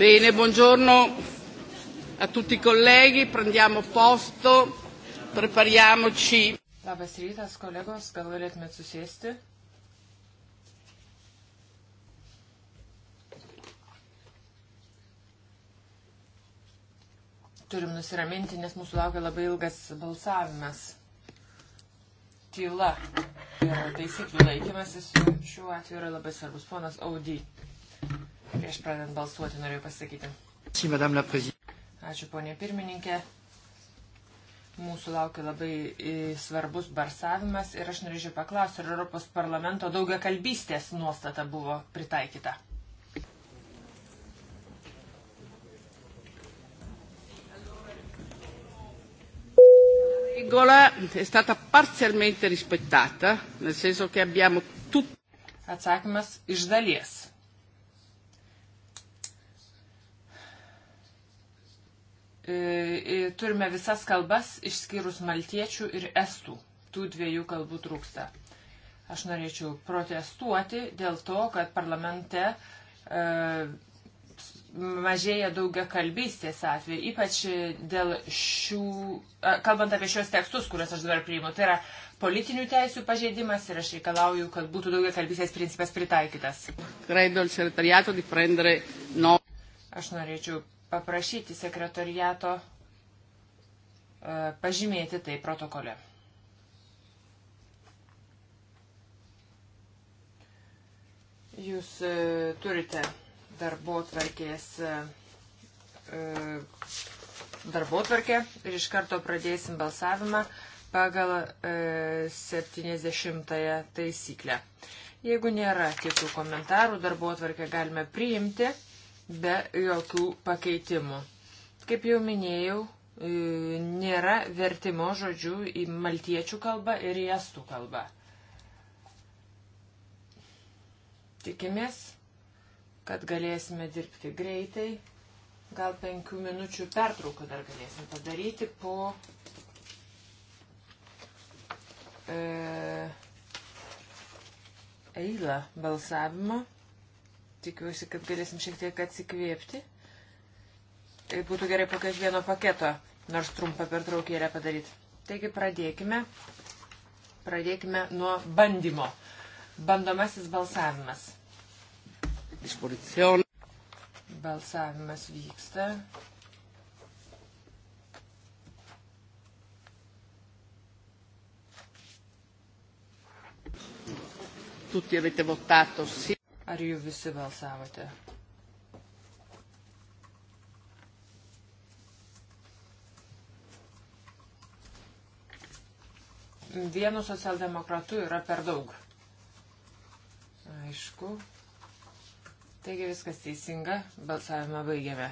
Bene, buongiorno a tutti i colleghi, prendiamo posto, prepariamoci. Labas rytas, kolegos, gal galėtumėt susėsti? Turim nusiraminti, nes mūsų laukia labai ilgas balsavimas. Tyla ir taisyklių laikymasis šiuo atveju yra labai svarbus. Ponas Audy. Prieš pradant balsuoti noriu pasakyti. Ačiū, ponė pirmininkė. Mūsų laukia labai e, svarbus barsavimas ir aš norėčiau paklausti, ar Europos parlamento daugia kalbystės nuostata buvo pritaikyta. regola è stata parzialmente rispettata, nel senso che abbiamo tutti. Atsakymas iš dalies. E, e, turime visas kalbas išskyrus maltiečių ir estų. Tų dviejų kalbų trūksta. Aš norėčiau protestuoti dėl to, kad parlamente e, mažėja daugia kalbystės atveju, ypač dėl šių, e, kalbant apie šios tekstus, kuriuos aš dabar priimu, tai yra politinių teisių pažeidimas ir aš reikalauju, kad būtų daugia kalbystės principas pritaikytas. Aš norėčiau paprašyti sekretoriato e, pažymėti tai protokole. Jūs e, turite darbo tvarkės e, darbo tvarkę ir iš karto pradėsim balsavimą pagal 70 taisyklę. Jeigu nėra kitų komentarų, darbo tvarkę galime priimti be jokių pakeitimų. Kaip jau minėjau, e, nėra vertimo žodžių į maltiečių kalbą ir į estų kalbą. Tikimės, kad galėsime dirbti greitai. Gal penkių minučių pertrauką dar galėsim padaryti po e, eilą balsavimo tikiuosi, kad galėsim šiek tiek atsikvėpti. Tai būtų gerai po kiekvieno paketo, nors trumpą pertraukėlę padaryti. Taigi pradėkime. Pradėkime nuo bandymo. Bandomasis balsavimas. Balsavimas vyksta. Tutti avete votato sì. Ar jų visi balsavote? Vienu socialdemokratu yra per daug. Aišku. Taigi viskas teisinga, balsavimą baigėme.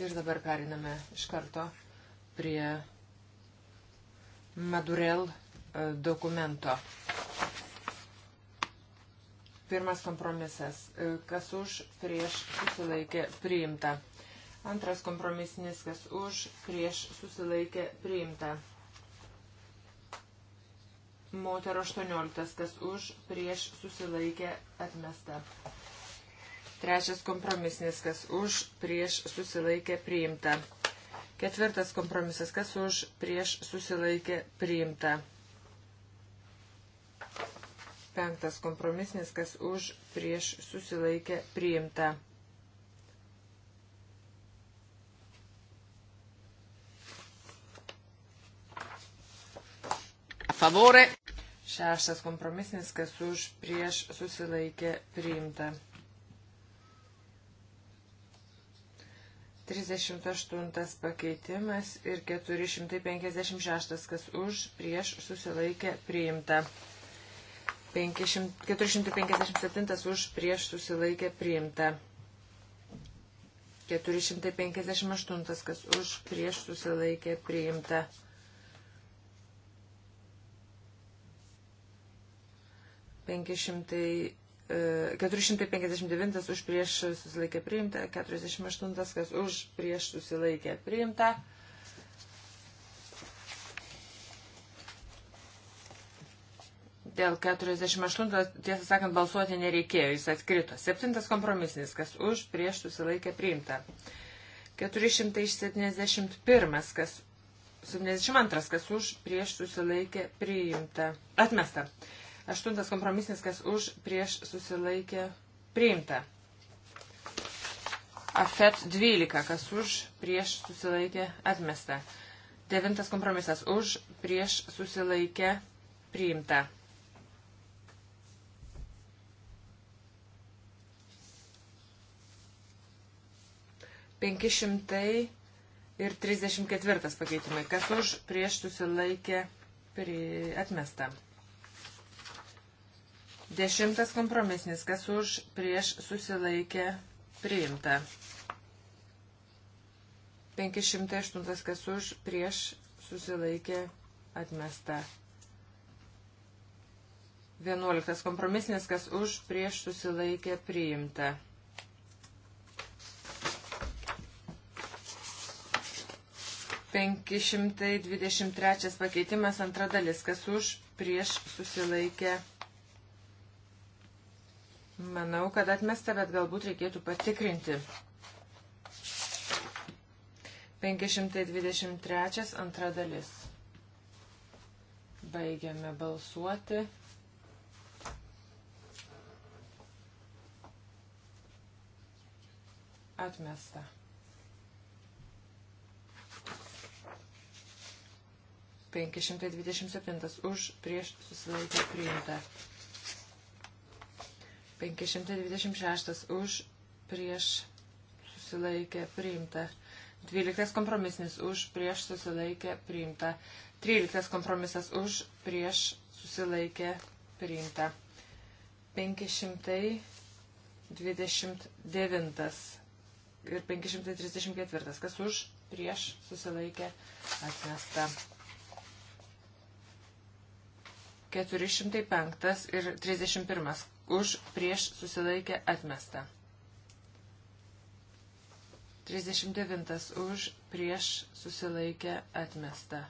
Ir dabar periname iš karto prie Madurel dokumento. Pirmas kompromisas. Kas už, prieš, susilaikė, priimta. Antras kompromisinis, kas už, prieš, susilaikė, priimta. Moterio 18, kas už, prieš, susilaikė, atmesta. Trečias kompromisinis, kas už, prieš, susilaikė, priimta. Ketvirtas kompromisas, kas už, prieš, susilaikė, priimta. Penktas kompromisnis, kas už prieš susilaikę priimta. Favore. Šeštas kompromisnis, kas už prieš susilaikė priimta. 38 pakeitimas ir 456, kas už prieš susilaikė priimta. 500, 457 už prieš susilaikė priimta. 458, kas už prieš susilaikė priimta. Penkišimtai 459 e, už prieš susilaikė priimta, 48 kas už prieš susilaikė priimta. Dėl 48, tiesą sakant, balsuoti nereikėjo, jis atkrito. Septintas kompromisinis, kas už, prieš susilaikė priimta. 471, kas 72, kas už, prieš susilaikė priimta. Atmesta. Aštuntas kompromisinis, kas už, prieš susilaikė priimta. Afet 12, kas už, prieš susilaikė atmesta. Devintas kompromisas už, prieš susilaikė priimta. 500 ir 34 pakeitimai. Kas už prieš susilaikė pri... atmesta. Dešimtas kompromisnis. Kas už prieš susilaikė priimta. 508 kas už prieš susilaikė atmesta. 11 kompromisnis kas už prieš susilaikė priimta. 523 pakeitimas antra dalis, kas už prieš susilaikė. Manau, kad atmesta, bet galbūt reikėtų patikrinti. 523 antra dalis. Baigiame balsuoti. Atmesta. 527 už prieš susilaikę priimta. 526 už prieš susilaikę priimta. 12 kompromisnis už prieš susilaikę priimta. 13 kompromisas už prieš susilaikę priimta. 529 ir 534. Kas už prieš susilaikę atmesta. 405 ir 31 už prieš susilaikę atmestą. 39 už prieš susilaikę atmestą.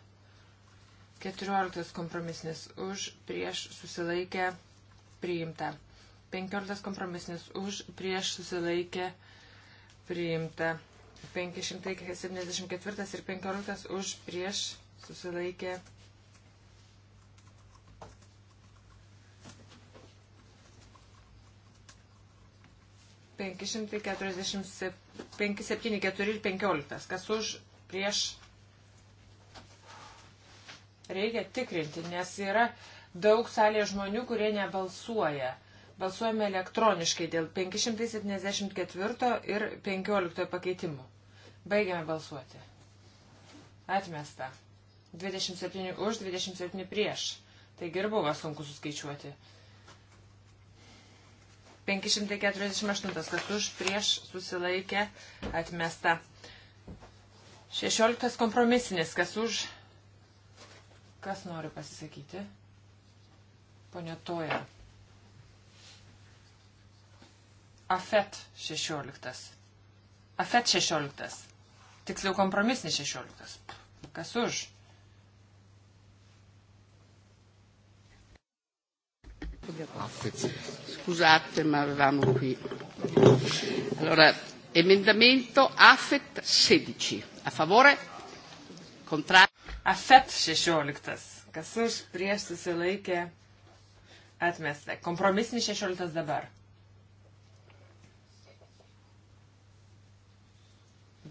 14 kompromisnis už prieš susilaikę priimta. 15 kompromisnis už prieš susilaikę priimta. 574 ir 15 už prieš susilaikė 547 ir 15. Kas už prieš reikia tikrinti, nes yra daug salėje žmonių, kurie nebalsuoja. Balsuojame elektroniškai dėl 574 ir 15 pakeitimų. Baigiame balsuoti. Atmesta. 27 už, 27 prieš. Taigi ir buvo sunku suskaičiuoti. 548, kas už prieš susilaikė atmesta. 16 kompromisinis, kas už. Kas nori pasisakyti? Pone Toja. Afet 16. Afet 16. Tiksliau kompromisinis 16. Kas už? Scusate, ma avevamo qui. Allora, emendamento AFET 16. A favore? Contrario? AFET 16. Kas už prieš susilaikė atmestą. Kompromisinis 16 dabar.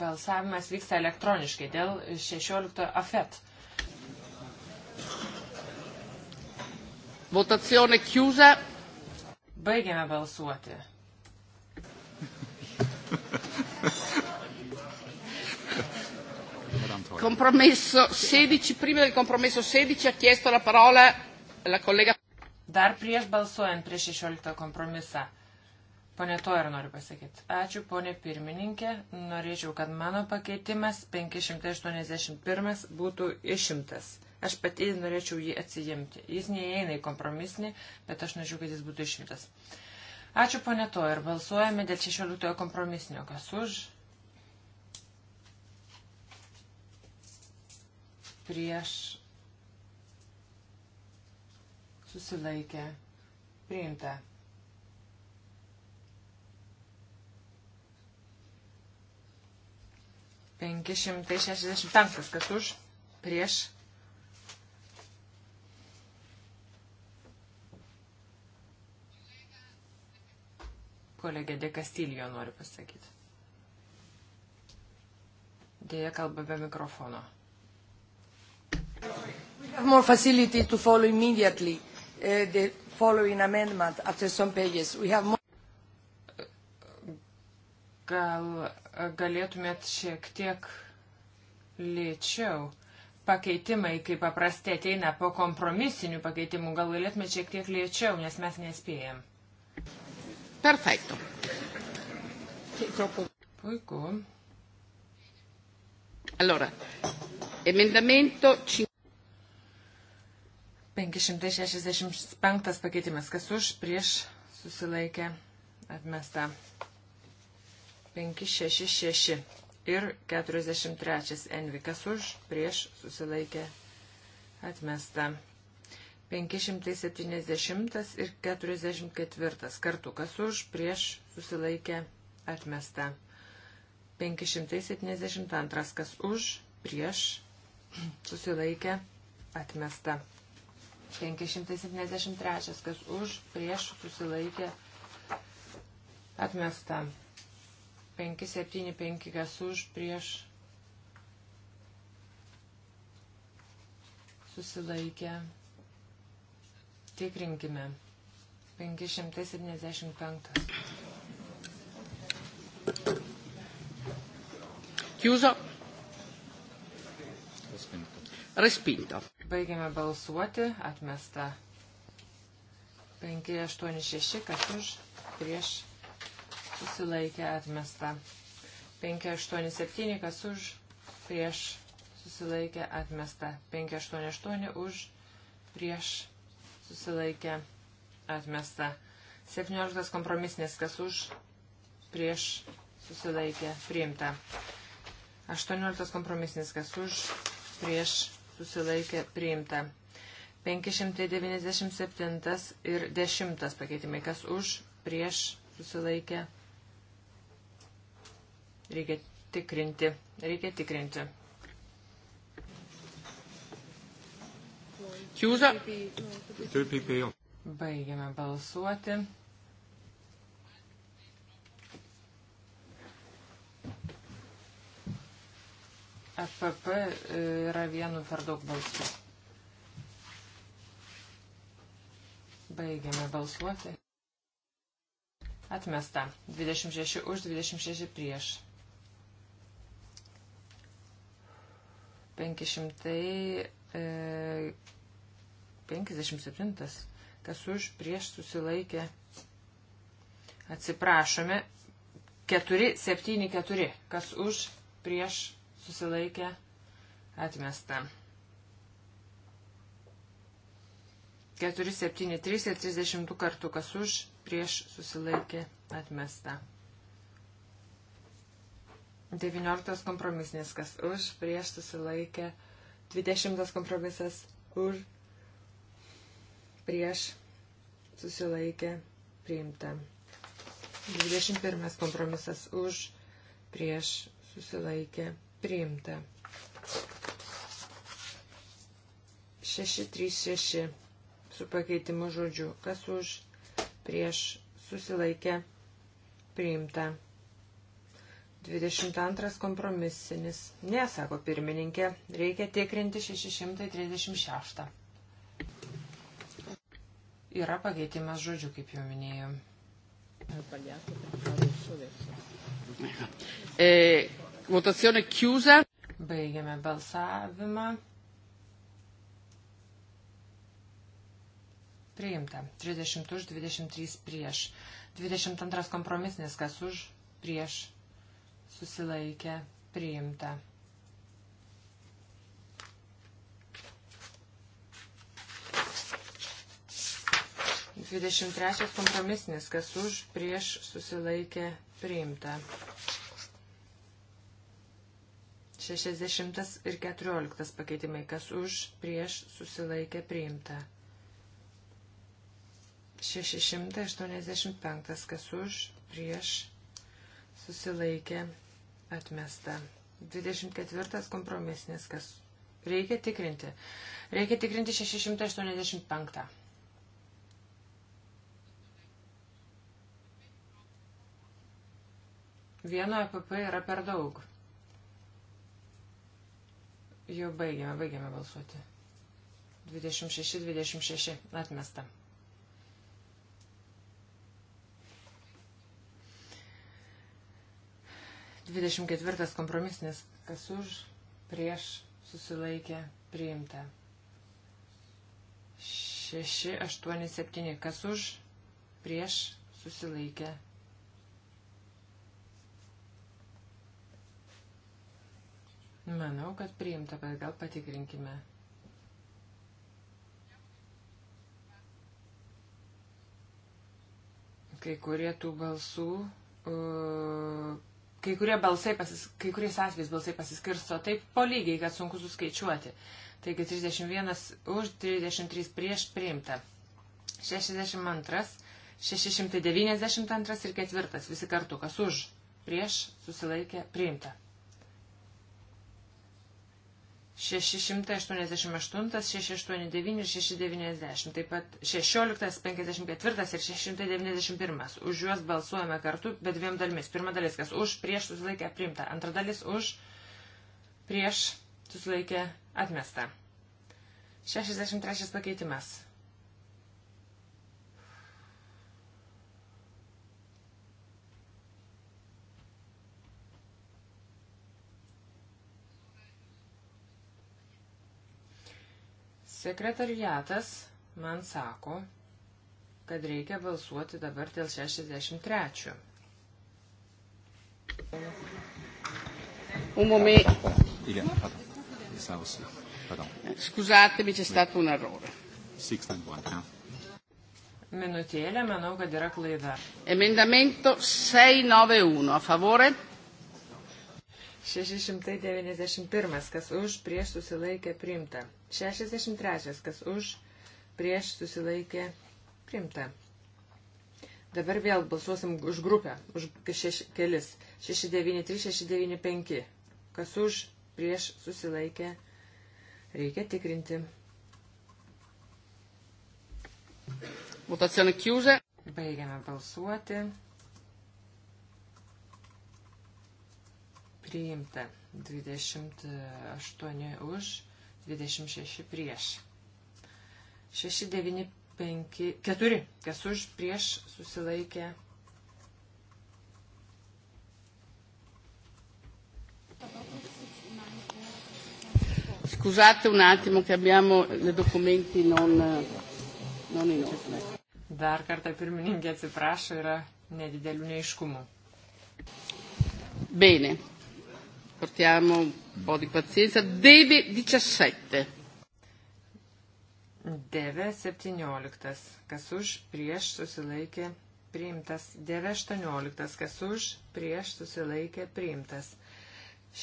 Balsavimas vyksta elektroniškai dėl 16 AFET. Votazione chiusa. Baigiame balsuoti. Compromesso 16, prima del compromesso 16 ha chiesto la parola la collega. Dar prieš balsuojant prieš 16 kompromisą. Pone to ir noriu pasakyti. Ačiū, ponė pirmininkė. Norėčiau, kad mano pakeitimas 581 būtų išimtas. Aš pati norėčiau jį atsijimti. Jis neįeina į kompromisinį, bet aš norėčiau, kad jis būtų išimtas. Ačiū ponė to ir balsuojame dėl 16 kompromisinio. Kas už? Prieš susilaikę. Priimta. Penki šimtai šešiasdešimt penktas, kas už, prieš kolegė De Castillo nori pasakyti. Dėja kalba be mikrofono. More facility to follow immediately uh, the following amendment after some pages. We have more... Gal eh, galėtumėt šiek tiek lėčiau. Pakeitimai, kaip paprastai ateina po kompromisinių pakeitimų, gal galėtumėt šiek tiek lėčiau, nes mes nespėjam. Perfetto. Poico. Allora, emendamento 565 pakeitimas, kas už, prieš, susilaikė, atmesta. 566 ir 43 envikas už, prieš, susilaikė, atmesta. 570 ir 44 kartų, kas už, prieš, susilaikė, atmesta. 572, kas už, prieš, susilaikė, atmesta. 573, kas už, prieš, susilaikė, atmesta. 575, kas už, prieš, susilaikė, atmesta. Tikrinkime. 575. Chiuso. Respinto. Baigiame balsuoti. Atmesta. 586, kas už, prieš, susilaikė, atmesta. 587, kas už, prieš, susilaikė, atmesta. 588, už, prieš, susilaikė, atmesta. 17 kompromisnis, kas už, prieš, susilaikė, priimta. 18 kompromisnis, kas už, prieš, susilaikė, priimta. 597 ir 10 pakeitimai, kas už, prieš, susilaikė, reikia tikrinti, reikia tikrinti. Chiusa. Baigiame balsuoti. FPP yra vienu per daug balsų. Baigiame balsuoti. Atmesta. 26 už, 26 prieš. 500. E, 57. Kas už prieš susilaikė. Atsiprašome. 4, 7, 4. Kas už prieš susilaikė. Atmesta. 4, 7, 3 ir 30 kartų. Kas už prieš susilaikė. Atmesta. 19 kompromisnis. Kas už prieš susilaikė. 20 kompromisas už prieš susilaikė priimta. 21 kompromisas už prieš susilaikė priimta. 636 su pakeitimu žodžiu, kas už prieš susilaikė priimta. 22 kompromisinis. Nesako pirmininkė, reikia tikrinti 636 yra pakeitimas žodžių, kaip jau minėjau. E, votazione chiusa. Baigiame balsavimą. Priimta. 30 už, 23 prieš. 22 kompromisnis, kas už, prieš. Susilaikė. Priimta. 23 kompromisnis, kas už prieš susilaikė priimta. 60 ir 14 pakeitimai, kas už prieš susilaikė priimta. 685, kas už prieš susilaikė atmesta. 24 kompromisnis, kas reikia tikrinti. Reikia tikrinti 685. Vieno EPP yra per daug. Jau baigiame, baigiame balsuoti. 26, 26 atmesta. Dvidešimt ketvirtas kompromisnis, kas už, prieš, susilaikė, priimta. Šeši, aštuoni, septyni, kas už, prieš, susilaikė, priimta Manau, kad priimta, bet gal patikrinkime. Kai kurie tų balsų, uh, kai kurie balsai, pasis, kai kuriais atvejais balsai pasiskirsto taip po lygiai, kad sunku suskaičiuoti. Taigi 31 už, 33 prieš priimta. 62, 692 ir 4 visi kartu, kas už, prieš susilaikė priimta. 688, 689 ir 690, taip pat 16, 54 ir 691. Už juos balsuojame kartu, bet dviem dalimis. Pirma dalis, kas už, prieš susilaikę priimta. Antra dalis už, prieš susilaikę atmesta. 63 pakeitimas. Sekretariatas man sako, kad reikia balsuoti dabar dėl 63. Un momento. Scusatemi, c'è stato un errore. Minutėlė, manau, kad yra klaida. Emendamento 691, a favore? 691, kas už, prieš susilaikė primta. 63, kas už, prieš susilaikė primta. Dabar vėl balsuosim už grupę, už šeš, kelis. 693, 695. Kas už, prieš susilaikė, reikia tikrinti. Votazione chiusa. Baigiame balsuoti. priimta. 28 už, 26 prieš. 6, 9, 5, 4, kas už, prieš susilaikė. Scusate un attimo che abbiamo i documenti non, non inoltre. Dar kartą pirmininkė atsiprašo, yra nedidelių neiškumų. Bene portiamo un po' di pazienza. Deve 17. Deve 17. Kas už, prieš susilaikė priimtas. Deve 18. Kas už, prieš susilaikė priimtas.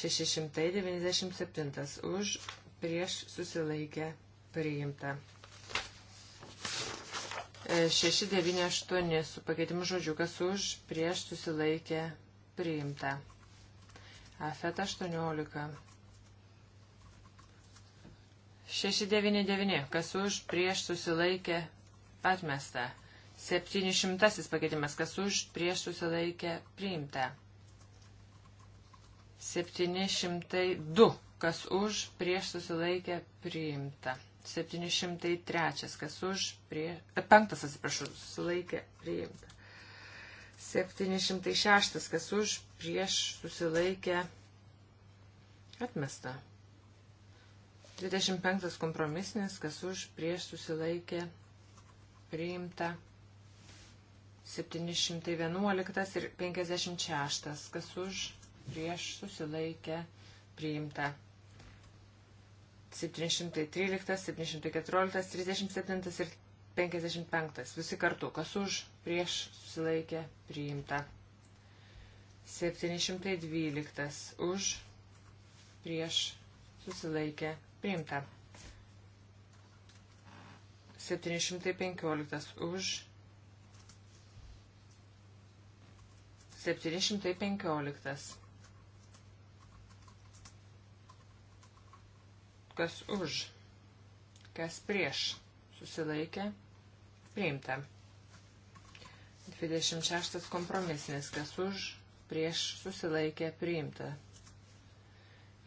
697. Už, prieš susilaikė priimta. 698 e, su pakeitimu žodžiu, kas už, prieš susilaikė priimta. Afet 18. 699, kas už, prieš susilaikė, atmesta. 700 pakeitimas, kas už, prieš susilaikė, priimta. 702, kas už, prieš susilaikė, priimta. 703, kas už, prie... penktas, atsiprašau, susilaikė, priimta. 706, kas už, prieš, susilaikė, atmesta. 25 kompromisinis, kas už, prieš, susilaikė, priimta. 711 ir 56, kas už, prieš, susilaikė, priimta. 713, 714, 37 ir 55. Visi kartu, kas už, prieš, susilaikė, priimta. 712. Už, prieš, susilaikė, priimta. 715. Už, 715. Kas už, kas prieš, susilaikė, priimta Priimta. 26 kompromisinis, kas už, prieš susilaikė, priimta.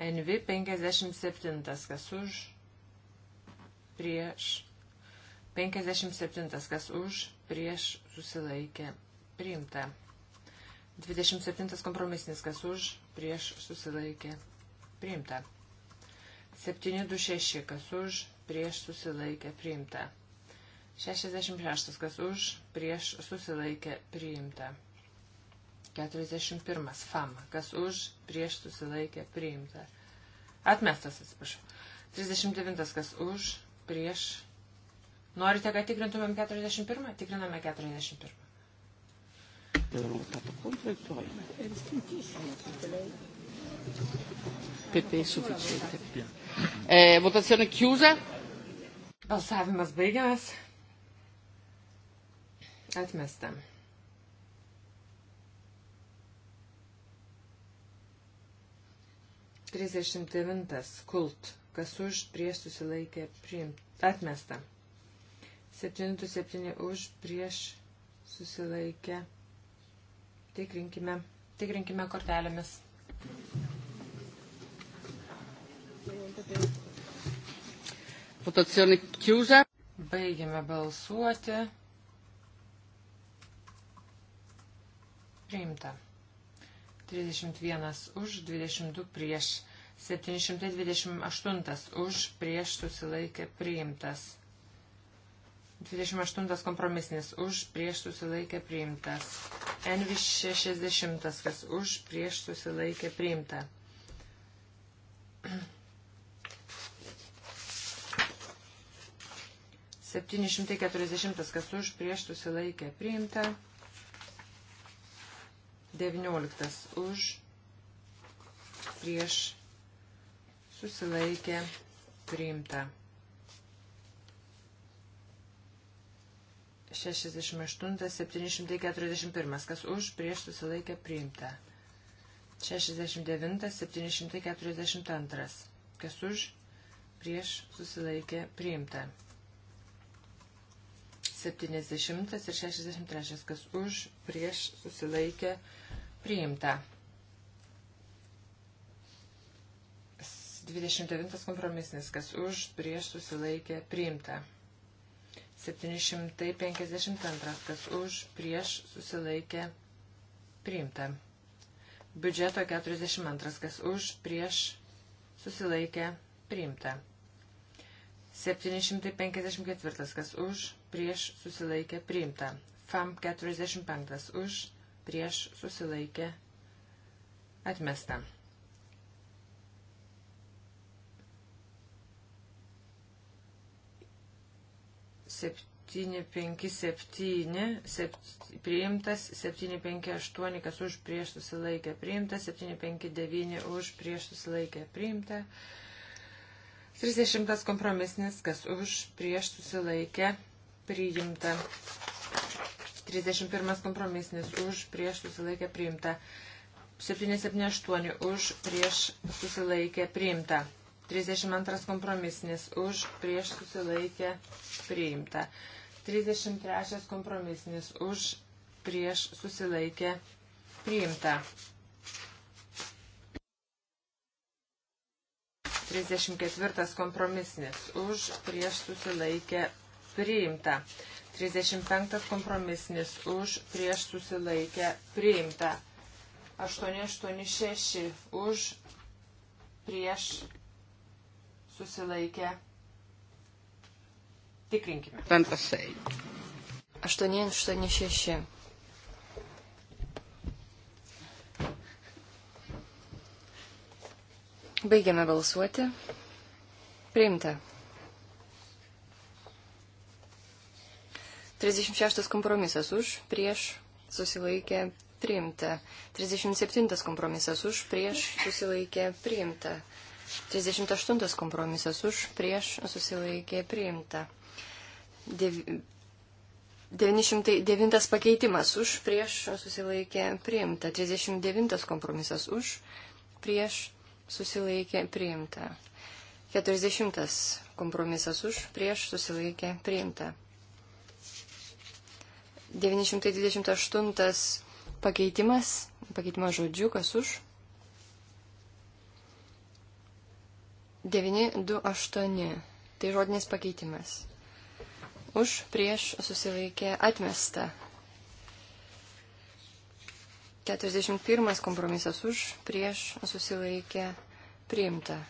NV 57, kas už, prieš, 57, kas už, prieš susilaikė, priimta. 27 kompromisinis, kas už, prieš susilaikė, priimta. 726, kas už, prieš susilaikė, priimta. 66. Kas už, prieš susilaikė priimta. 41. FAM. Kas už, prieš susilaikė priimta. Atmestas, atsiprašau. 39. Kas už, prieš. Norite, kad tikrintumėm 41? Tikriname 41. Pepe sufficiente. Eh, votazione chiusa. Balsavimas baigiamas. Atmesta. Trisdešimt devintas kult, kas už prieš susilaikė priimt, atmesta. Septintų septyni už prieš susilaikė. Tikrinkime, tikrinkime kortelėmis. Votazione chiusa. Baigiame balsuoti. Priimta. 31 už, 22 prieš, 728 už, prieš susilaikė priimtas. 28 kompromisinis už, prieš susilaikė priimtas. Envis 60, kas už, prieš susilaikė priimta. Septynišimtai keturiasdešimtas, kas už, prieš susilaikė priimta. 19 už prieš susilaikę priimta. 68, 741, kas už prieš susilaikę priimta. 69, 742, kas už prieš susilaikę priimta. 70 ir 63, kas už prieš susilaikę priimta Priimta. 29 kompromisnis, kas už, prieš susilaikė, priimta. 752, kas už, prieš susilaikė, priimta. Biudžeto 42, kas už, prieš susilaikė, priimta. 754, kas už, prieš susilaikė, priimta. FAM 45, už, prieš susilaikė atmesta. Septyni, penki, septyni, priimtas, septyni, penki, aštuoni, kas už prieš susilaikę priimta, septyni, penki, devyni, už prieš susilaikę priimta, trisdešimtas kompromisnis, kas už prieš susilaikę priimta. 31 kompromisinis už prieš susilaikę priimta. 778 už prieš susilaikę priimta. 32 kompromisinis už prieš susilaikę priimta. 33 kompromisinis už prieš susilaikę priimta. 34 kompromisinis už prieš susilaikę priimta. 35 kompromisinis už prieš susilaikę priimta. 886 už prieš susilaikę. Tikrinkime. 886. Baigiame balsuoti. Priimta. 36 kompromisas už, prieš, susilaikė, priimta. 37 kompromisas už, prieš, susilaikė, priimta. 38 kompromisas už, prieš, susilaikė, priimta. Dev... 909 pakeitimas už, prieš, susilaikė, priimta. 39 kompromisas už, prieš, susilaikė, priimta. 40 kompromisas už, prieš, susilaikė, priimta. 928 pakeitimas, pakeitimas žodžiu, kas už. 928. Tai žodinis pakeitimas. Už prieš susilaikė atmesta. 41 kompromisas už prieš susilaikė priimta.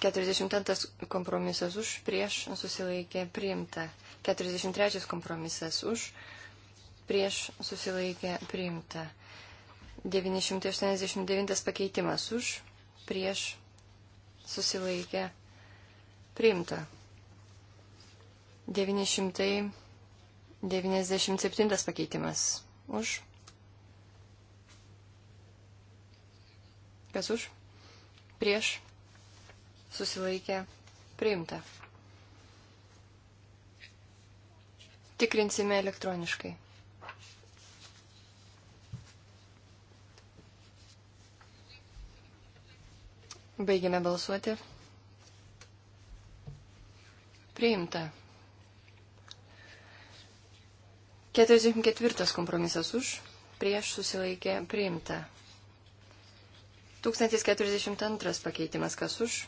42 kompromisas už, prieš susilaikė priimta. 43 kompromisas už, prieš susilaikė priimta. 989 pakeitimas už, prieš susilaikė priimta. 997 pakeitimas už. Kas už? Prieš susilaikė, priimta. Tikrinsime elektroniškai. Baigiame balsuoti. Priimta. 44 kompromisas už, prieš susilaikė priimta. 1042 pakeitimas kas už,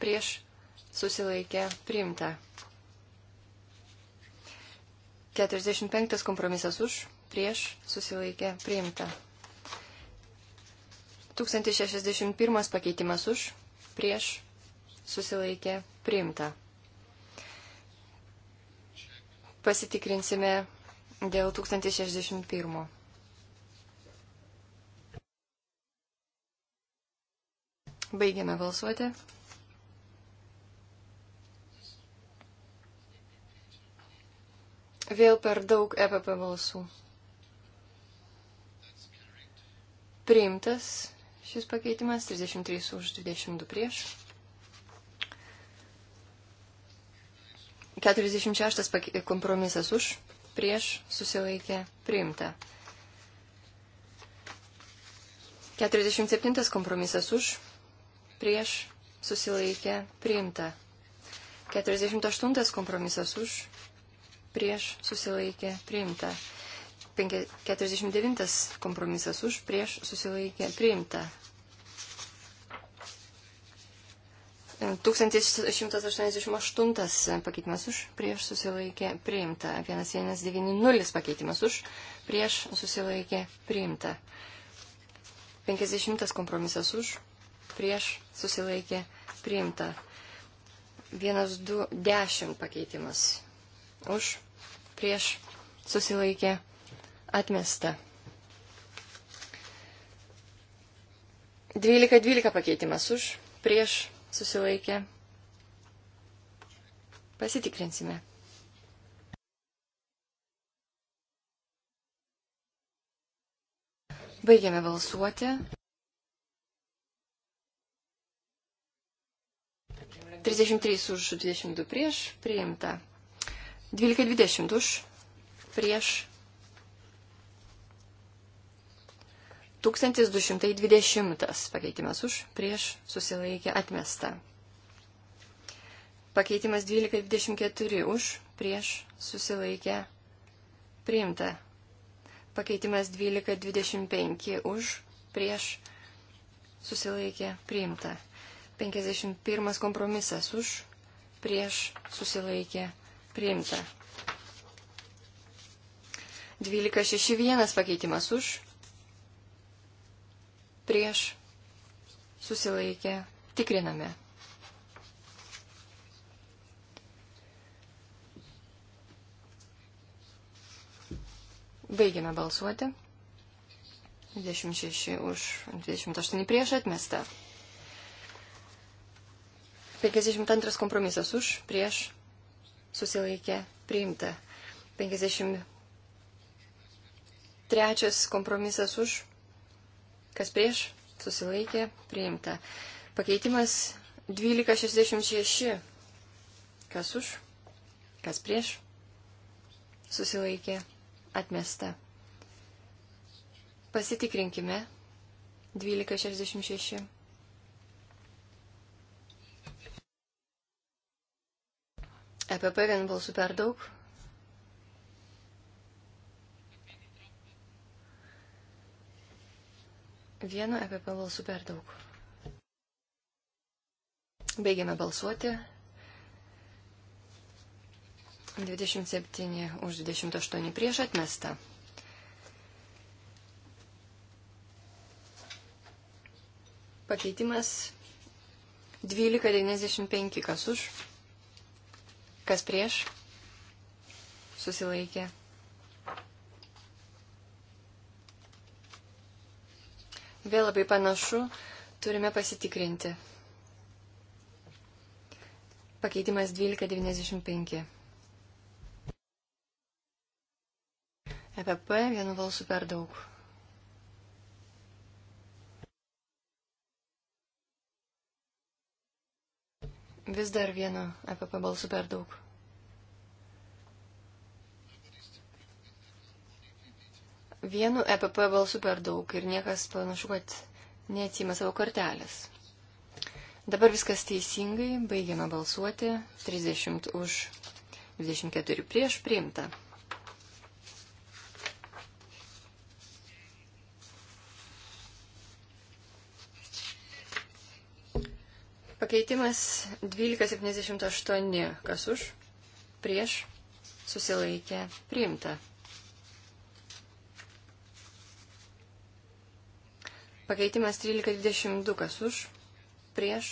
prieš susilaikė priimta. 45 kompromisas už, prieš susilaikė priimta. 1061 pakeitimas už, prieš susilaikė priimta. Pasitikrinsime dėl 1061. Baigiame balsuoti. Vėl per daug EPP balsų. Priimtas šis pakeitimas 33 už 22 prieš. 46 kompromisas už prieš susilaikė priimta. 47 kompromisas už prieš susilaikė priimta. 48 kompromisas už prieš susilaikė priimta. 49 kompromisas už prieš susilaikė priimta. 1188 pakeitimas už prieš susilaikė priimta. 1190 pakeitimas už prieš susilaikė priimta. 50 kompromisas už prieš susilaikė priimta. 1, 2, 10 pakeitimas už prieš susilaikė atmesta. 12-12 pakeitimas už prieš susilaikė. Pasitikrinsime. Baigiame balsuoti. 33 už 22 prieš priimta. 12.20 už prieš 1220 pakeitimas už prieš susilaikė atmesta. Pakeitimas 1224 už prieš susilaikė priimta. Pakeitimas 1225 už prieš susilaikė priimta. 51 kompromisas už prieš susilaikė priimta priimta. 12.6.1 pakeitimas už, prieš, susilaikė, tikriname. Baigiame balsuoti. 26 už 28 prieš atmestą. 52 kompromisas už prieš susilaikė priimta. 53 kompromisas už, kas prieš, susilaikė priimta. Pakeitimas 1266, kas už, kas prieš, susilaikė atmesta. Pasitikrinkime 1266. EPP vien balsų per daug. Vienu EPP balsu per daug. Baigiame balsuoti. 27 už 28 prieš atmestą. Pakeitimas 12.95 kas už. Kas prieš? Susilaikė. Vėl labai panašu, turime pasitikrinti. Pakeitimas 1295. EPP vienu balsu per daug. Vis dar vieną EPP balsų per daug. Vienu EPP balsu per daug ir niekas panašu, kad neatsima savo kortelės. Dabar viskas teisingai, baigiame balsuoti. 30 už, 24 prieš priimta. Pakeitimas 1278. Kas už? Prieš? Susilaikė. Priimta. Pakeitimas 1322. Kas už? Prieš?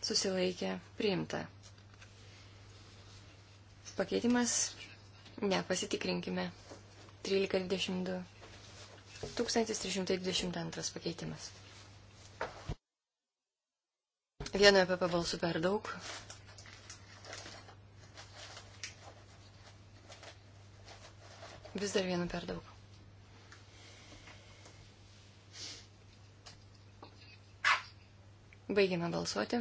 Susilaikė. Priimta. Pakeitimas. Ne, pasitikrinkime. 1322. 1322 pakeitimas. Vienu apie pabalsų per daug. Vis dar vienu per daug. Baigime balsuoti.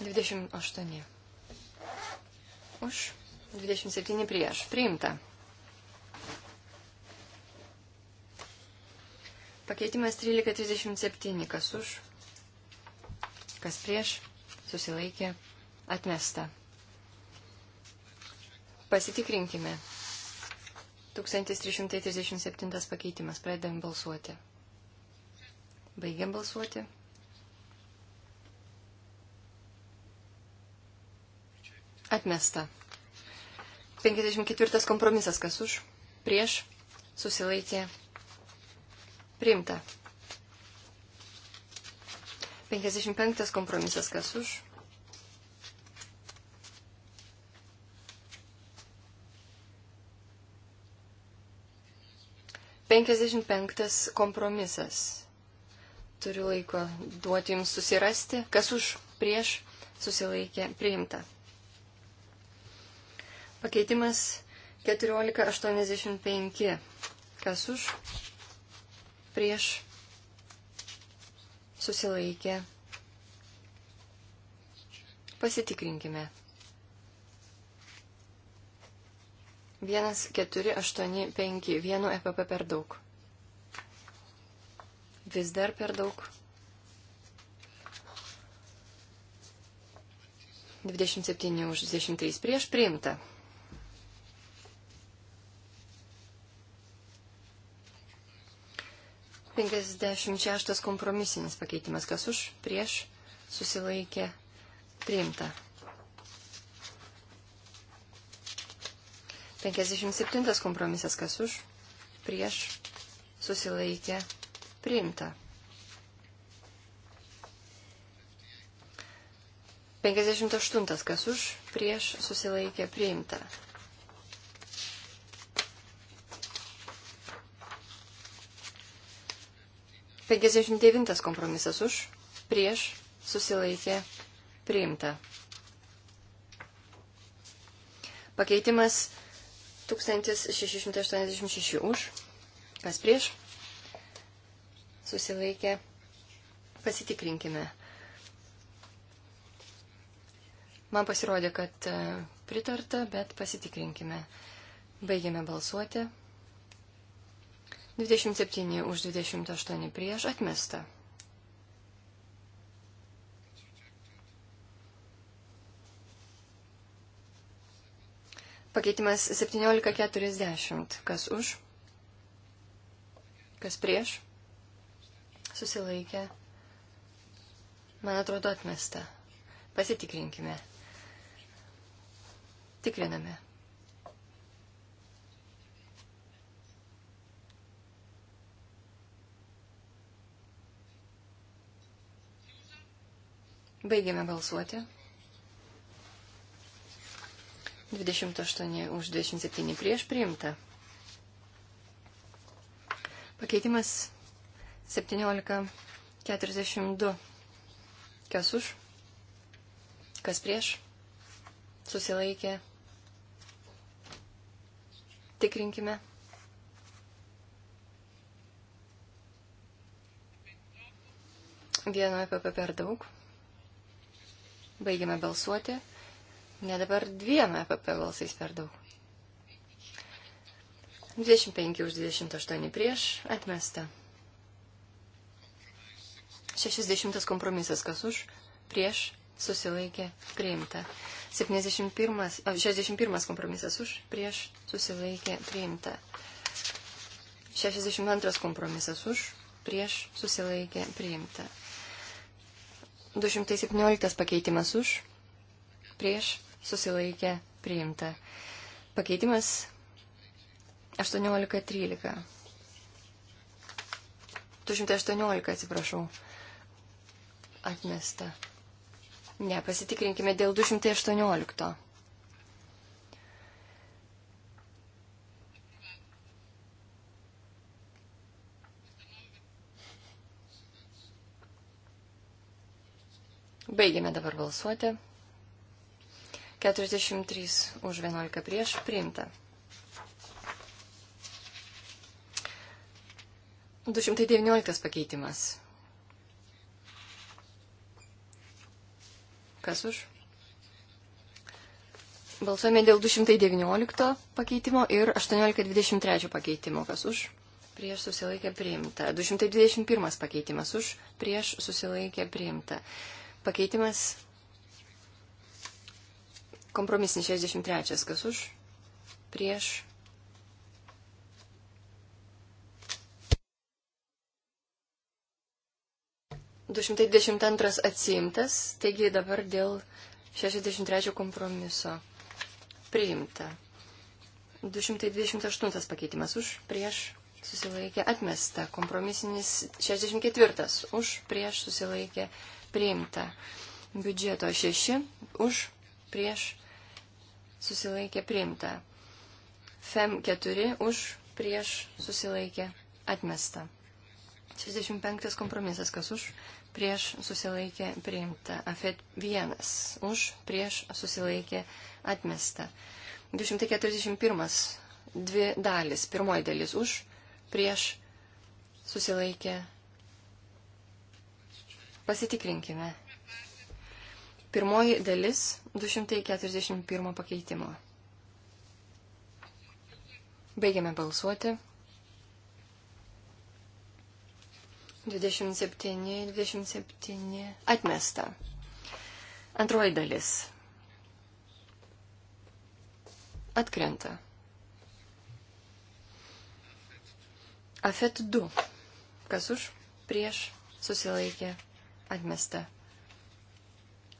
28. Už. 27 prieš. Priimta. Pakeitimas 13.37. Kas už? kas prieš, susilaikė, atmesta. Pasitikrinkime. 1337 pakeitimas. Pradedam balsuoti. Baigiam balsuoti. Atmesta. 54 kompromisas kas už, prieš, susilaikė, priimta. 55 kompromisas kas už. Penkiasdešimt penktas kompromisas. Turiu laiko duoti jums susirasti, kas už prieš susilaikė priimta. Pakeitimas 1485. Kas už prieš susilaikė. Pasitikrinkime. 1, 4, 8, 5, vienu EPP per daug. Vis dar per daug. 27 už 23 prieš priimta. 56 kompromisinis pakeitimas. Kas už, prieš, susilaikė, priimta. 57 kompromisas. Kas už, prieš, susilaikė, priimta. 58. Kas už, prieš, susilaikė, priimta. 59 kompromisas už, prieš, susilaikė, priimta. Pakeitimas 1686 už, kas prieš, susilaikė, pasitikrinkime. Man pasirodė, kad e, pritarta, bet pasitikrinkime. Baigėme balsuoti. 27 už 28 prieš atmesta. Pakeitimas 17.40. Kas už? Kas prieš? Susilaikė. Man atrodo atmesta. Pasitikrinkime. Tikriname. Baigėme balsuoti. 28 už 27 prieš priimta. Pakeitimas 17.42. Kas už? Kas prieš? Susilaikė. Tikrinkime. Vieno EPP per daug. Baigiame balsuoti. Ne dabar dviem EPP balsais per daug. 25 už 28 prieš atmesta. 60 kompromisas kas už prieš susilaikė priimta. 71, 61 kompromisas už prieš susilaikė priimta. 62 kompromisas už prieš susilaikė priimta. 217 pakeitimas už, prieš, susilaikė, priimta. Pakeitimas 18.13. 218, atsiprašau. Atmesta. Ne, pasitikrinkime dėl 218. Baigiame dabar balsuoti. 43 už 11 prieš priimta. 219 pakeitimas. Kas už? Balsuojame dėl 219 pakeitimo ir 1823 pakeitimo. Kas už? Prieš susilaikę priimta. 221 pakeitimas už. Prieš susilaikę priimta. Pakeitimas kompromisinis 63. Kas už? Prieš. Du šimtai dvidešimt antras atsiimtas, taigi dabar dėl 63 kompromiso priimta. 228 pakeitimas už, prieš, susilaikė, atmesta. Kompromisinis 64 už, prieš, susilaikė, atmesta priimta. Biudžeto 6 už prieš susilaikė priimta. FEM 4 už prieš susilaikė atmesta. 65 kompromisas, kas už prieš susilaikė priimta. AFET 1 už prieš susilaikė atmesta. 241 dvi dalis. Pirmoji dalis už prieš susilaikė atmesta Pasitikrinkime. Pirmoji dalis 241 pakeitimo. Baigiame balsuoti. 27, 27. Atmesta. Antroji dalis. Atkrenta. Afet 2. Kas už? Prieš. Susilaikė. Atmesta.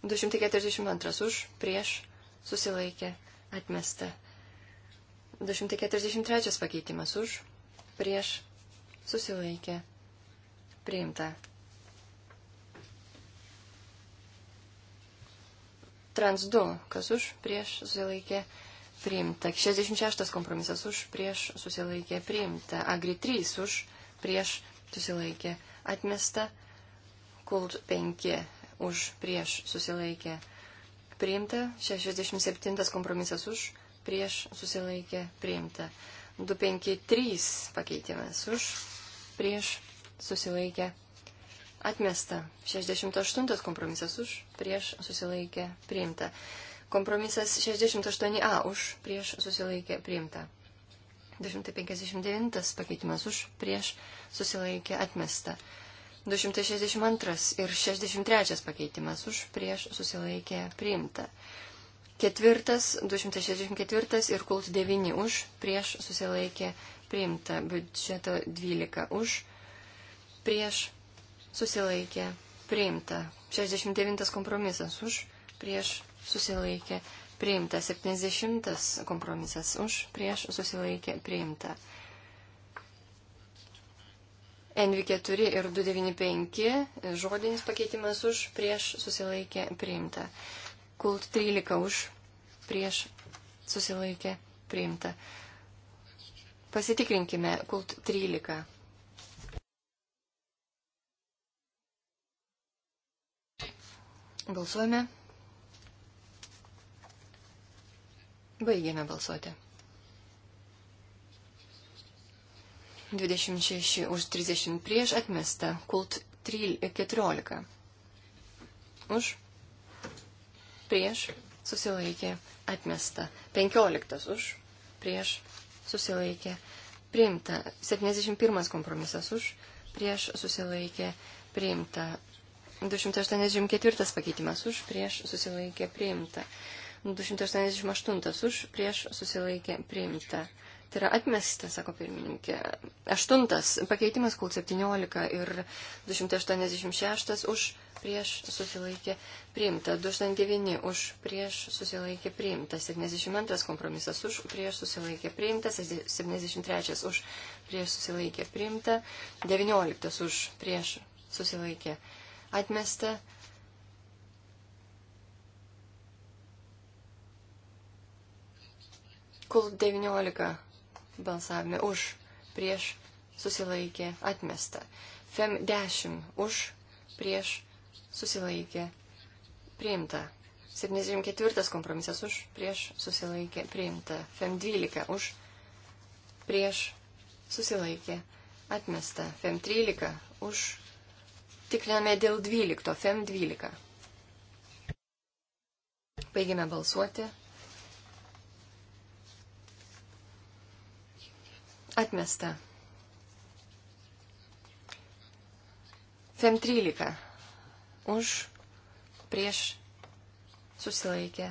242 už, prieš, susilaikė, atmesta. 243 pakeitimas už, prieš, susilaikė, priimta. Trans 2, kas už, prieš, susilaikė, priimta. 66 kompromisas už, prieš, susilaikė, priimta. Agri 3 už, prieš, susilaikė, atmesta kult 5 už prieš susilaikė priimta, 67 kompromisas už prieš susilaikė priimta, 253 pakeitimas už prieš susilaikė atmesta, 68 kompromisas už prieš susilaikė priimta, kompromisas 68a už prieš susilaikė priimta. 259 pakeitimas už prieš susilaikė atmesta. 262 ir 63 pakeitimas už prieš susilaikė priimta. Ketvirtas, 264 ir kult 9 už prieš susilaikė priimta. Biudžeto 12 už prieš susilaikė priimta. 69 kompromisas už prieš susilaikė priimta. 70 kompromisas už prieš susilaikė priimta. NV4 ir 295 žodinis pakeitimas už prieš susilaikė priimta. Kult 13 už prieš susilaikė priimta. Pasitikrinkime kult 13. Balsuojame. Baigėme balsuoti. 26 už 30 prieš atmesta, kult 13, 14. Už, prieš, susilaikė, atmesta. 15 už, prieš, susilaikė, priimta. 71 kompromisas už, prieš, susilaikė, priimta. 284 pakeitimas už, prieš, susilaikė, priimta. 288 už, prieš, susilaikė, priimta. Tai yra atmesta, sako pirmininkė. Aštuntas pakeitimas, kul 17 ir 286 už prieš susilaikė priimta, 209 už prieš susilaikė priimta, 72 kompromisas už prieš susilaikė priimta, 73 už prieš susilaikė priimta, 19 už prieš susilaikė atmesta. Kul 19 balsavime už, prieš, susilaikė, atmesta. Fem 10 už, prieš, susilaikė, priimta. 74 kompromisas už, prieš, susilaikė, priimta. Fem 12 už, prieš, susilaikė, atmesta. Fem 13 už, tikriname dėl 12, Fem 12. Baigėme balsuoti. Atmesta. FEM 13. Už, prieš, susilaikė.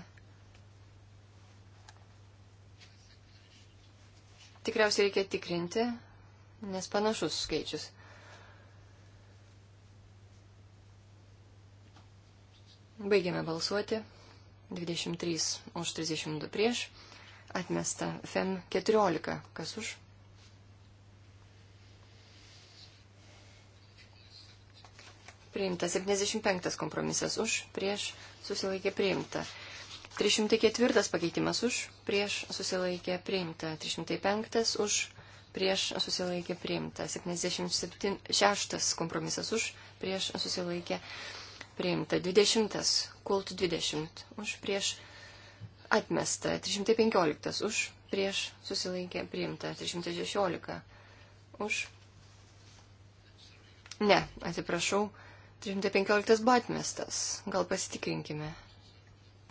Tikriausiai reikia tikrinti, nes panašus skaičius. Baigėme balsuoti. 23 už 32 prieš. Atmesta FEM 14. Kas už? priimta. 75 kompromisas už, prieš, susilaikė priimta. 304 pakeitimas už, prieš, susilaikė priimta. 305 už, prieš, susilaikė priimta. 76 kompromisas už, prieš, susilaikė priimta. 20 kult 20 už, prieš, atmesta. 315 už, prieš, susilaikė priimta. 316 už, Ne, atsiprašau, 315 batmestas. Gal pasitikrinkime.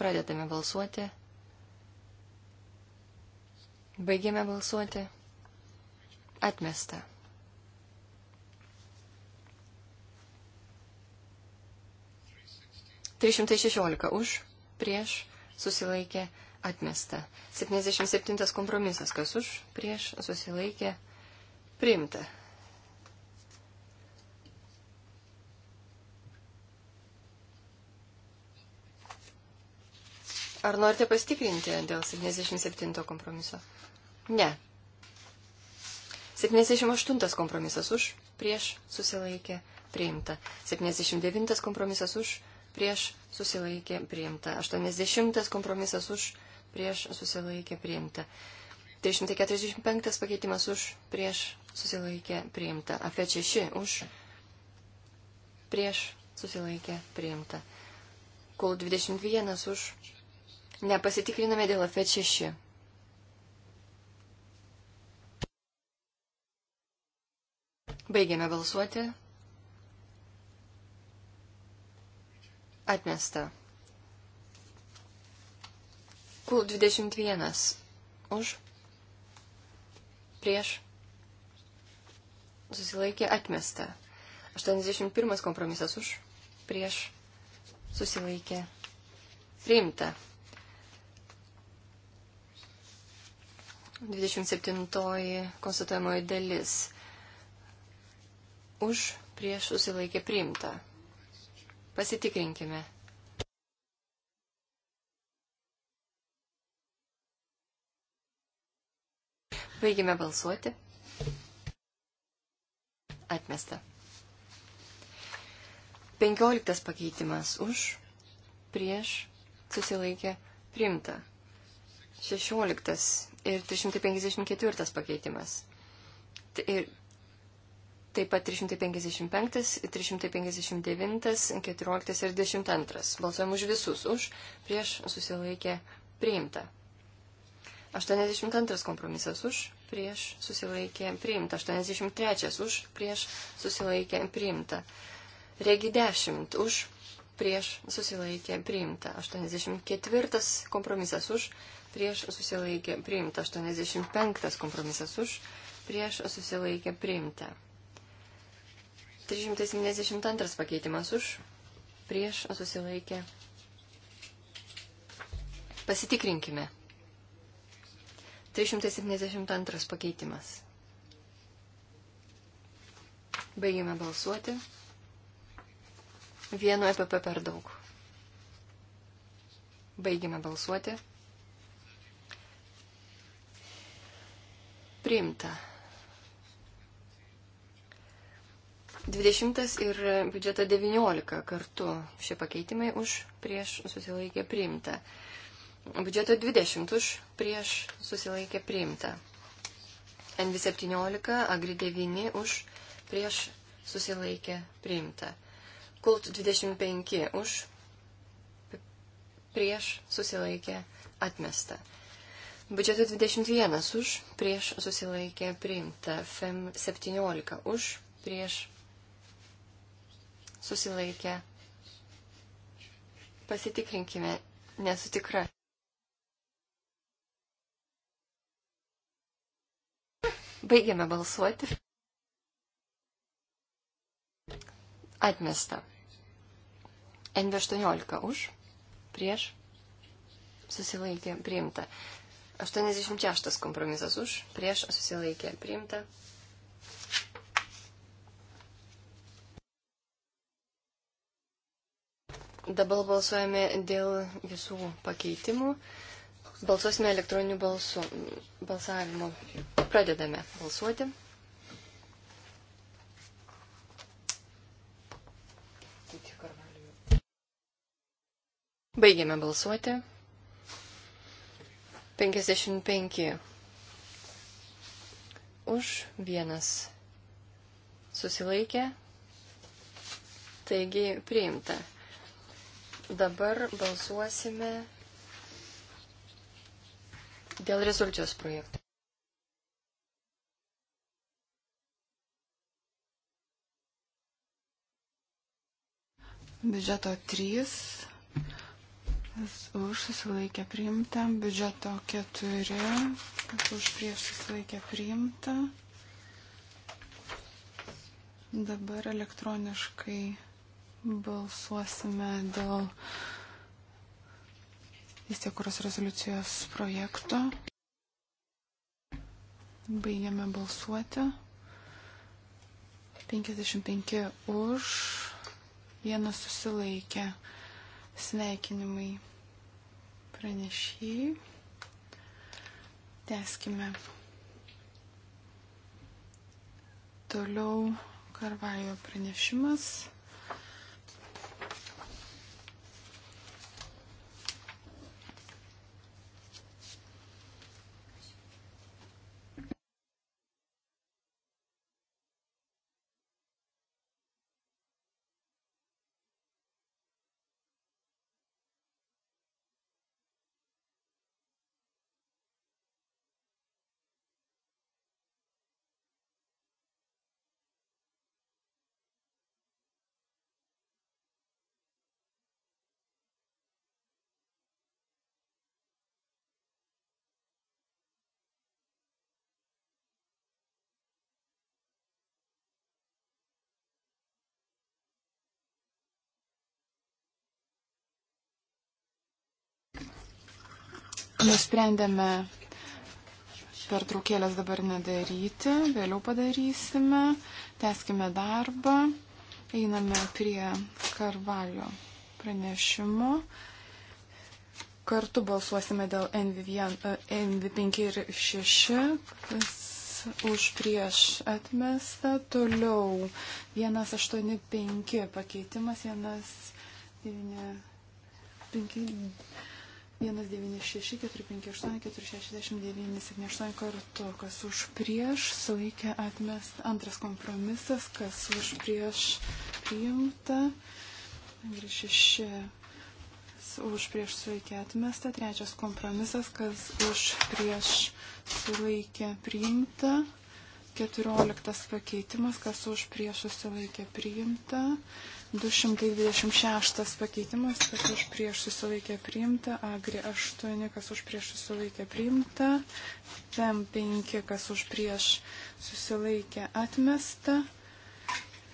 Pradedame balsuoti. Baigėme balsuoti. Atmesta. Trys šimtai šešiolika už, prieš, susilaikė, atmesta. Septyniasdešimt septintas kompromisas, kas už, prieš, susilaikė, priimta. Ar norite pastikrinti dėl 77 kompromiso? Ne. 78 kompromisas už, prieš susilaikė priimta. 79 kompromisas už, prieš susilaikė priimta. 80 kompromisas už, prieš susilaikė priimta. 345 pakeitimas už, prieš susilaikė priimta. Afet 6 už, prieš susilaikė priimta. Kol 21 už, Nepasitikriname dėl AFET 6. Baigiame balsuoti. Atmesta. Kul 21. Už. Prieš. Susilaikė atmesta. 81 kompromisas už. Prieš. Susilaikė. Priimta. 27 konstatuojamoji dalis. Už prieš susilaikė priimta. Pasitikrinkime. Baigime balsuoti. Atmesta. 15 pakeitimas už prieš susilaikė priimta. 16 ir 354 pakeitimas. Ir taip pat 355, 359, 14 ir 12. Balsuojam už visus, už, prieš susilaikė priimta. 82 kompromisas už, prieš susilaikė priimta. 83 už, prieš susilaikė priimta. Regi 10 už, prieš susilaikė priimta. 84 kompromisas už, prieš susilaikė priimta. 85 kompromisas už, prieš susilaikė priimta. 372 pakeitimas už, prieš susilaikė. Pasitikrinkime. 372 pakeitimas. Baigėme balsuoti. Vienu EPP per daug. Baigime balsuoti. Priimta. 20 ir biudžeto 19 kartu šie pakeitimai už prieš susilaikė priimta. Biudžeto 20 už prieš susilaikė priimta. NV17, Agri 9 už prieš susilaikė priimta. Kult 25 už, prieš susilaikė atmesta. Biudžeto 21 už, prieš susilaikė priimta. FEM 17 už, prieš susilaikė. Pasitikrinkime, nesu tikra. Baigiame balsuoti. Atmesta. NV18 už, prieš, susilaikė, priimta. 86 kompromisas už, prieš, susilaikė, priimta. Dabar balsuojame dėl visų pakeitimų. Balsuosime elektroniniu balsu. Balsavimu. Pradedame balsuoti. Baigėme balsuoti. 55 už vienas susilaikė, taigi priimta. Dabar balsuosime dėl rezoliucijos projektų. Biudžeto 3 Kas už susilaikė priimta, biudžeto 4, kas už prieš susilaikė priimta. Dabar elektroniškai balsuosime dėl įstiekuros rezoliucijos projekto. Baigiame balsuoti. 55 už, vienas susilaikė. Sveikinimai pranešėjai. Teskime. Toliau Karvajo pranešimas. nusprendėme pertraukėlės dabar nedaryti, vėliau padarysime, teskime darbą, einame prie Karvalio pranešimo. Kartu balsuosime dėl NV1, NV5 e, ir 6, kas už prieš atmestą, toliau 185 pakeitimas, 195. 196, 458, 469, 78 kartu, kas už prieš, sulaikė atmest antras kompromisas, kas už prieš priimta, 6 už prieš sulaikė atmesta, trečias kompromisas, kas už prieš sulaikė priimta, 14 pakeitimas, kas už prieš susilaikė priimta, 226 pakeitimas, kas už prieš susilaikė priimta, agri 8, kas už prieš susilaikė priimta, fem 5, kas už prieš susilaikė atmesta,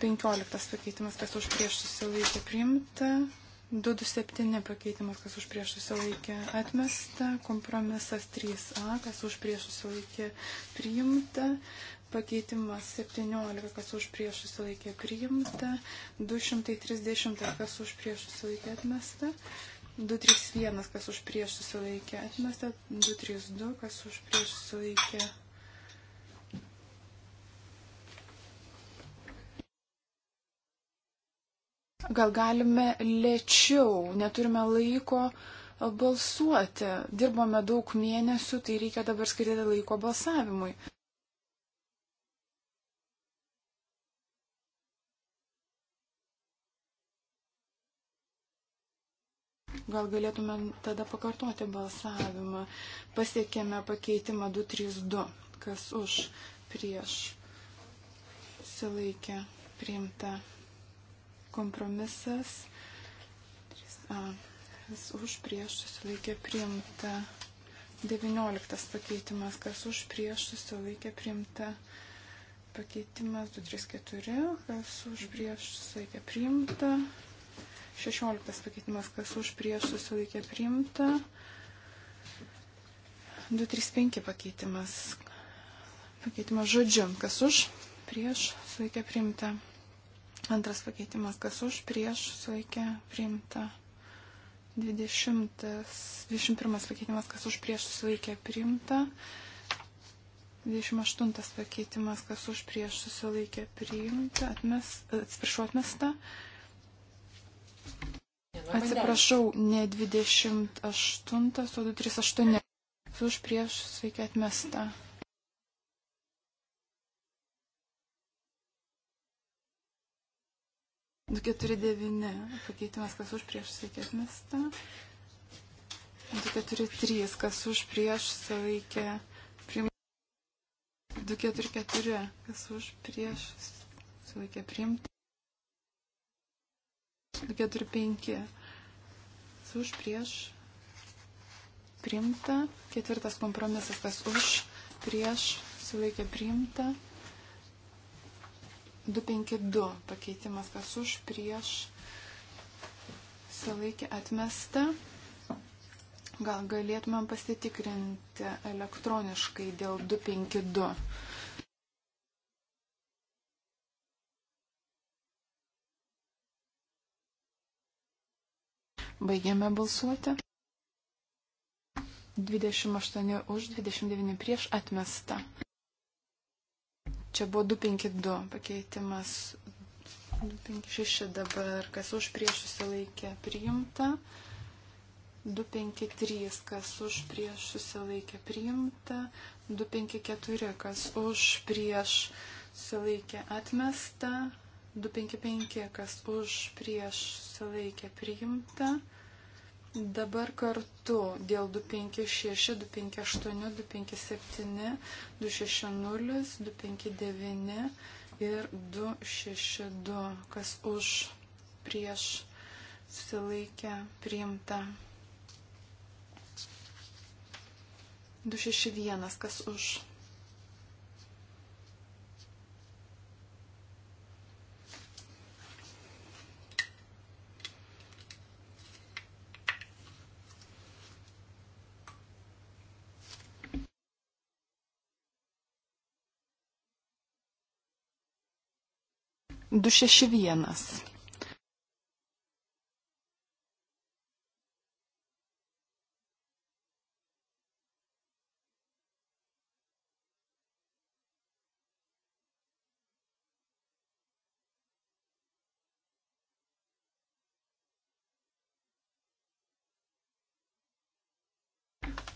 15 pakeitimas, kas už prieš susilaikė priimta, 227 pakeitimas, kas už prieš susilaikė atmesta, kompromisas 3a, kas už prieš susilaikė priimta, Pakeitimas 17, kas už prieš susilaikė priimta, 230, kas už prieš susilaikė atmesta, 231, kas už prieš susilaikė atmesta, 232, kas už prieš susilaikė atmesta. Gal galime lėčiau, neturime laiko balsuoti. Dirbome daug mėnesių, tai reikia dabar skirti laiko balsavimui. Gal galėtume tada pakartoti balsavimą. Pasiekėme pakeitimą 232. Kas už, prieš, silaikė, priimta kompromisas. A, kas už, prieš, susilaikė, priimta. 19 pakeitimas, kas už, prieš, susilaikė, priimta pakeitimas 234, kas už prieš susilaikė priimta, 16 pakeitimas, kas už prieš susilaikė priimta. 235 pakeitimas. Pakeitimas žodžiu, kas už prieš susilaikė priimta. Antras pakeitimas, kas už prieš susilaikė priimta. 20, 21 pakeitimas, kas už prieš susilaikė priimta. 28 pakeitimas, kas už prieš susilaikė priimta, atmes, atsiprašau, atmesta. Atsiprašau, ne 28, o 238. Už prieš sveikia atmesta. Du keturi devyni. Pakeitimas, kas už prieš sveikia atmesta. Du keturi trys, kas už prieš sveikia. Du keturi keturi, kas už prieš sveikia priimta. 4, 5. Už prieš priimta. Ketvirtas kompromisas, kas už prieš sulaikė priimta. 252 pakeitimas, kas už prieš sulaikė atmesta. Gal galėtumėm pasitikrinti elektroniškai dėl 252. Baigėme balsuoti. 28 už, 29 prieš atmesta. Čia buvo 252 pakeitimas. 256 dabar, kas už prieš susilaikė priimta. 253, kas už prieš susilaikė priimta. 254, kas už prieš susilaikė atmesta. 255, kas už prieš susilaikė priimta. Dabar kartu dėl 256, 258, 257, 260, 259 ir 262, kas už prieš susilaikę priimta. 261, kas už 261.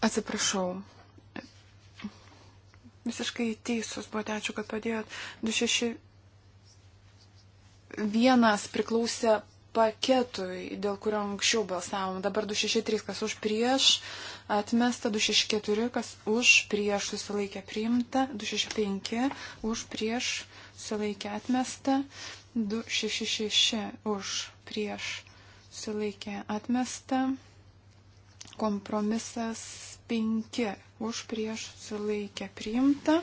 Atsiprašau. Visiškai teisus, buvo ačiū, kad padėjot. 26 vienas priklausė paketui, dėl kurio anksčiau balsavom. Dabar 263, kas už prieš, atmesta 264, kas už prieš susilaikė priimta, 265 už prieš susilaikė atmesta, 266 už prieš susilaikė atmesta, kompromisas 5 už prieš susilaikė priimta.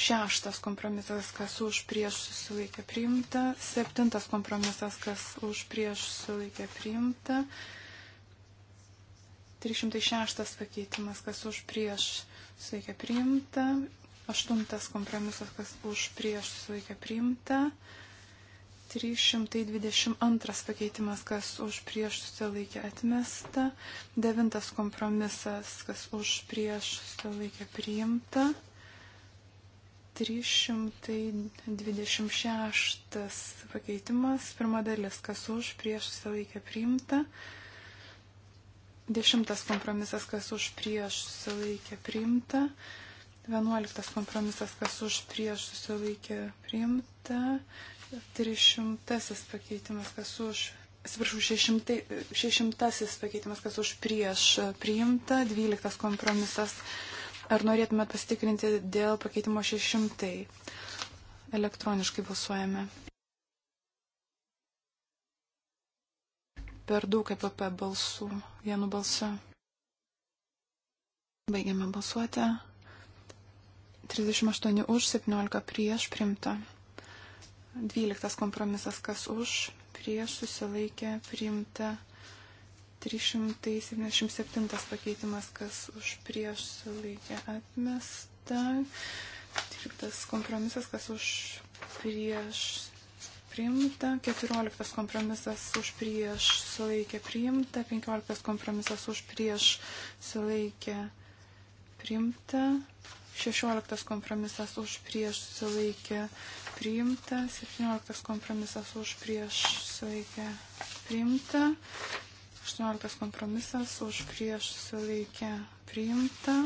Šeštas kompromisas, kas už prieš susilaikė priimta. Septintas kompromisas, kas už prieš susilaikė priimta. 306 pakeitimas, kas už prieš susilaikė priimta. Aštuntas kompromisas, kas už prieš susilaikė priimta. 322 pakeitimas, kas už prieš susilaikė atmesta. Devintas kompromisas, kas už prieš susilaikė priimta. 326 pakeitimas, pirma dalis, kas už, prieš susilaikė priimta. Dešimtas kompromisas, kas už, prieš susilaikė priimta. Vienuoliktas kompromisas, kas už, prieš susilaikė priimta. 300 pakeitimas, kas už, atsiprašau, 600 pakeitimas, kas už, prieš priimta. Dvyliktas kompromisas, kas už Ar norėtumėt pasitikrinti dėl pakeitimo 600? Elektroniškai balsuojame. Per daug EPP balsų, vienu balsu. Baigiame balsuoti. 38 už, 17 prieš primta. 12 kompromisas, kas už, prieš susilaikė primta. 377 pakeitimas, kas už prieš sulaikė atmesta. 13 kompromisas, kas už prieš priimta. 14 kompromisas už prieš sulaikė priimta. 15 kompromisas už prieš sulaikė priimta. 16 kompromisas už prieš sulaikė priimta. 17 kompromisas už prieš sulaikė priimta. 18 kompromisas už prieš susilaikę priimta.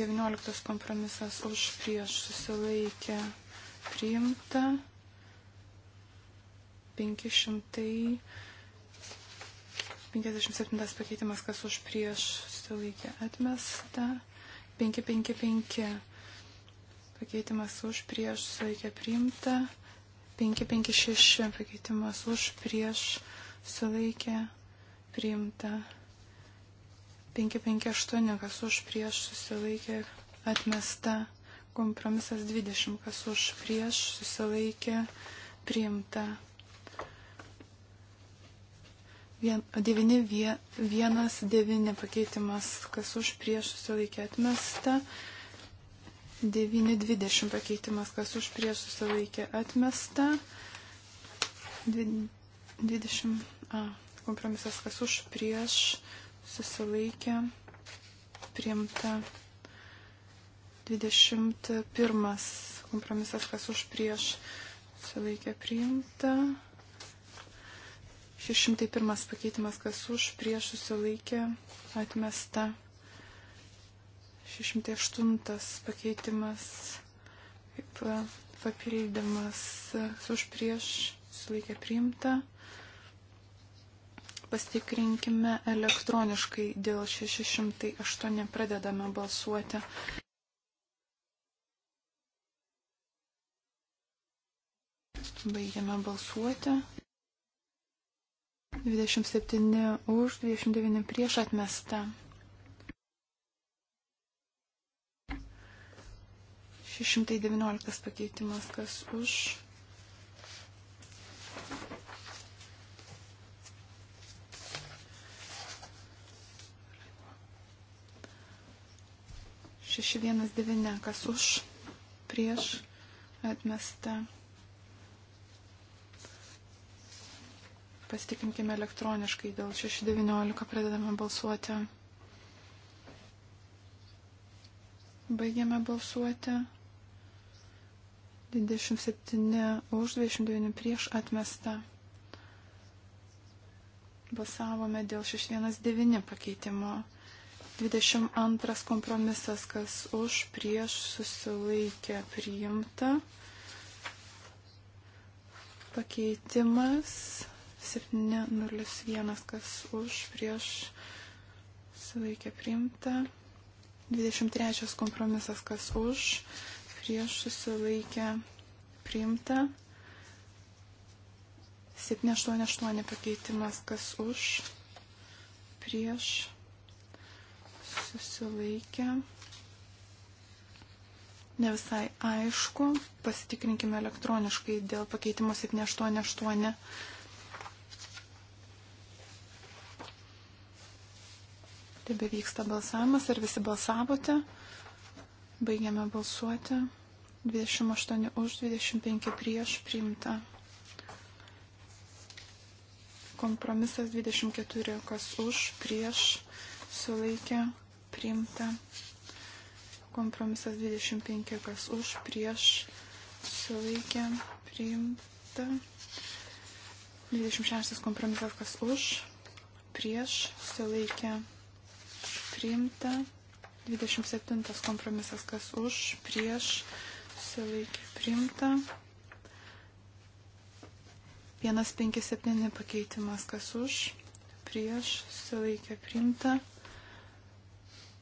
19 kompromisas už prieš susilaikę priimta. 557 pakeitimas, kas už prieš susilaikė atmesta. 555 pakeitimas už prieš susilaikė priimta. 556 pakeitimas už prieš sulaikė priimta. 558 kas už prieš susilaikė atmesta. Kompromisas 20 kas už prieš susilaikė priimta. 9.1.9 pakeitimas, kas už prieš susilaikė atmesta, 9.20 pakeitimas, kas už prieš susilaikė atmesta. 20. A, kompromisas, kas už prieš susilaikė priimta. 21. Kompromisas, kas už prieš susilaikė priimta. 601 pakeitimas, kas už prieš susilaikė atmesta. 608 pakeitimas kaip e, papildymas e, už prieš sulaikę priimta. Pastikrinkime elektroniškai dėl 608 pradedame balsuoti. Baigiame balsuoti. 27 už, 29 prieš atmesta. 619 pakeitimas, kas už. Šeši vienas devyni, kas už, prieš, atmesta. Pasitikinkime elektroniškai, dėl 6.19 pradedame balsuoti. Baigiame balsuoti. 27 už, 29 prieš atmesta. Balsavome dėl 619 pakeitimo. 22 kompromisas, kas už, prieš susilaikė priimta. Pakeitimas 701, kas už, prieš susilaikė priimta. 23 kompromisas, kas už, prieš susilaikę priimta. 788 pakeitimas, kas už, prieš susilaikę. Ne visai aišku, pasitikrinkime elektroniškai dėl pakeitimo 788. Tebe vyksta balsavimas, ar visi balsavote? Baigiame balsuoti. 28 už, 25 prieš priimta. Kompromisas 24, kas už, prieš, sulaikė, priimta. Kompromisas 25, kas už, prieš, sulaikė, priimta. 26 kompromisas, kas už, prieš, sulaikė, priimta. 27 kompromisas, kas už, prieš, susilaikė priimta. 157 pakeitimas, kas už, prieš, susilaikė priimta.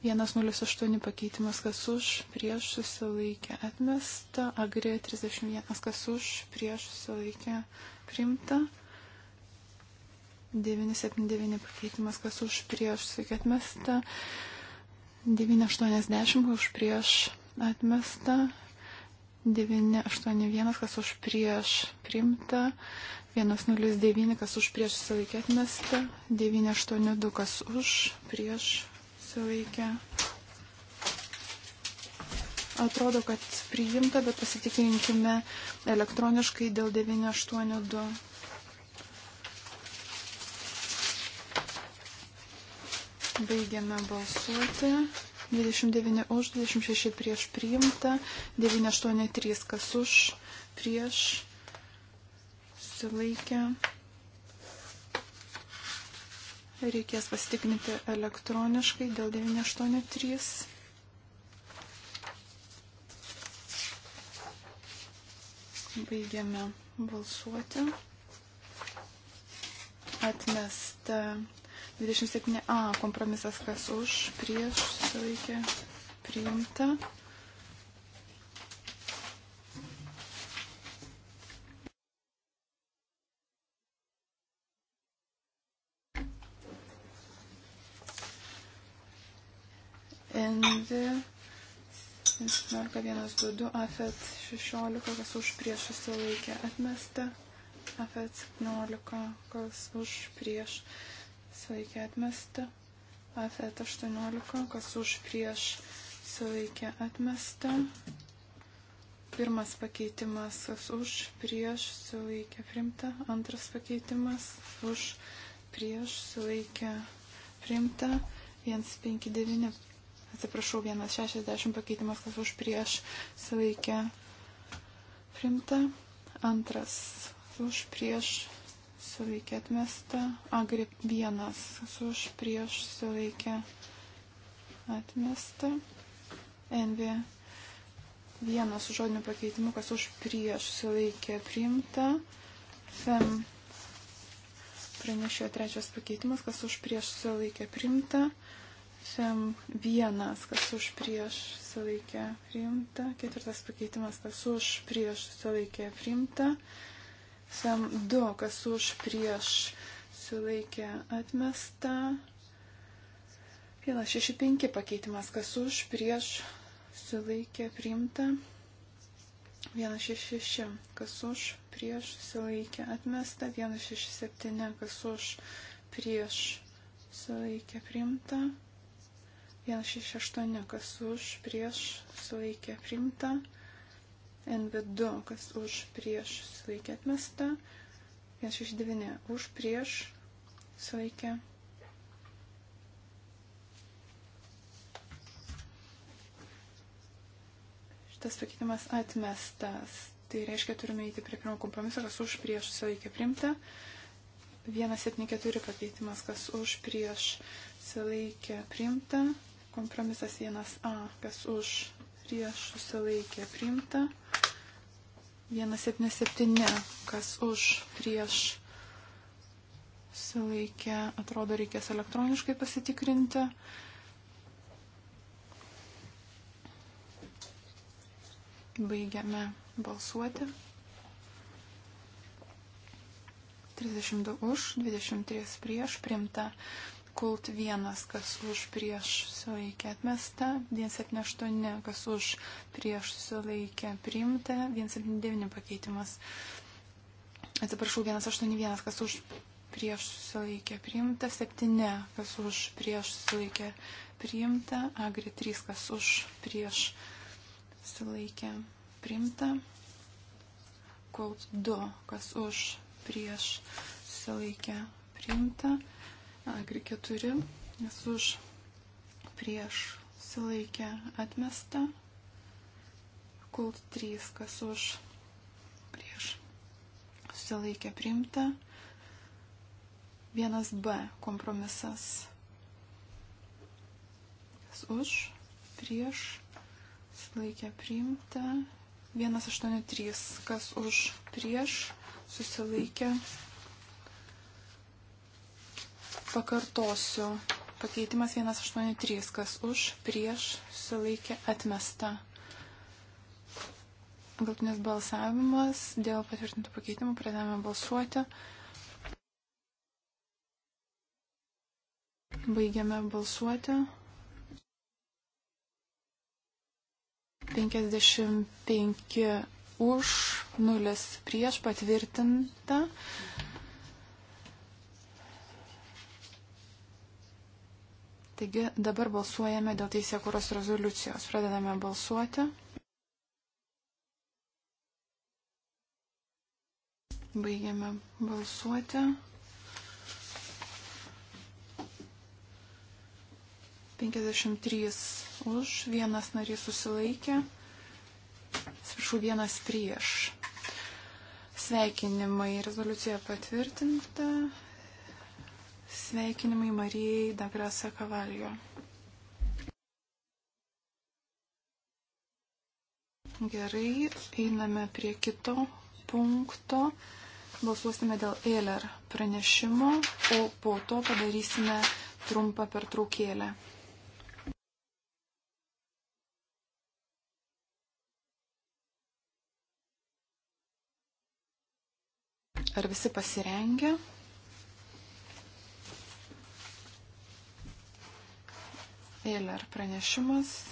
108 pakeitimas, kas už, prieš, susilaikė atmesta. Agrė 31, kas už, prieš, susilaikė priimta. 979 pakeitimas, kas už prieš, sakė atmesta, 980 už prieš atmesta, 981 kas už prieš primta, 109 kas už prieš susilaikė atmesta, 982 kas už prieš susilaikė. Atrodo, kad priimta, bet pasitikrinkime elektroniškai dėl 982. Baigiame balsuoti. 29 už, 26 prieš priimta, 983 kas už, prieš, susilaikę. Reikės pasitikrinti elektroniškai dėl 983. Baigiame balsuoti. Atmesta 27a kompromisas kas už, prieš, susilaikė, priimta. Endi 17.1.2, AFET 16, kas už prieš susilaikė atmesta, AFET 17, kas už prieš sulaikė atmesta. Afet 18, kas už prieš sulaikė atmesta. Pirmas pakeitimas, kas už prieš sulaikė primta. Antras pakeitimas, už prieš sulaikė primta. 159, atsiprašau, 160 pakeitimas, kas už prieš sulaikė primta. Antras už prieš sulaikė atmesta, agri vienas, kas už prieš sulaikė atmesta, envi vienas su žodiniu pakeitimu, kas už prieš sulaikė priimta, fem pranešėjo trečias pakeitimas, kas už prieš sulaikė priimta, fem vienas, kas už prieš sulaikė priimta, ketvirtas pakeitimas, kas už prieš sulaikė priimta, priimta Sam 2, kas už prieš susilaikė atmesta. 165 pakeitimas, kas už prieš susilaikė priimta. 166, kas už prieš susilaikė atmesta. 167, kas už prieš susilaikė priimta. 168, kas už prieš susilaikė priimta. NB2, kas už prieš susilaikė atmesta. 169 už prieš susilaikė. Šitas pakeitimas atmestas. Tai reiškia, turime įti prie pirmo kompromiso, kas už prieš susilaikė primta. 174 pakeitimas, kas už prieš susilaikė primta. Kompromisas 1A, kas už prieš susilaikė primta. 177, kas už, prieš, sulaikė, atrodo, reikės elektroniškai pasitikrinti. Baigiame balsuoti. 32 už, 23 prieš, primta kult vienas, kas už prieš sulaikė atmesta, 178, kas už prieš sulaikė priimta, 179 pakeitimas. Atsiprašau, 181, kas už prieš sulaikė priimta, 7, kas už prieš sulaikė priimta, agri 3, kas už prieš sulaikė priimta, kult 2, kas už prieš sulaikė priimta. Agri 4, nes už prieš silaikę atmesta. Kult 3, kas už prieš silaikę primta. 1B kompromisas. Kas už prieš silaikę primta. 183, kas už prieš susilaikę primta Pakartosiu. Pakeitimas 183, kas už, prieš, sulaikė, atmesta. Galtinis balsavimas dėl patvirtintų pakeitimų pradėjome balsuoti. Baigiame balsuoti. 55 už, 0 prieš patvirtinta. Taigi dabar balsuojame dėl teisėkuros rezoliucijos. Pradedame balsuoti. Baigiame balsuoti. 53 už, vienas narys susilaikė, atsiprašau, vienas prieš. Sveikinimai rezoliucija patvirtinta. Sveikinimai Marijai Dagrasa Kavalio. Gerai, einame prie kito punkto. Balsuosime dėl Eiler pranešimo, o po to padarysime trumpą pertraukėlę. Ar visi pasirengę? Eiler pranešimas.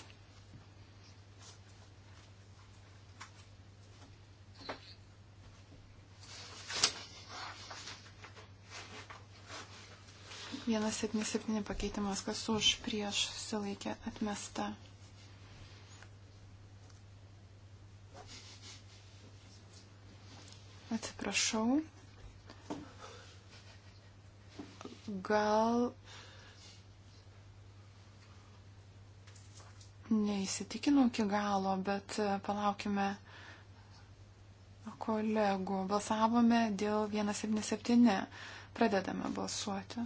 Vienas septyni septyni pakeitimas, kas už prieš silaikė atmesta. Atsiprašau. Gal neįsitikinau iki galo, bet e, palaukime kolegų. Balsavome dėl 177. Pradedame balsuoti.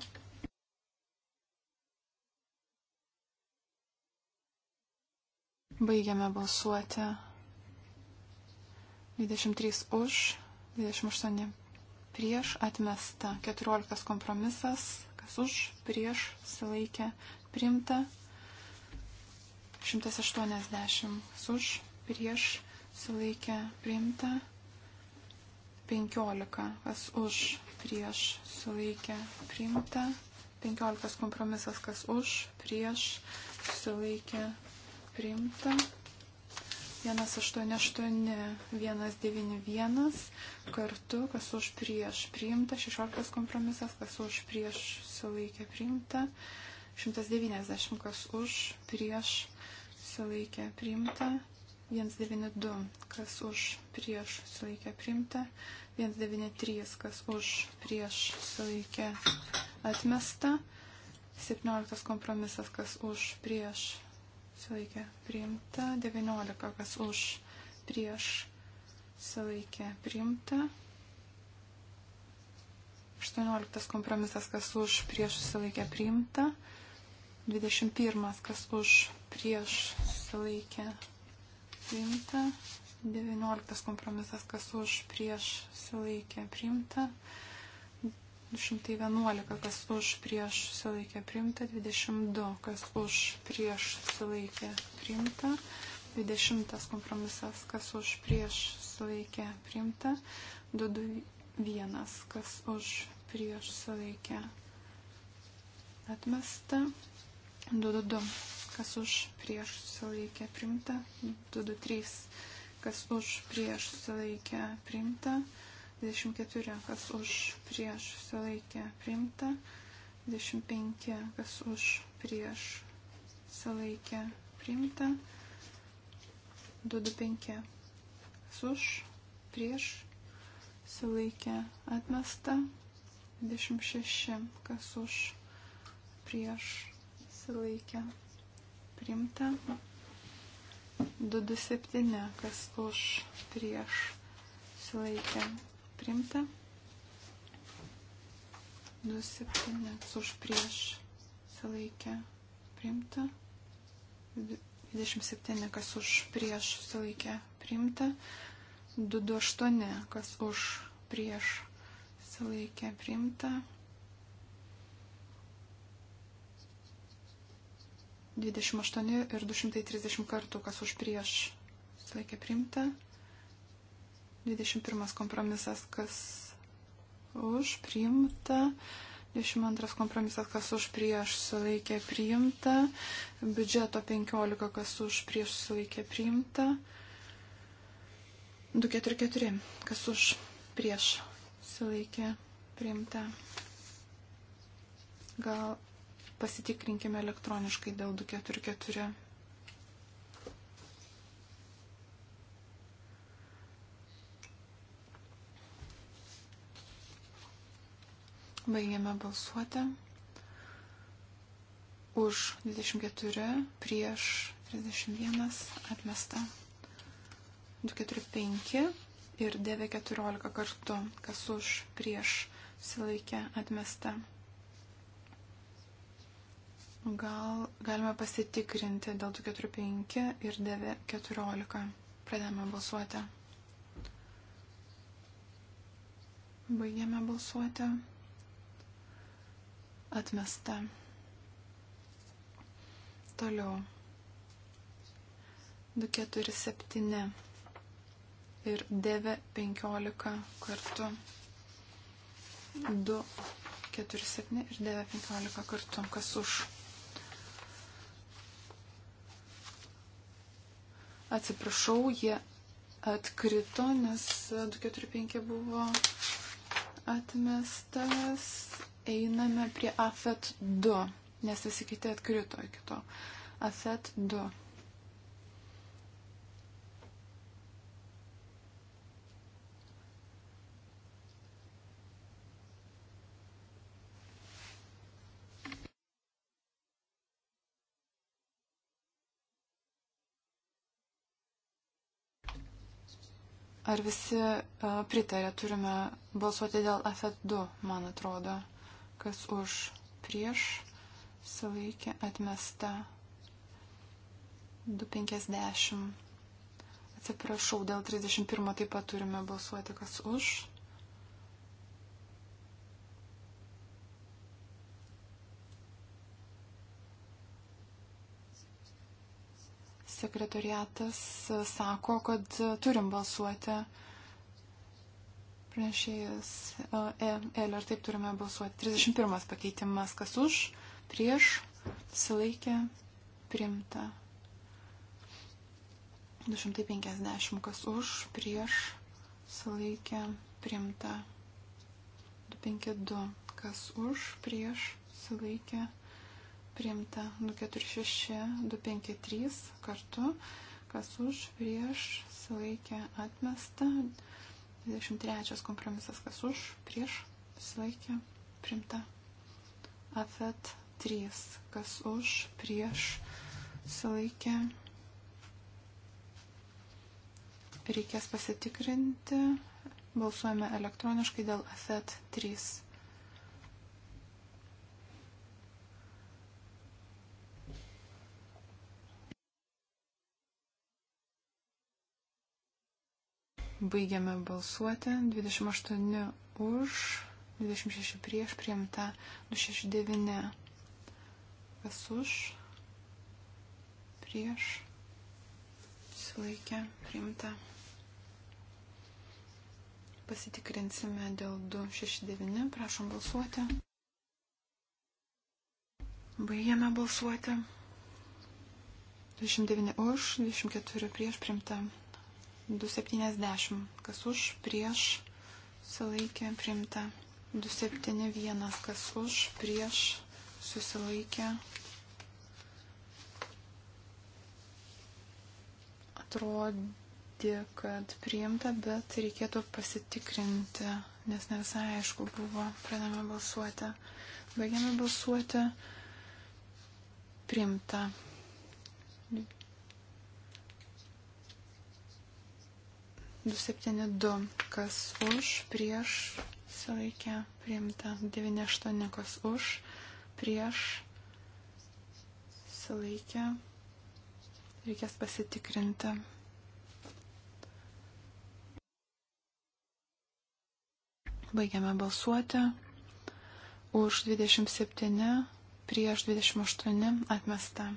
Baigiame balsuoti. 23 už, 28 prieš, atmesta. 14 kompromisas, kas už, prieš, silaikė, primta. 180 už, prieš, sulaikė, priimta. 15 kas už, prieš, sulaikė, priimta. 15 kompromisas kas už, prieš, sulaikė, priimta. 188-191 kartu, kas už prieš priimta, 16 kompromisas, kas už prieš sulaikė priimta, 190 kas už prieš susilaikė priimta, 192, kas už prieš susilaikė priimta, 193, kas už prieš susilaikė atmesta, 17 kompromisas, kas už prieš susilaikė priimta, 19, kas už prieš susilaikė priimta. 18 kompromisas, kas už prieš susilaikė priimta, 21. Kas už prieš susilaikė priimta. 19. Kompromisas. Kas už prieš susilaikė priimta. 211. Kas už prieš susilaikė priimta. 22. Kas už prieš susilaikė priimta. 20. Kompromisas. Kas už prieš susilaikė priimta. 221. Kas už prieš susilaikė atmesta. 222, kas už prieš susilaikė primta, 223, kas už prieš susilaikė primta, 24, kas už prieš susilaikė primta, 25, kas už prieš susilaikė primta, 225, kas už prieš susilaikė atmesta, 26, kas už prieš susilaikė, primta. 227, kas už, prieš, susilaikė, primta. 27, kas už, prieš, susilaikė, primta. 27, kas už, prieš, susilaikė, primta. 228, kas už, prieš, susilaikė, primta. 28 ir 230 kartų, kas už prieš sulaikė priimta. 21 kompromisas, kas už priimta. 22 kompromisas, kas už prieš sulaikė priimta. Biudžeto 15, kas už prieš sulaikė priimta. 244, kas už prieš sulaikė priimta. Gal Pasitikrinkime elektroniškai dėl 244. Baigiame balsuoti. Už 24, prieš 31 atmesta. 245 ir 914 kartu, kas už prieš silaikę atmesta. Gal galime pasitikrinti dėl tų 4-5 ir 9-14. Pradėjome balsuoti. Baigėme balsuoti. Atmesta. Toliau. 247 ir 915 kartų. 247 ir 915 kartų. Kas už? Atsiprašau, jie atkrito, nes 245 buvo atmestas. Einame prie AFET 2, nes visi kiti atkrito iki to. AFET 2. Ar visi pritarė, turime balsuoti dėl FF2, man atrodo, kas už prieš sulaikė atmesta 250. Atsiprašau, dėl 31 taip pat turime balsuoti, kas už sekretariatas sako, kad turim balsuoti pranešėjas e, e, L, ar taip turime balsuoti. 31 pakeitimas, kas už, prieš, silaikė, primta. 250, kas už, prieš, silaikė, primta. 252, kas už, prieš, silaikė, primta priimta 246, 253 kartu, kas už, prieš, sulaikė, atmesta. 23 kompromisas, kas už, prieš, sulaikė, priimta. Afet 3, kas už, prieš, sulaikė. Reikės pasitikrinti. Balsuojame elektroniškai dėl Afet 3. Baigiame balsuoti. 28 už, 26 prieš, priimta 269. Kas už, prieš, susilaikė, priimta. Pasitikrinsime dėl 269. Prašom balsuoti. Baigiame balsuoti. 29 už, 24 prieš primta. 270. Kas už, prieš, susilaikė, priimta. 271. Kas už, prieš, susilaikė. Atrodė, kad priimta, bet reikėtų pasitikrinti, nes ne visai aišku buvo. Pradame balsuoti. Baigiame balsuoti. Priimta. 272, kas už, prieš, sulaikę, priimta 98, kas už, prieš, sulaikę, reikės pasitikrinti. Baigiame balsuoti. Už 27, prieš 28 atmesta.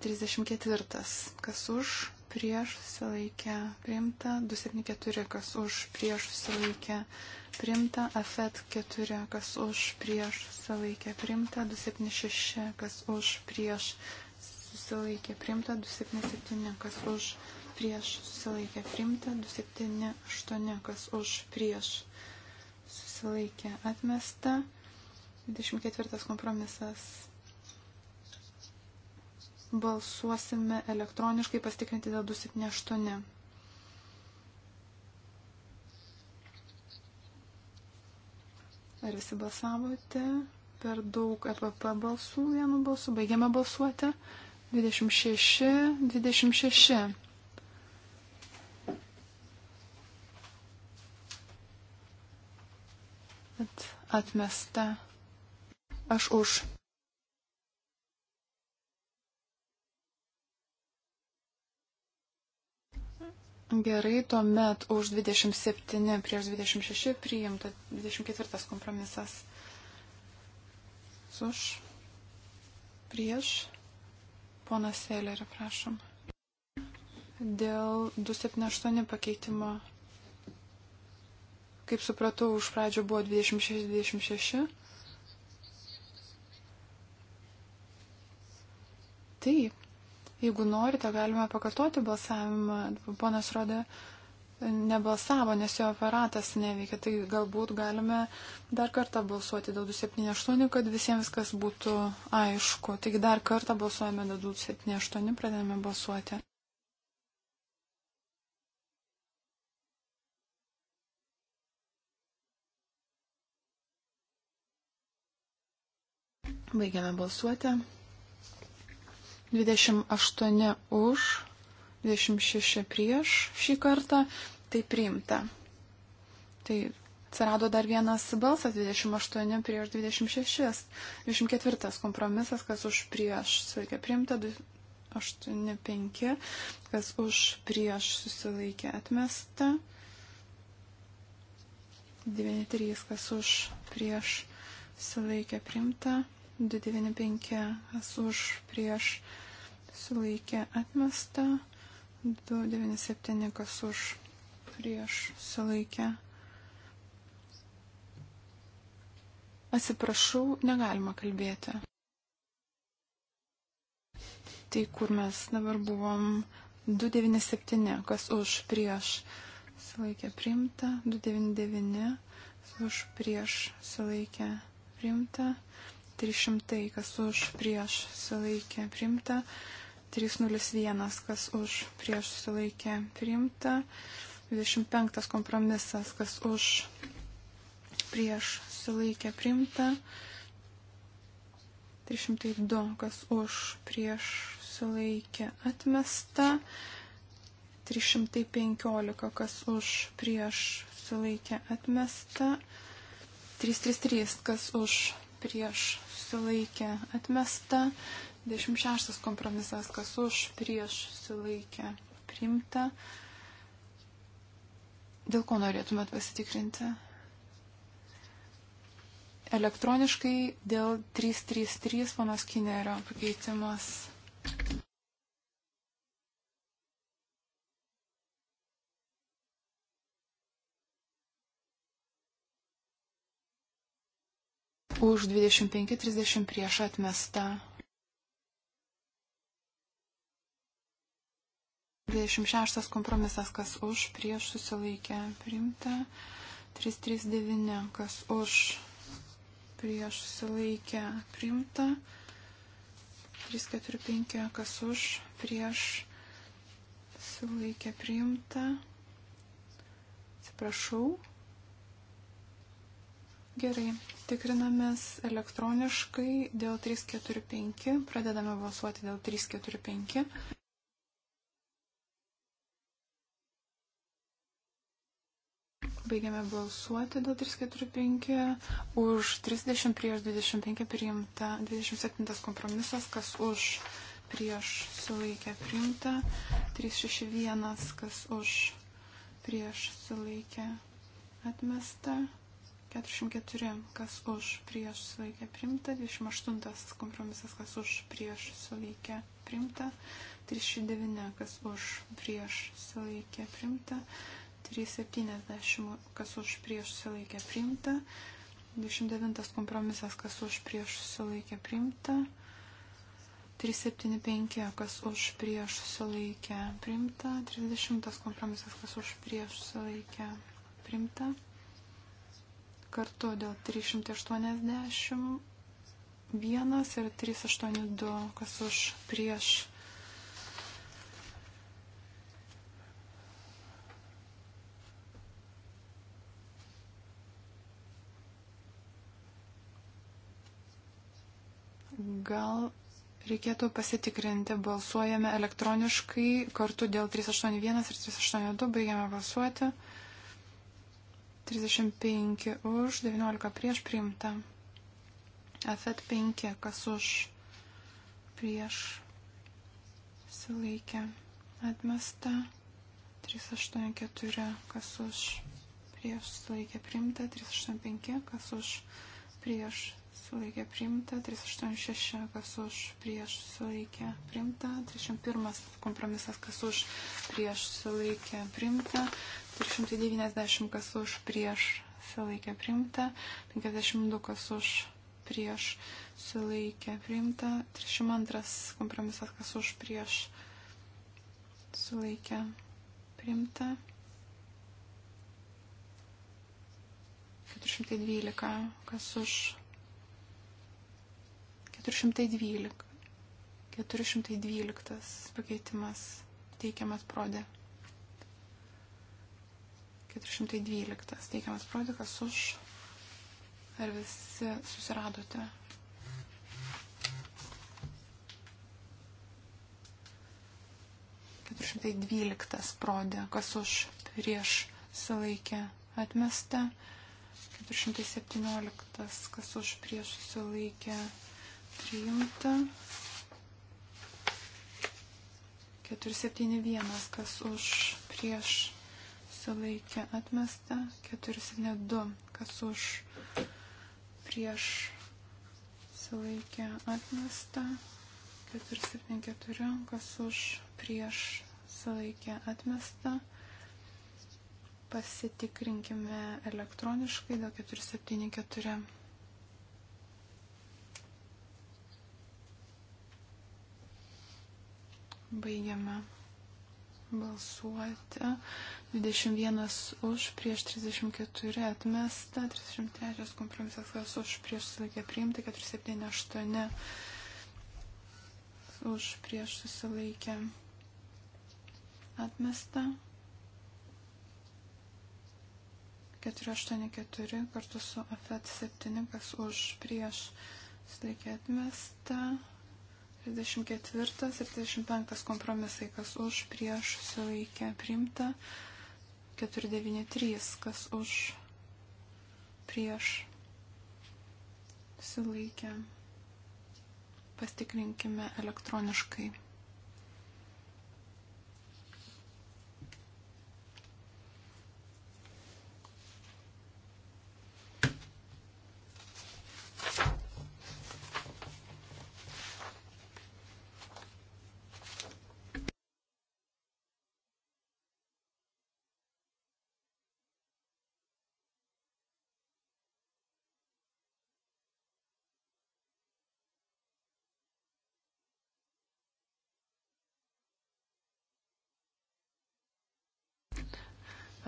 34. Kas už, prieš, susilaikę, priimta. 274. Kas už, prieš, susilaikę, priimta. Afet 4. Kas už, prieš, susilaikę, priimta. 276. Kas už, prieš, susilaikė priimta 277, kas už prieš susilaikė priimta 278, kas už prieš susilaikė atmesta 24 kompromisas balsuosime elektroniškai pastikrinti dėl 278. Ar visi balsavote? Per daug EPP balsų vienu balsu. Baigiame balsuoti. 26, 26. At, atmesta. Aš už. Gerai, tuomet už 27 prieš 26 priimta 24 kompromisas. Už prieš poną Selerį, prašom. Dėl 278 pakeitimo, kaip supratau, už pradžio buvo 26-26. Taip, Jeigu norite, galime pakartoti balsavimą. Ponas Rodė nebalsavo, nes jo aparatas neveikia. Tai galbūt galime dar kartą balsuoti dėl 278, kad visiems viskas būtų aišku. Taigi dar kartą balsuojame dėl 278, pradedame balsuoti. Baigiame balsuoti. 28 už, 26 prieš šį kartą, tai priimta. Tai atsirado dar vienas balsas, 28 prieš 26, 24 kompromisas, kas už prieš, sveiki, priimta, 85, kas už prieš susilaikė atmesta, 93, kas už prieš susilaikė priimta. 295 už prieš sulaikė atmesta, 297 kas už prieš sulaikė. Atsiprašau, negalima kalbėti. Tai kur mes dabar buvom 297, kas už prieš sulaikė priimta, 299 už prieš sulaikė priimta, 300, kas už prieš susilaikė priimta. 301, kas už prieš susilaikė priimta. 25 kompromisas, kas už prieš susilaikė priimta. 302, kas už prieš susilaikė atmesta. 315, kas už prieš sulaikė atmesta. 333, kas už prieš susilaikė atmesta, 26 kompromisas, kas už, prieš susilaikė priimta. Dėl ko norėtumėt pasitikrinti? Elektroniškai dėl 333 panos Kinerio pakeitimas. už 25-30 prieš atmesta. 26 kompromisas, kas už, prieš susilaikė, priimta. 339, kas už, prieš susilaikė, priimta. 345, kas už, prieš susilaikė, priimta. Atsiprašau, Gerai, tikrinamės elektroniškai dėl 345, pradedame balsuoti dėl 345. Baigiame balsuoti dėl 345, už 30 prieš 25 priimta, 27 kompromisas, kas už prieš sulaikę priimta, 361, kas už prieš sulaikę atmesta. 44, kas už prieš sulaikę primta, 28 kompromisas, kas už prieš sulaikę primta, 39, kas už prieš sulaikę primta, 370, kas už prieš sulaikę primta, 29 kompromisas, kas už prieš sulaikę primta, 375, kas už prieš sulaikę primta, 30 kompromisas, kas už prieš sulaikę primta kartu dėl 381 ir 382, kas už prieš. Gal reikėtų pasitikrinti, balsuojame elektroniškai kartu dėl 381 ir 382, baigiame balsuoti. 35 už, 19 prieš priimta. Afet 5, kas už, prieš, sulaikė, atmesta. 384, kas už, prieš, sulaikė, priimta. 385, kas už, prieš, sulaikė, priimta. 386, kas už, prieš, sulaikė, priimta. 301, kompromisas, kas už, prieš, sulaikė, priimta. 490 kas už prieš susilaikė priimta, 52 kas už prieš susilaikė priimta, 32 kompromisas kas už prieš susilaikė priimta, 412 kas už 412 412 pakeitimas teikiamas prodė. 412. Teikiamas projektas už. Ar visi susiradote? Šimtai dvyliktas prodė, kas už prieš sulaikė atmesta, 417, kas už prieš sulaikė priimta, 471, kas už prieš susilaikė atmesta, 472, kas už prieš susilaikė atmesta, 474, kas už prieš susilaikė atmesta. Pasitikrinkime elektroniškai dėl 474. Baigiame balsuoti. 21 už, prieš 34 atmesta, 33 kompromisas, kas už, prieš susilaikė priimti, 478 už, prieš susilaikė atmesta. 484 kartu su FET 7, kas už, prieš susilaikė atmesta. 34 ir 35 kompromisai, kas už, prieš, susilaikė, priimta. 493, kas už, prieš, susilaikė. Pastikrinkime elektroniškai.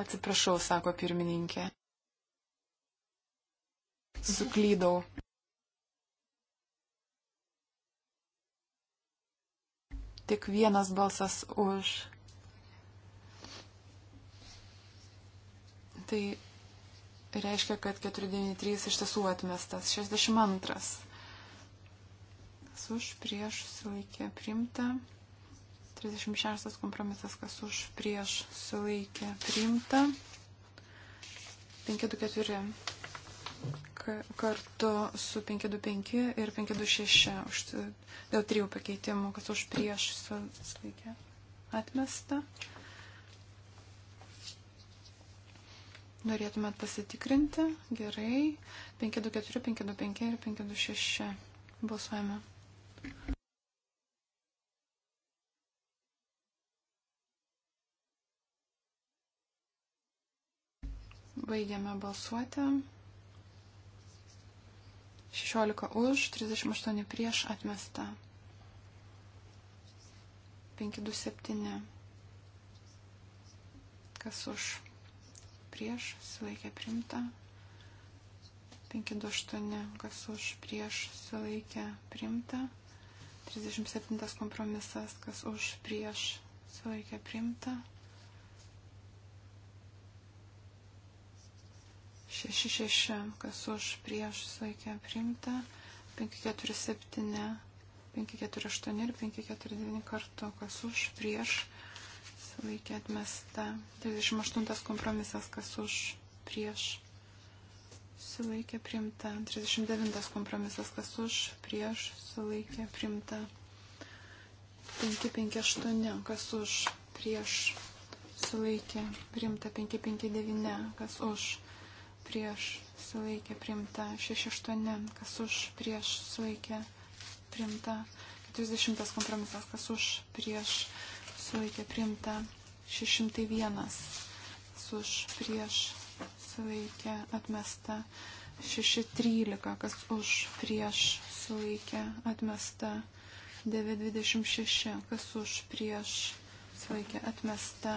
Atsiprašau, sako pirmininkė. Suklydau. Tik vienas balsas už. Tai reiškia, kad 493 iš tiesų atmestas. 62. Už prieš sulaikė primta. 36 kompromisas, kas už prieš sulaikė priimta. 524 kartu su 525 ir 526 dėl trijų pakeitimų, kas už prieš sulaikė atmesta. Norėtumėt pasitikrinti. Gerai. 524, 525 ir 526. Balsuojame. Baigiame balsuoti. 16 už, 38 prieš atmesta. 527. Kas už? Prieš, sulaikė primta. 528. Kas už? Prieš, sulaikė primta. 37 kompromisas. Kas už? Prieš, sulaikė primta. 6-6, kas už prieš susilaikė priimta, 5-4-7, 5-4-8 ir 5-4-9 kartu, kas už prieš susilaikė atmesta, 38 kompromisas, kas už prieš susilaikė priimta, 39 kompromisas, kas už prieš susilaikė priimta, 5-5-8, kas už prieš susilaikė priimta, 5-5-9, kas už prieš prieš sulaikė primta, 68, kas už prieš sulaikė primta, 40 kompromisas, kas už prieš sulaikė primta, 601, kas už prieš sulaikė atmesta, 613, kas už prieš sulaikė atmesta, 926, kas už prieš sulaikė atmesta,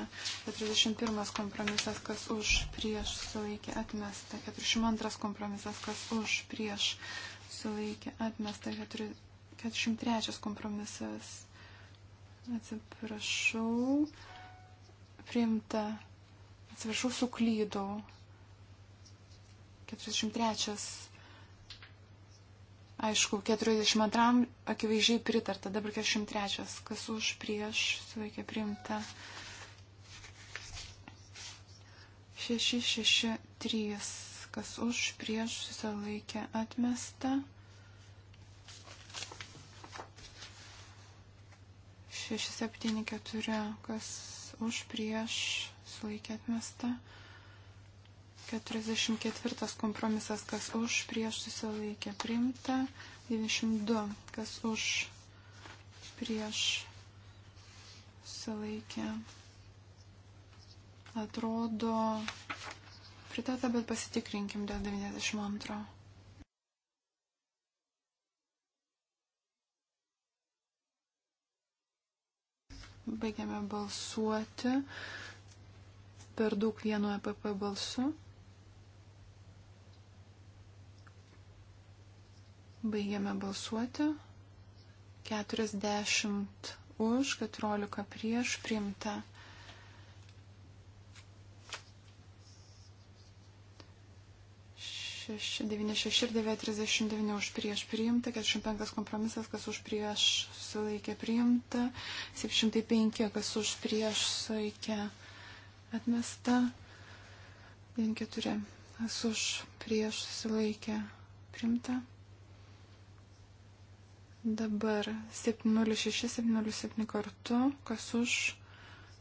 41 kompromisas, kas už, prieš sulaikė atmesta, 42 kompromisas, kas už, prieš sulaikė atmesta, 43 kompromisas, atsiprašau, priimta, atsiprašau, suklydau, 43 Aišku, 42 akivaizdžiai pritarta, dabar 43, kas už prieš suveikia priimta. 663, kas už prieš susilaikė atmesta. 674, kas už prieš sulaikė atmesta. 6, 7, 4, 44 kompromisas, kas už, prieš susilaikė priimta. 92, kas už, prieš susilaikė. Atrodo, pritarta, bet pasitikrinkim dėl 92. Baigiame balsuoti per daug vienu EPP balsu. Baigiame balsuoti. 40 už, 14 prieš priimta. Šeši, devyni, šeši ir devyni, trisdešimt devyni už prieš priimta, keturiasdešimt penktas kompromisas, kas už prieš sulaikė priimta, septyšimtai penki, kas už prieš sulaikė atmesta, devyni keturi, kas už prieš sulaikė priimta. Dabar 706-707 kartu, kas už,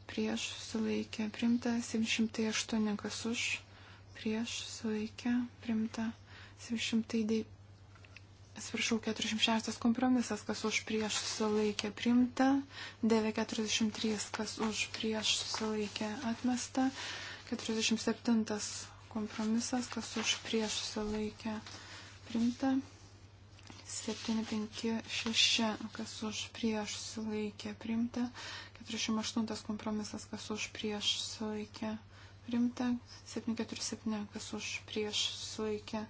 prieš sulaikė primta, 708 kas už, prieš sulaikė primta, 709. Atsiprašau, 46 kompromisas, kas už prieš susilaikė primta, 943, kas už prieš susilaikė atmesta, 47 kompromisas, kas už prieš susilaikė primta, 756, kas už prieš sulaikė primta, 408 kompromisas, kas už prieš sulaikė primta, 747, kas už prieš sulaikė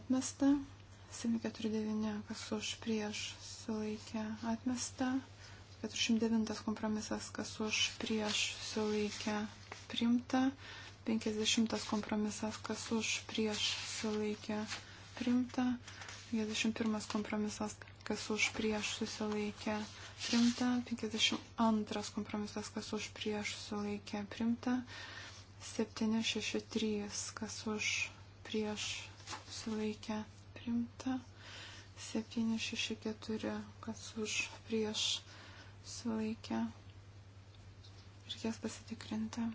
atmesta, 749, kas už prieš sulaikė atmesta, 409 kompromisas, kas už prieš sulaikė primta, 50 kompromisas, kas už prieš sulaikė atmesta primta, 51 kompromisas, kas už prieš susilaikė primta, 52 kompromisas, kas už prieš susilaikė primta, 763, kas už prieš susilaikė primta, 764, kas už prieš susilaikė. Reikės pasitikrinti.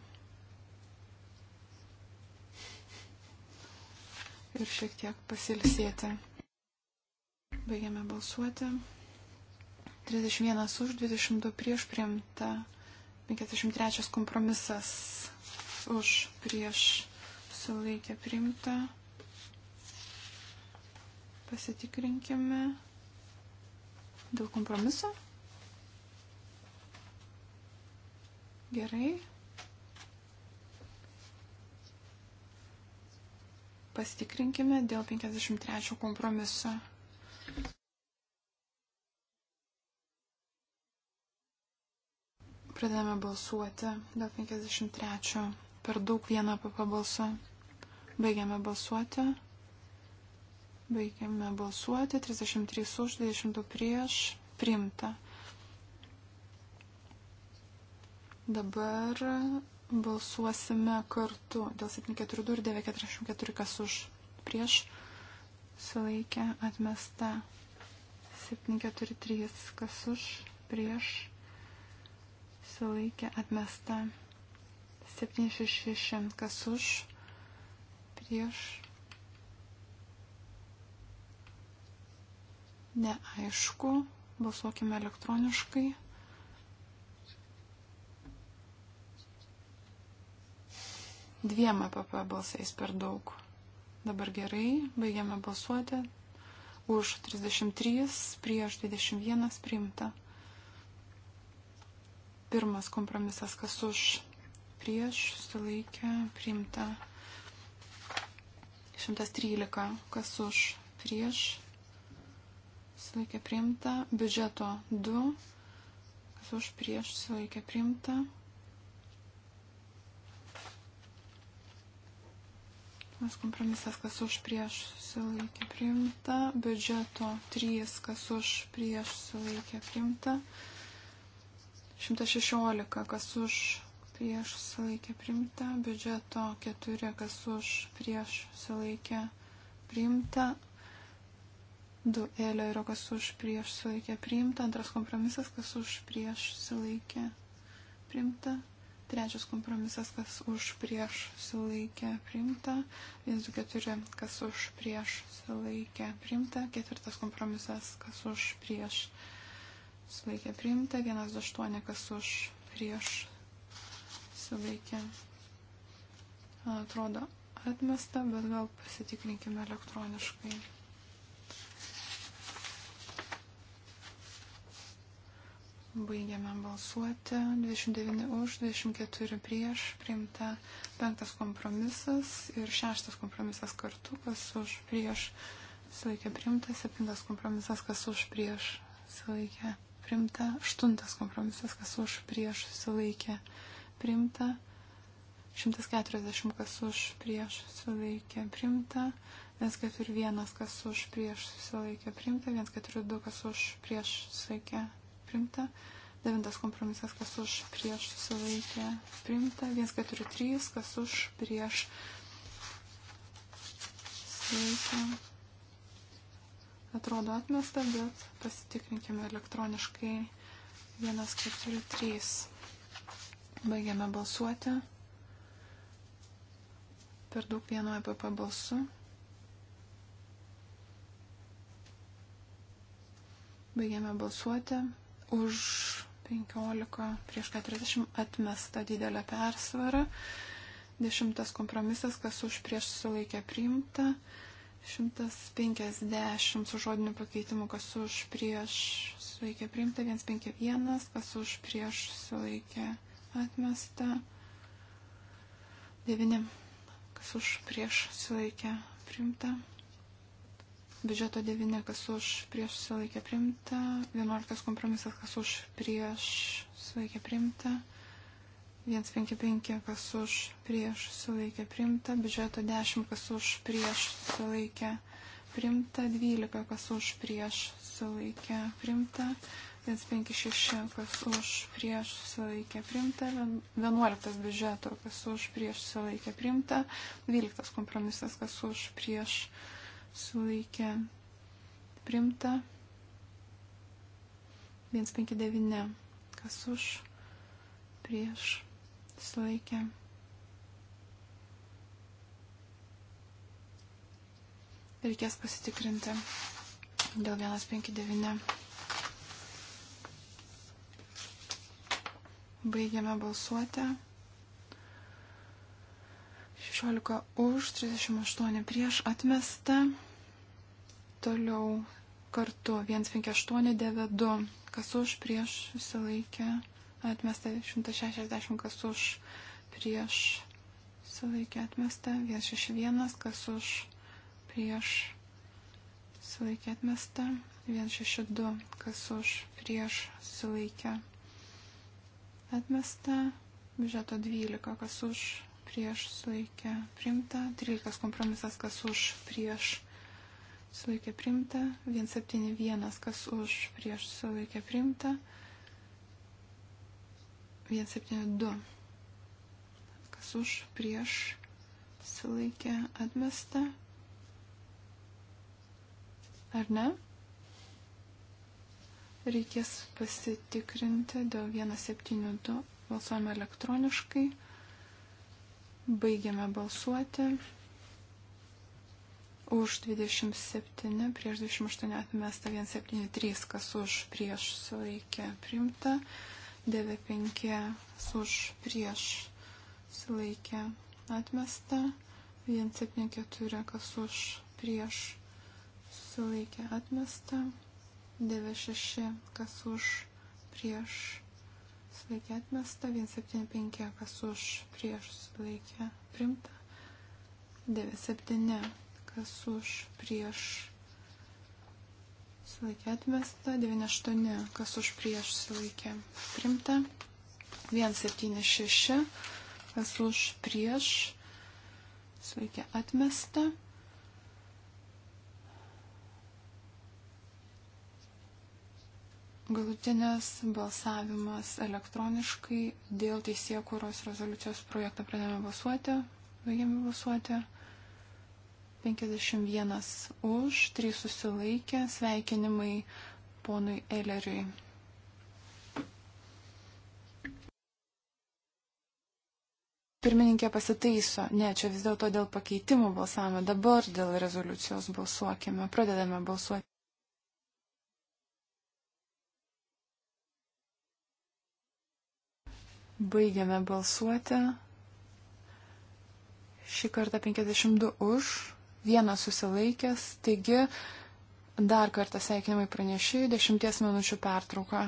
ir šiek tiek pasilsėti. Baigiame balsuoti. 31 už, 22 prieš priimta, 53 kompromisas už prieš sulaikę priimta. Pasitikrinkime dėl kompromiso. Gerai. Pasitikrinkime dėl 53 kompromiso. Pradedame balsuoti dėl 53. Per daug vieną papabalsą. Baigiame balsuoti. Baigiame balsuoti. 33 už, 22 prieš. Primta. Dabar balsuosime kartu dėl 742 ir 944, kas už prieš sulaikę atmesta 743, kas už prieš sulaikę atmesta 766, kas už prieš neaišku, balsuokime elektroniškai. Dviem APP balsais per daug. Dabar gerai, baigiame balsuoti. Už 33, prieš 21 priimta. Pirmas kompromisas, kas už prieš, sulaikė, priimta. 113, kas už prieš, sulaikė, priimta. Biudžeto 2, kas už prieš, sulaikė, priimta. Mes kompromisas, kas už prieš susilaikė priimta, biudžeto 3, kas už prieš susilaikė priimta, 116, kas už prieš susilaikė priimta, biudžeto 4, kas už prieš susilaikė priimta, 2 elio yra kas už prieš susilaikė priimta, antras kompromisas, kas už prieš susilaikė priimta. Trečias kompromisas, kas už prieš sulaikė primta. 124, kas už prieš sulaikė primta. Ketvirtas kompromisas, kas už prieš sulaikė primta. 128, kas už prieš sulaikė. Atrodo atmesta, bet gal pasitikrinkime elektroniškai. Baigiame balsuoti. 29 už, 24 prieš, priimta penktas kompromisas ir šeštas kompromisas kartu, kas už prieš sulaikė priimta, septintas kompromisas, kas už prieš sulaikė priimta, aštuntas kompromisas, kas už prieš sulaikė priimta, 140 kas už prieš sulaikė priimta, 141 kas už prieš sulaikė priimta, 142 kas už prieš sulaikė primta. Devintas kompromisas, kas už prieš susilaikė primta. 143, kas už prieš susilaikė. Atrodo atmesta, bet pasitikrinkime elektroniškai. 143. Baigiame balsuoti. Per daug vieno EPP balsu. Baigiame balsuoti už 15 prieš 40 atmesta didelė persvara. Dešimtas kompromisas, kas už prieš sulaikę priimta. 150 su žodiniu pakeitimu, kas už prieš sulaikė priimta. 151, kas už prieš sulaikė atmesta. 9, kas už prieš sulaikė priimta. Biudžeto 9, kas už prieš susilaikė primta. 11 kompromisas, kas už prieš susilaikė primta. 155, kas už prieš susilaikė primta. Biudžeto 10, kas už prieš susilaikė primta. 12, kas už prieš susilaikė primta. 156, kas už prieš susilaikė primta, 11 biudžeto, kas už prieš susilaikė primta, 12 kompromisas, kas už prieš sulaikė primta 159, kas už, prieš sulaikė. Reikės pasitikrinti dėl 159. Baigiame balsuoti. 16 už, 38 prieš atmestą. Toliau kartu 15892, kas už prieš susilaikė, atmesta 160, kas už prieš susilaikė, atmesta 161, kas už prieš susilaikė, atmesta 162, kas už prieš susilaikė, atmesta biudžeto 12, kas už prieš susilaikė, primta 13 kompromisas, kas už prieš susilaikė sulaikė primta, 171 kas už prieš sulaikė primta, 172 kas už prieš sulaikė atmesta, ar ne? Reikės pasitikrinti dėl 172, balsuojame elektroniškai, baigiame balsuoti už 27, prieš 28 atmesta 173, kas už prieš sulaikė primta, 95 už prieš sulaikė atmesta, 174, kas už prieš sulaikė atmesta, 96, kas už prieš sulaikė atmesta, 175, kas už prieš sulaikė primta, 97 kas už prieš sulaikė atmesta, 98, kas už prieš sulaikė primta, 176, kas už prieš sulaikė atmesta. Galutinės balsavimas elektroniškai dėl teisėkūros rezoliucijos projektą pradėjome balsuoti, baigėme balsuoti. 51 už, 3 susilaikė, sveikinimai ponui Eleriui. Pirmininkė pasitaiso, ne, čia vis dėlto dėl pakeitimų balsavome, dabar dėl rezoliucijos balsuokime, pradedame balsuoti. Baigiame balsuoti. Šį kartą 52 už, vienas susilaikęs. Taigi dar kartą sveikinimai pranešėjų, dešimties minučių pertrauka.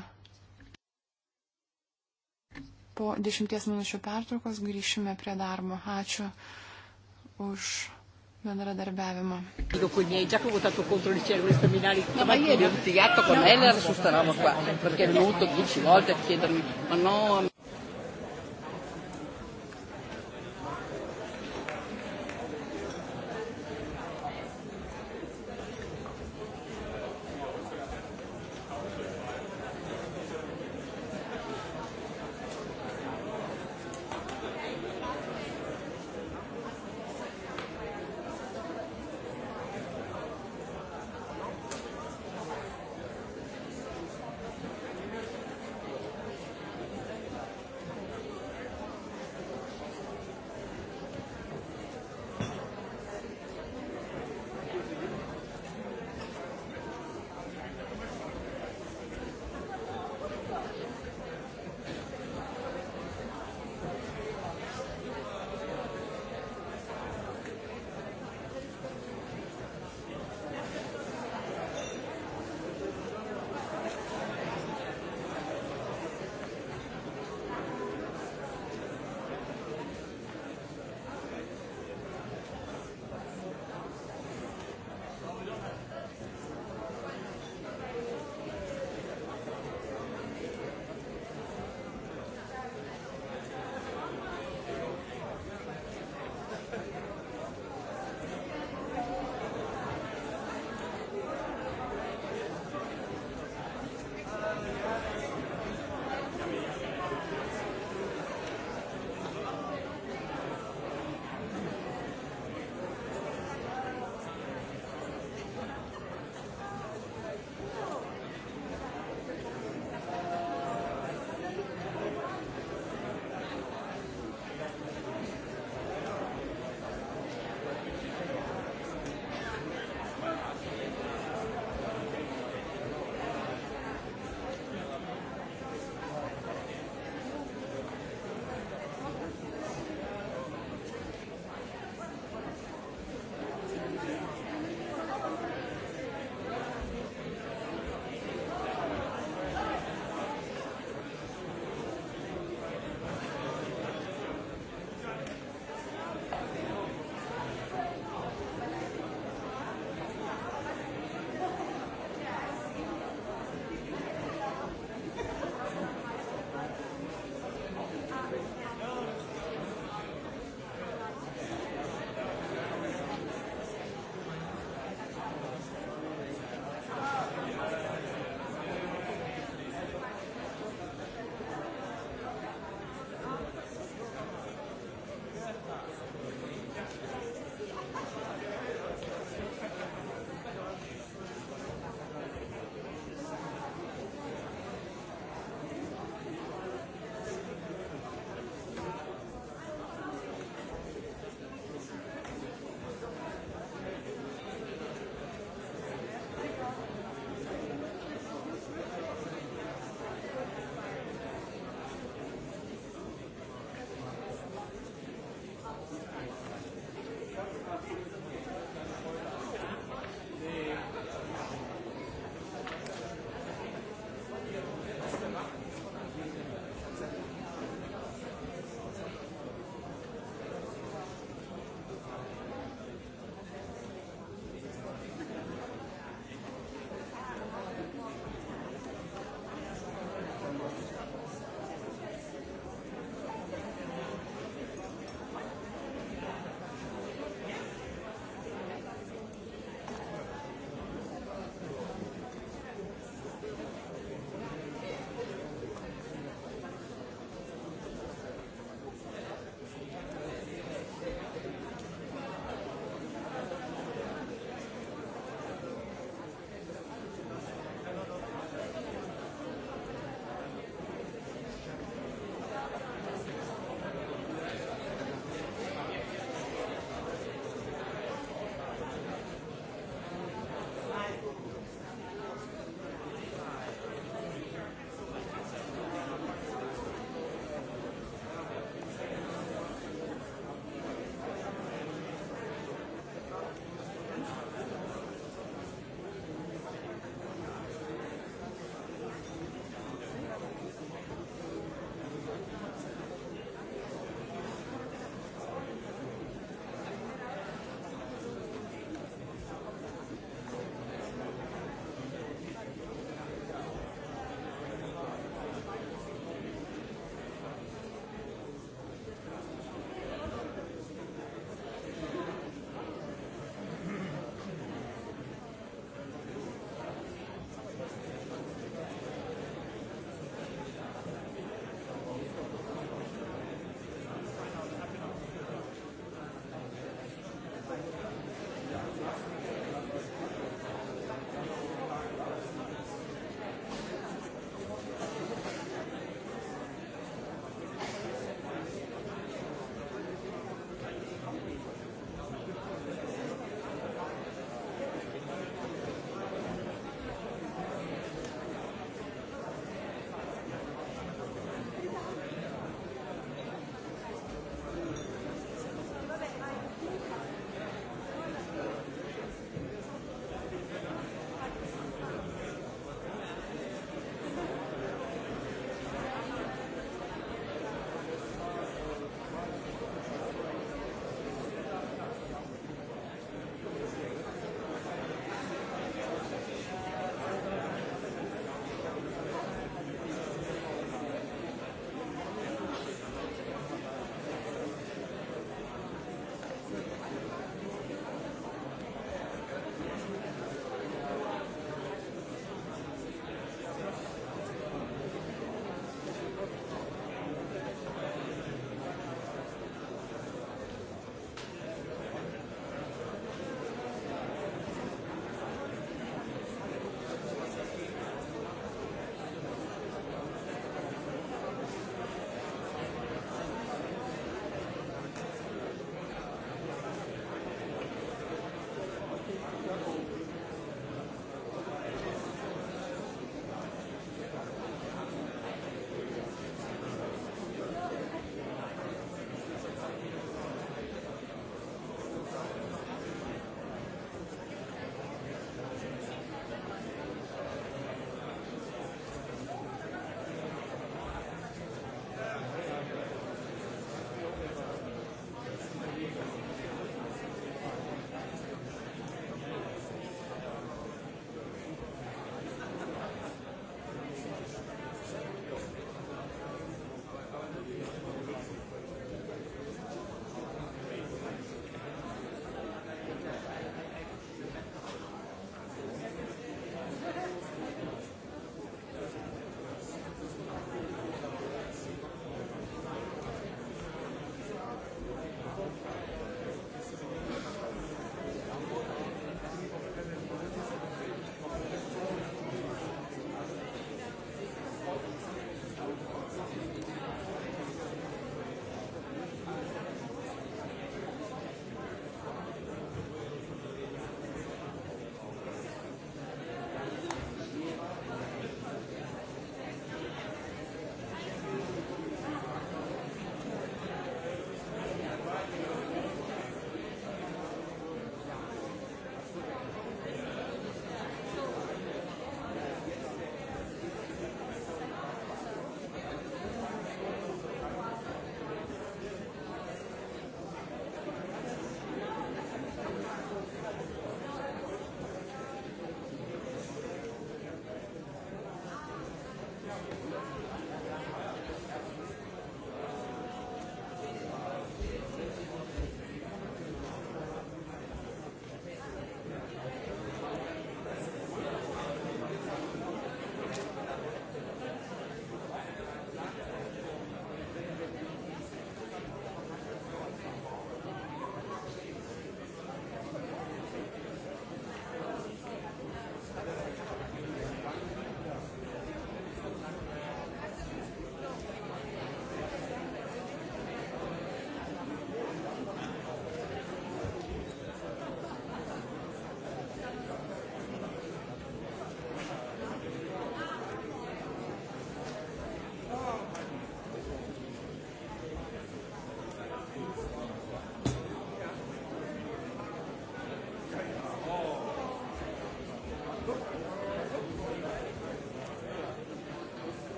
Po dešimties minučių pertraukos grįšime prie darbo. Ačiū už bendradarbiavimą. Quindi hai già votato contro il cervello staminale. No, ma ieri ho litigato con no. Heller, su stavamo qua, perché è venuto dieci volte a chiedermi, ma no...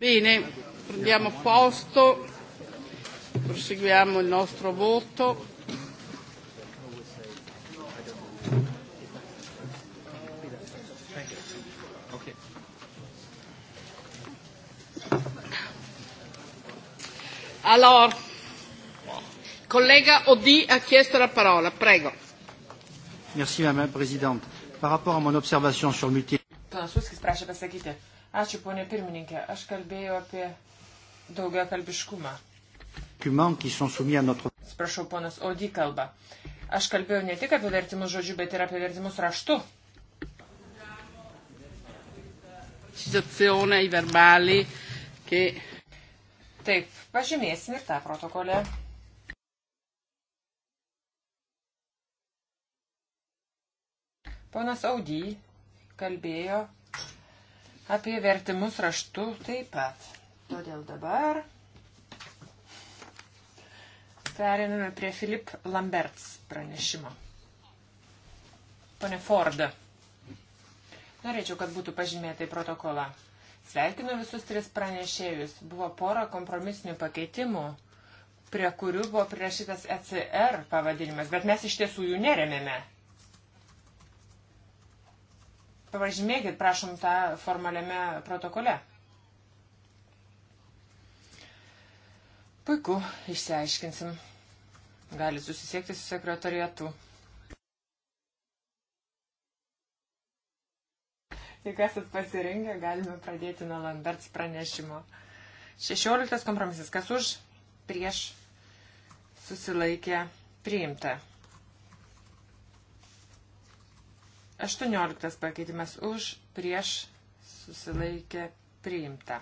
Bene, prendiamo posto, proseguiamo il nostro voto. Allora, collega Odi ha chiesto la parola, prego. Merci, Madame la Présidente. Par rapport à mon observation sur le multi... Ponas Ruskis prašė pasakyti. Ačiū, ponė pirmininkė. Aš kalbėjau apie daugia kalbiškumą. Sprašau, ponas Odi kalba. Aš kalbėjau ne tik apie vertimus žodžiu, bet ir apie vertimus raštu. Taip, pažymėsim ir tą protokolę. Ponas Audy kalbėjo apie vertimus raštu taip pat. Todėl dabar periname prie Filip Lamberts pranešimo. Pone Forda, norėčiau, kad būtų pažymėta į protokolą. Sveikinu visus tris pranešėjus. Buvo pora kompromisinių pakeitimų, prie kurių buvo prirašytas ECR pavadinimas, bet mes iš tiesų jų neremėme. Pažymėkit, prašom, tą formaliame protokole. Puiku, išsiaiškinsim. Gali susisiekti su sekretariatu. Jei kas pasirengę, galime pradėti nuo Lamberts pranešimo. 16 kompromisas. Kas už? Prieš. Susilaikė. Priimta. 18 pakeitimas už, prieš, susilaikė, priimta.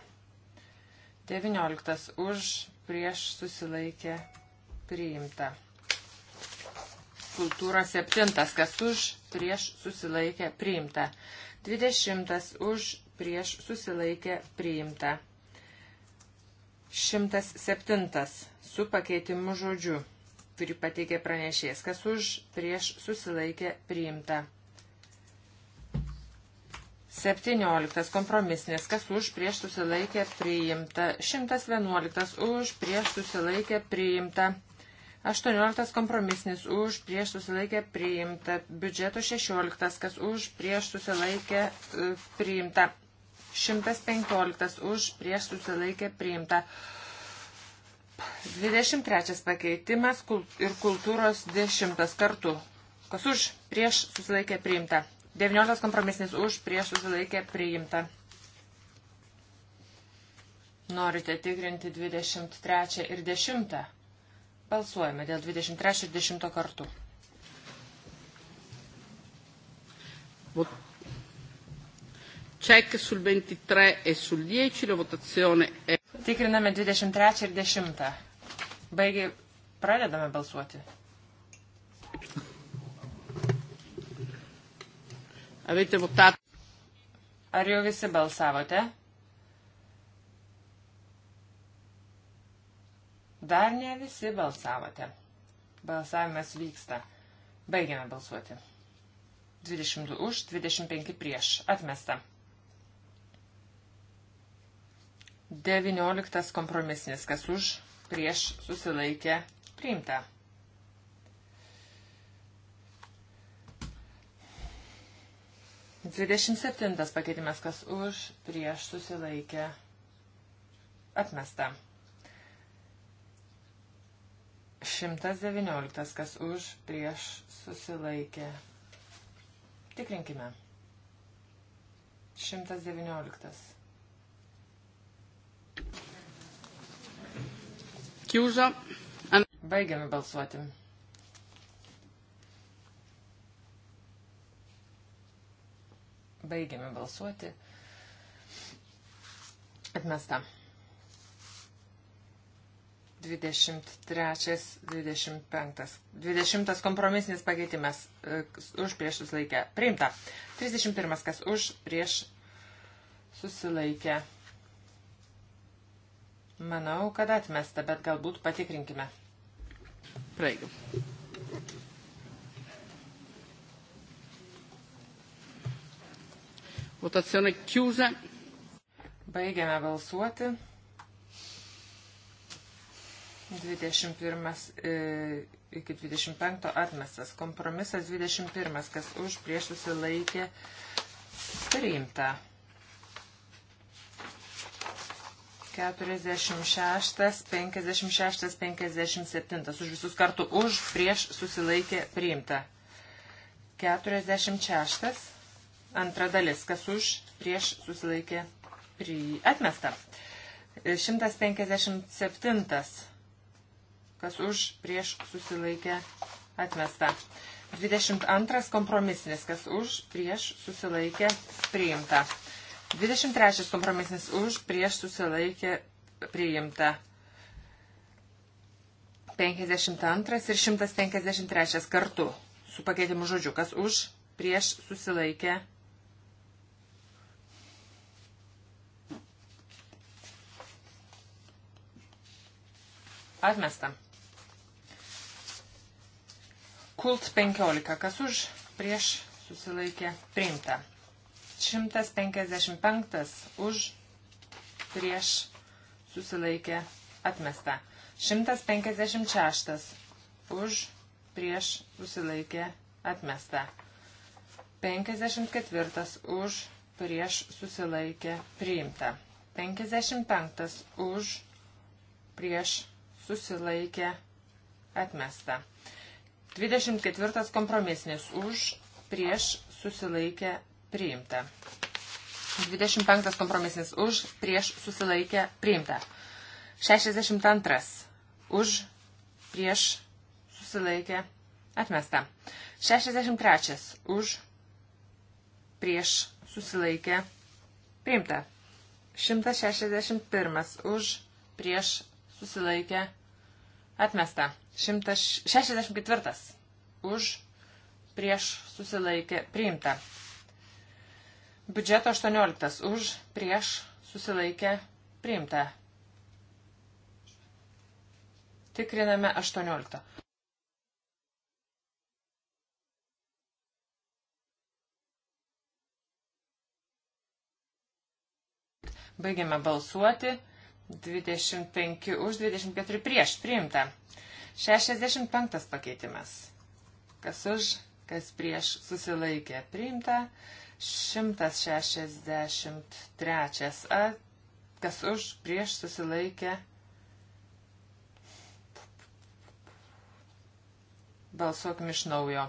19 už, prieš, susilaikė, priimta. Kultūra 7, kas už, prieš, susilaikė, priimta. 20 už, prieš, susilaikė, priimta. 107 su pakeitimu žodžiu kurį pateikė pranešėjas, kas už prieš susilaikė priimta. 17 kompromisinės, kas už prieš susilaikę priimta. 111 už prieš susilaikę priimta. 18 kompromisinis už prieš susilaikę priimta. Biudžeto 16, e, kas už prieš susilaikę priimta. 115 už prieš susilaikę priimta. 23 pakeitimas ir kultūros 10 kartų. Kas už prieš susilaikę priimta. 19 kompromisinis už, prieš susilaikė priimta. Norite tikrinti 23 ir 10. Balsuojame dėl 23 ir 10 kartų. Check sul 23 e sul 10, la votazione è... Tikriname 23 ir 10. Baigiai, pradedame balsuoti. Avete votato? Ar jau visi balsavote? Dar ne visi balsavote. Balsavimas vyksta. Baigiame balsuoti. 22 už, 25 prieš. Atmesta. 19 kompromisinis, kas už, prieš, susilaikė, priimta. 27 pakeitimas, kas už, prieš susilaikė atmesta. 119, kas už, prieš susilaikė. Tikrinkime. 119. Kiuža. Baigiame balsuoti. Baigiame balsuoti. Atmesta. 23, 25. 20 kompromisinis pakeitimas e, už prieš susilaikę. Priimta. 31, kas už prieš susilaikę. Manau, kad atmesta, bet galbūt patikrinkime. Praeigiu. Votazione chiusa. Baigiame balsuoti. 21 e, iki 25 atmestas. Kompromisas 21, kas už prieš susilaikė priimta. 46, 56, 57. Už visus kartų už prieš susilaikė priimta. 46. Antra dalis. Kas už, prieš susilaikė pri... atmesta. 157. E, kas už, prieš susilaikė atmesta. 22. Kompromisinis. Kas už, prieš susilaikė priimta. 23. Kompromisinis už, prieš susilaikė priimta. 52 ir 153 kartu su pakeitimu žodžiu, kas už, prieš susilaikė Atmesta. Kult 15. Kas už prieš susilaikė priimta. 155 už prieš susilaikė atmesta. 156 už prieš susilaikė atmesta. 54 už prieš susilaikė priimta. 55 už prieš susilaikė, atmesta. 24 kompromisinis už, prieš, susilaikė, priimta. 25 kompromisinis už, prieš, susilaikė, priimta. 62 už, prieš, susilaikė, atmesta. 63 už, prieš, susilaikė, priimta. 161 už, prieš, susilaikė, Atmesta. 164. Už prieš susilaikė priimta. Biudžeto 18. Už prieš susilaikė priimta. Tikriname 18. Baigiame balsuoti. 25 už, 24 prieš, priimta. 65 pakeitimas. Kas už, kas prieš, susilaikė, priimta. 163. A, kas už, prieš, susilaikė. Balsuokim iš naujo.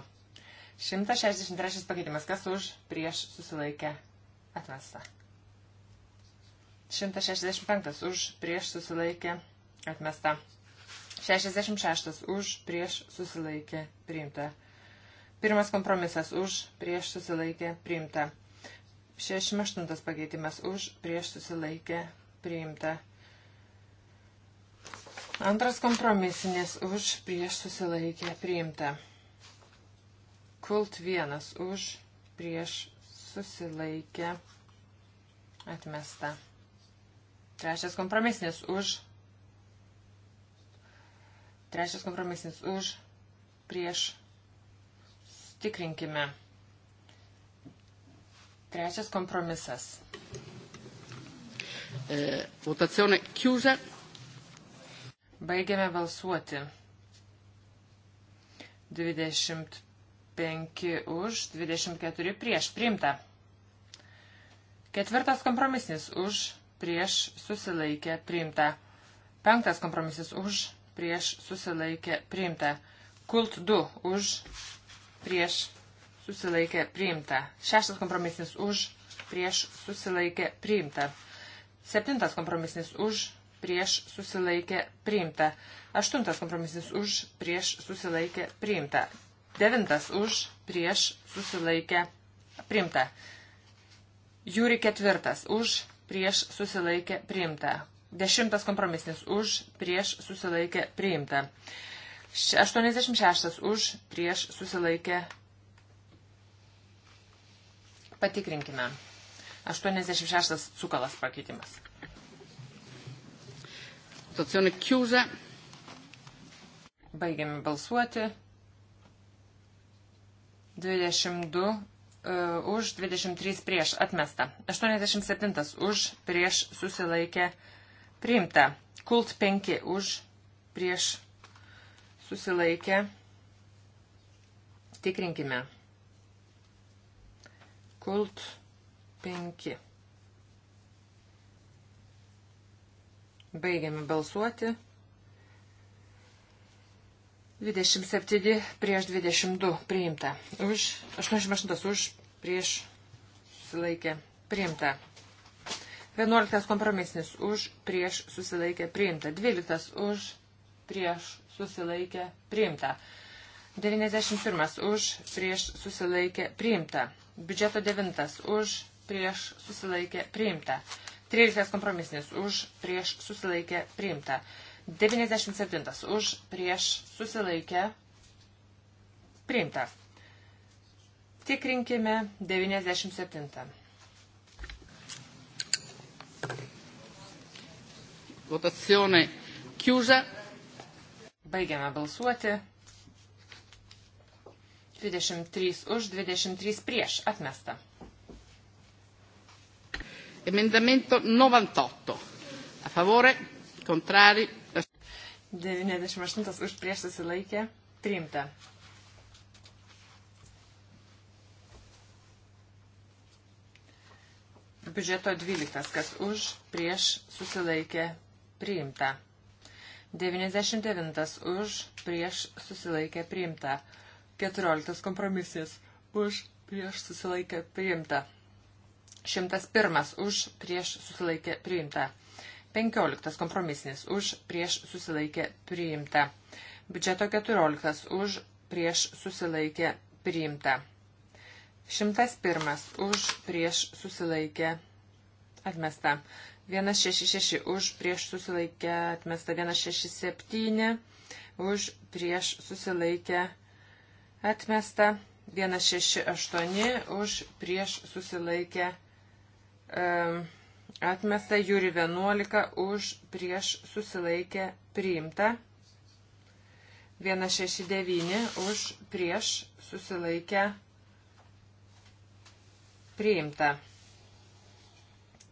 163 pakeitimas. Kas už, prieš, susilaikė, atmesta. 165 už prieš susilaikė atmesta. 66 už prieš susilaikė priimta. Pirmas kompromisas už prieš susilaikė priimta. 68 pakeitimas už prieš susilaikė priimta. Antras kompromisinės už prieš susilaikė priimta. Kult vienas už prieš susilaikė atmesta. Trečias kompromisinis už. Trečias kompromisinis už. Prieš. Tikrinkime. Trečias kompromisas. E, votazione chiusa. Baigiame balsuoti. 25 už, 24 prieš. Priimta. Ketvirtas kompromisinis už prieš susilaikę priimta. Penktas kompromisas už, prieš susilaikę priimta. Kult 2 už, prieš susilaikę priimta. Šeštas kompromisnis už, prieš susilaikę priimta. Septintas kompromisnis už, prieš susilaikę priimta. Aštuntas kompromisnis už, prieš susilaikę priimta. Devintas už, prieš susilaikę priimta. Jūri ketvirtas už, prieš susilaikė priimta. Dešimtas kompromisnis už, prieš susilaikė priimta. 86 už, prieš susilaikė. Patikrinkime. 86 sukalas pakeitimas. Stazione chiusa. Baigiame balsuoti. 22 už 23 prieš atmesta. 87 už prieš susilaikę priimta. Kult 5 už prieš susilaikę. Tikrinkime. Kult 5. Baigiame balsuoti. 27 prieš 22 priimta. Už 88 už prieš susilaikė priimta. 11 kompromisinis už prieš susilaikė priimta. 12 už prieš susilaikė priimta. 91 už prieš susilaikė priimta. Biudžeto 9 už prieš susilaikė priimta. 13 kompromisinis už prieš susilaikė priimta. 97 už prieš susilaikę priimta. Tikrinkime 97. Votazione chiusa. Baigiame balsuoti. 23 už, 23 prieš. Atmesta. Emendamento 98. A favore, contrari, 98 už prieš susilaikė priimta. Biudžeto 12, kas už prieš susilaikė priimta. 99 už prieš susilaikė priimta. 14 kompromisės už prieš susilaikė priimta. 101 už prieš susilaikė priimta. 15 kompromisinis už prieš susilaikė priimta. Biudžeto 14 už prieš susilaikė priimta. 101 už prieš susilaikė atmesta. 166 už prieš susilaikę atmesta 167, už prieš susilaikę atmesta 168, už prieš susilaikę um, Atmesta Jūri 11 už prieš susilaikę priimta. 169 už prieš susilaikę priimta.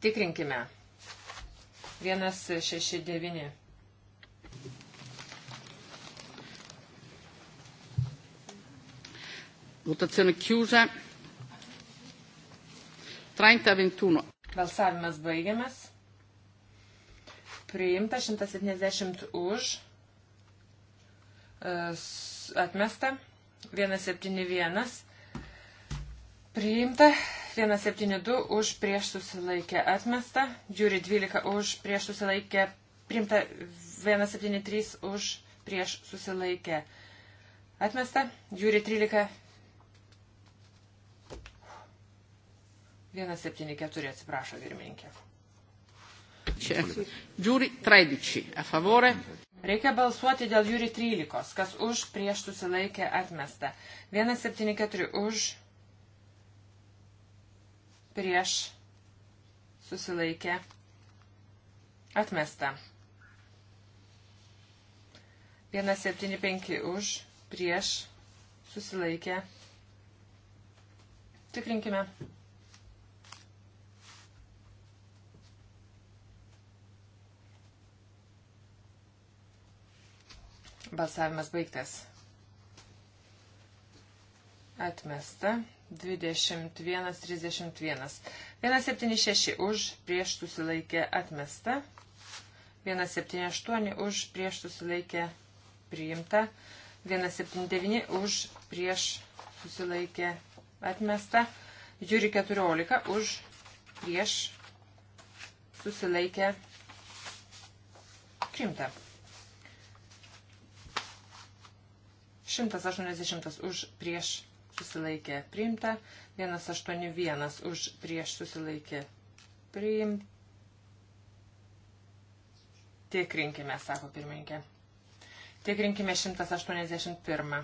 Tikrinkime. 169. Votazione chiusa. 30-21. Balsavimas baigiamas. Priimta 170 už. E, atmesta. 171. Priimta. 172 už prieš susilaikę atmesta. Žiūri 12 už prieš susilaikę. Priimta 173 už prieš susilaikę atmesta. Žiūri 13 174 atsiprašo pirmininkė. Žiūri 13, a favore. Reikia balsuoti dėl jūri 13, kas už prieš susilaikė atmesta. 174 už prieš susilaikė atmesta. 175 už prieš susilaikė. Tikrinkime. Balsavimas baigtas. Atmesta. 21.31. 176 už prieš susilaikė atmesta. 178 už prieš susilaikė priimta. 179 už prieš susilaikė atmesta. Žiūri 14 už prieš susilaikė priimta. 180 už prieš susilaikė priimta, 181 už prieš susilaikė priimta. Tikrinkime, sako pirmininkė. Tikrinkime 181.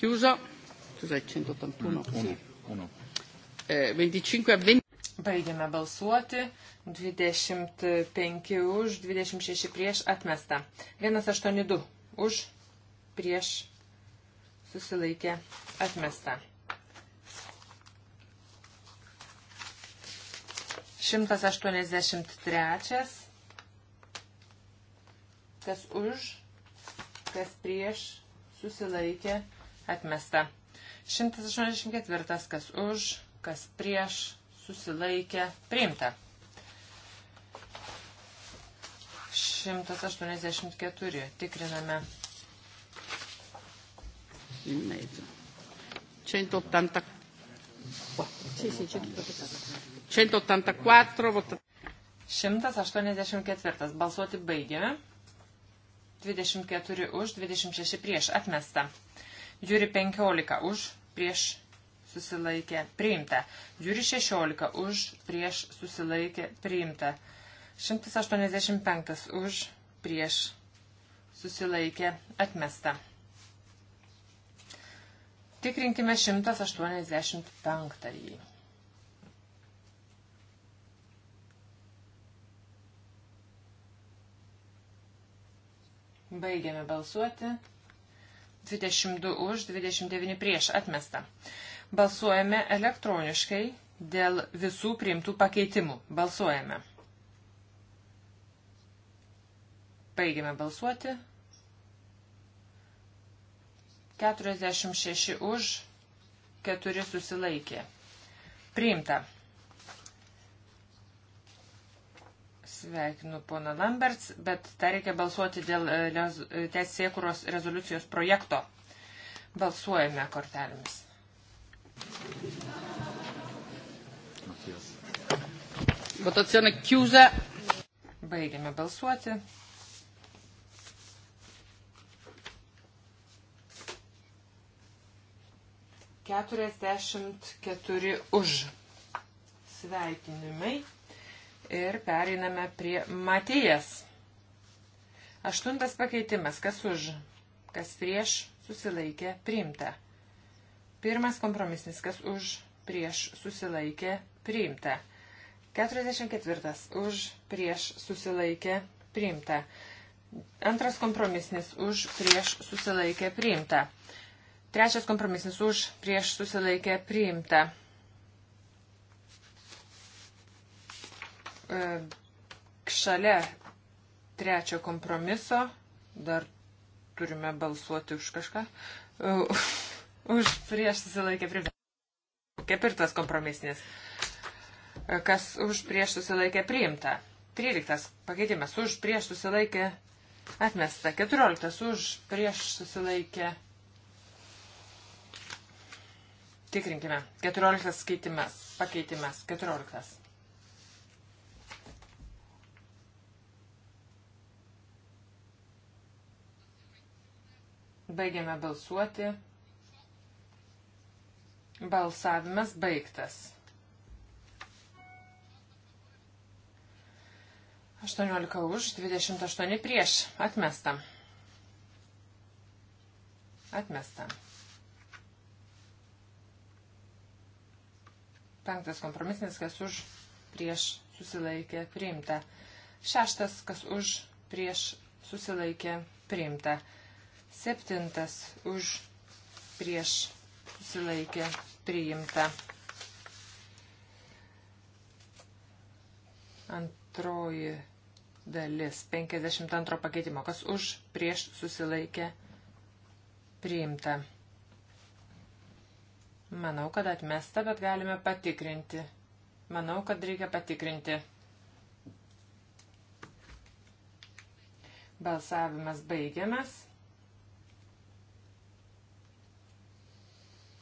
Chiuso. Cos'è 181? 1. 1. Eh, 25 a 20. Baigiame balsuoti. 25 už, 26 prieš atmesta. 182 už, prieš susilaikė atmesta. 183. Kas už, kas prieš susilaikė atmesta. 184. Kas už, kas prieš susilaikė priimta. 184. Tikriname in mezzo. 184. Sì, sì, 184 votazione. 184. Balsuoti baigėme. 24 už, 26 prieš. Atmesta. Žiūri 15 už, prieš susilaikė priimta. Žiūri 16 už, prieš susilaikė priimta. 185 už, prieš susilaikė atmesta. Tikrinkime 185. Baigiame balsuoti. 22 už, 29 prieš atmesta. Balsuojame elektroniškai dėl visų priimtų pakeitimų. Balsuojame. Baigiame balsuoti. 46 už, 4 susilaikė. Priimta. Sveikinu pona Lamberts, bet tą reikia balsuoti dėl e, e, teisėkuros rezoliucijos projekto. Balsuojame kortelėmis. Votazione chiusa. Baigiame balsuoti. 44 už. Sveikinimai. Ir pereiname prie Matijas. Aštuntas pakeitimas. Kas už? Kas prieš? Susilaikė. Priimta. Pirmas kompromisnis. Kas už? Prieš? Susilaikė. Priimta. 44. Už? Prieš? Susilaikė. Priimta. Antras kompromisnis. Už? Prieš? Susilaikė. Priimta. Trečias kompromisas už prieš susilaikę priimta. E, šalia trečio kompromiso dar turime balsuoti už kažką. E, už prieš susilaikę priimta. Ketvirtas kompromisinis. E, kas už prieš susilaikę priimta. Tryliktas pakeitimas už prieš susilaikę atmesta. Keturioliktas už prieš susilaikę priimta Tikrinkime. 14 skaitimas. Pakeitimas. 14. Baigiame balsuoti. Balsavimas baigtas. 18 už, 28 prieš. Atmesta. Atmesta. Penktas kompromisinis, kas už prieš susilaikė priimta. Šeštas, kas už prieš susilaikė priimta. Septintas už prieš susilaikė priimta. Antroji dalis 52 pakeitimo, kas už prieš susilaikė priimta. Manau, kad atmesta, bet galime patikrinti. Manau, kad reikia patikrinti. Balsavimas baigiamas.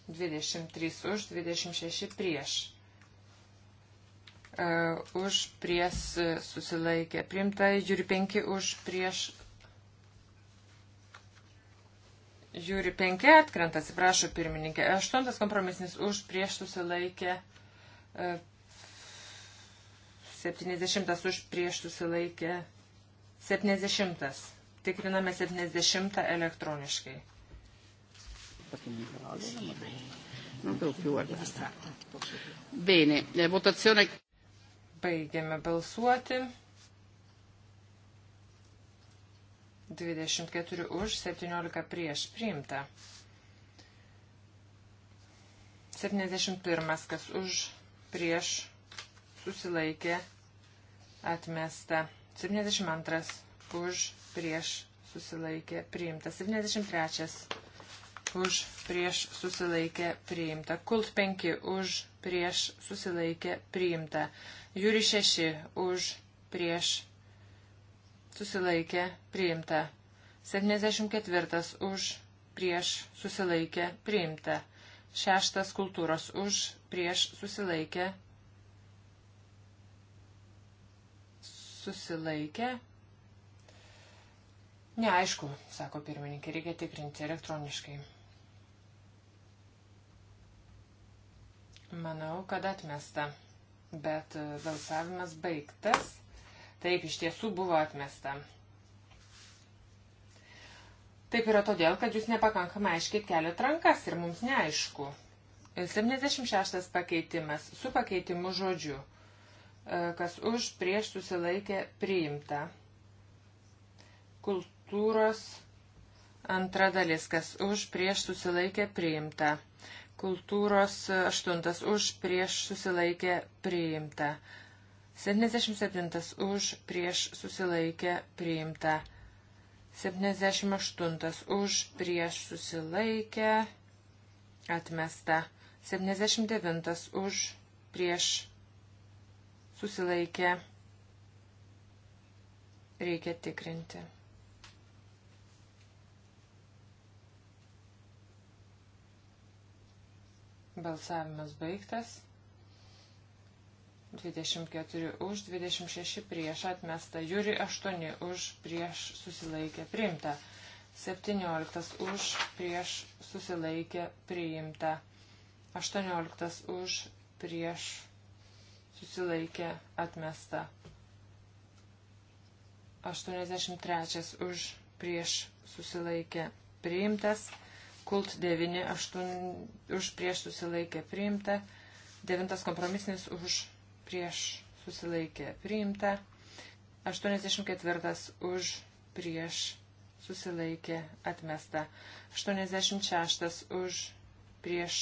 23 už, 26 prieš. Uh, už prieš e, susilaikė. Primta, žiūri 5 už prieš Žiūri 5 atkrenta, atsiprašau pirmininkė. 8 kompromisinis už prieš susilaikė. 70 e, už prieš susilaikė. 70. Tikriname 70 elektroniškai. Bene, votazione. Baigiame balsuoti. 24 už, 17 prieš priimta. 71 kas už, prieš susilaikė atmesta. 72 už, prieš susilaikė priimta. 73 už, prieš susilaikė priimta. Kult 5 už, prieš susilaikė priimta. Jūri 6 už, prieš susilaikė, priimta. 74 už, prieš, susilaikė, priimta. 6 kultūros už, prieš, susilaikė, susilaikė. Neaišku, sako pirmininkė, reikia tikrinti elektroniškai. Manau, kad atmesta, bet balsavimas baigtas. Taip, iš tiesų buvo atmesta. Taip yra todėl, kad jūs nepakankamai aiškiai keliat rankas ir mums neaišku. 76 pakeitimas su pakeitimu žodžiu, e, kas už prieš susilaikė priimta. Kultūros antra dalis, kas už prieš susilaikė priimta. Kultūros aštuntas už prieš susilaikė priimta. 77 už prieš susilaikę priimta. 78 už prieš susilaikę atmesta. 79 už prieš susilaikę reikia tikrinti. Balsavimas baigtas. 24 už, 26 prieš atmesta, Juri 8 už, prieš susilaikė priimta, 17 už, prieš susilaikė priimta, 18 už, prieš susilaikė atmesta, 83 už, prieš susilaikė priimtas, kult 9 8, už, prieš susilaikė priimta, 9 kompromisinis už prieš susilaikė priimta, 84 už prieš susilaikė atmesta, 86 už prieš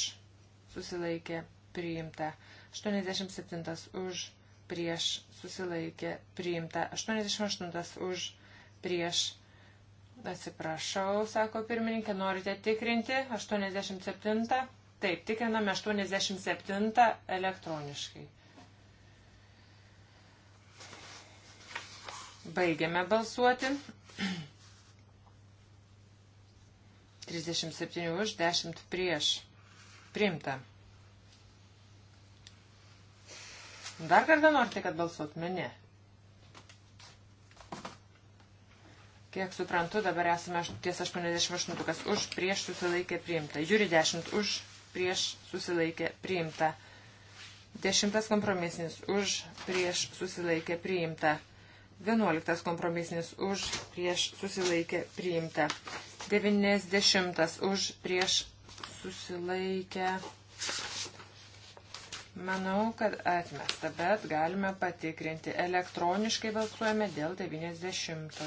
susilaikė priimta, 87 už prieš susilaikė priimta, 88 už prieš atsiprašau, sako pirmininkė, norite tikrinti 87. Taip, tikriname 87 elektroniškai. Baigiame balsuoti. 37 už, 10 prieš. Primta. Dar kartą norite, kad balsuotume? Ne. Kiek suprantu, dabar esame ties 88, kas už, prieš susilaikė priimta. Žiūri 10 už, prieš susilaikė priimta. Dešimtas kompromisinis už, prieš susilaikė priimta. 11 kompromisinis už prieš susilaikę priimta. 90 už prieš susilaikę. Manau, kad atmesta, bet galime patikrinti. Elektroniškai balsuojame dėl 90.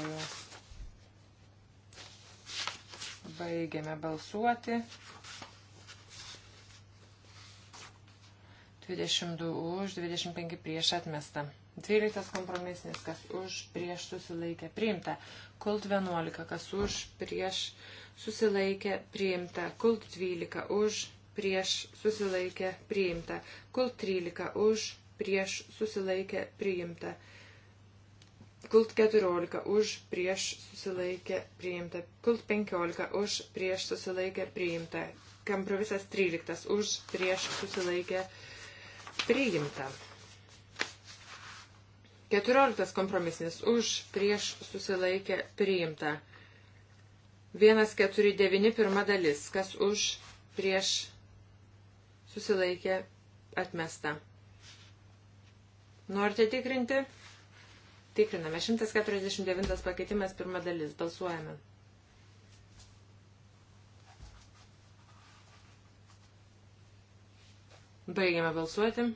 Baigiame balsuoti. 22 už, 25 prieš atmestą. 12 kompromisinis, kas už, prieš susilaikė, priimta. Kult 11, kas už, prieš susilaikė, priimta. Kult 12, už, prieš susilaikė, priimta. Kult 13, už, prieš susilaikė, priimta. Kult 14 už prieš susilaikė priimta. Kult 15 už prieš susilaikė priimta. Kompromisas 13 už prieš susilaikė priimta. Keturioliktas kompromisinis už prieš susilaikę priimta. Vienas keturi devini pirma dalis, kas už prieš susilaikę atmesta. Norite tikrinti? Tikriname. 149 pakeitimas pirma dalis. Balsuojame. Baigiame balsuoti.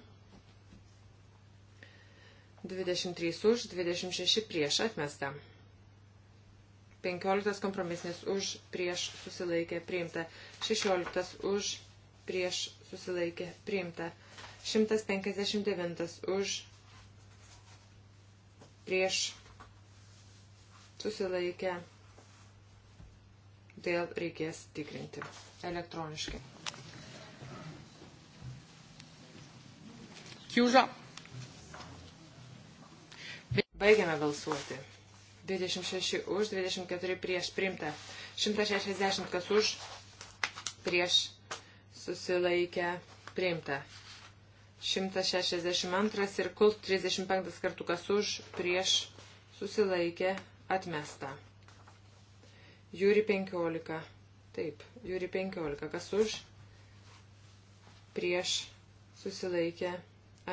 23 už, 26 prieš atmesta. 15 kompromisnis už, prieš susilaikė priimta. 16 už, prieš susilaikė priimta. 159 už, prieš susilaikė. Dėl reikės tikrinti elektroniškai. Kiuža. Baigiame balsuoti. 26 už, 24 prieš primta. 160 kas už, prieš susilaikę primta. 162 ir kult 35 kartų kas už, prieš susilaikę atmesta. Jūri 15. Taip, jūri 15. Kas už, prieš susilaikę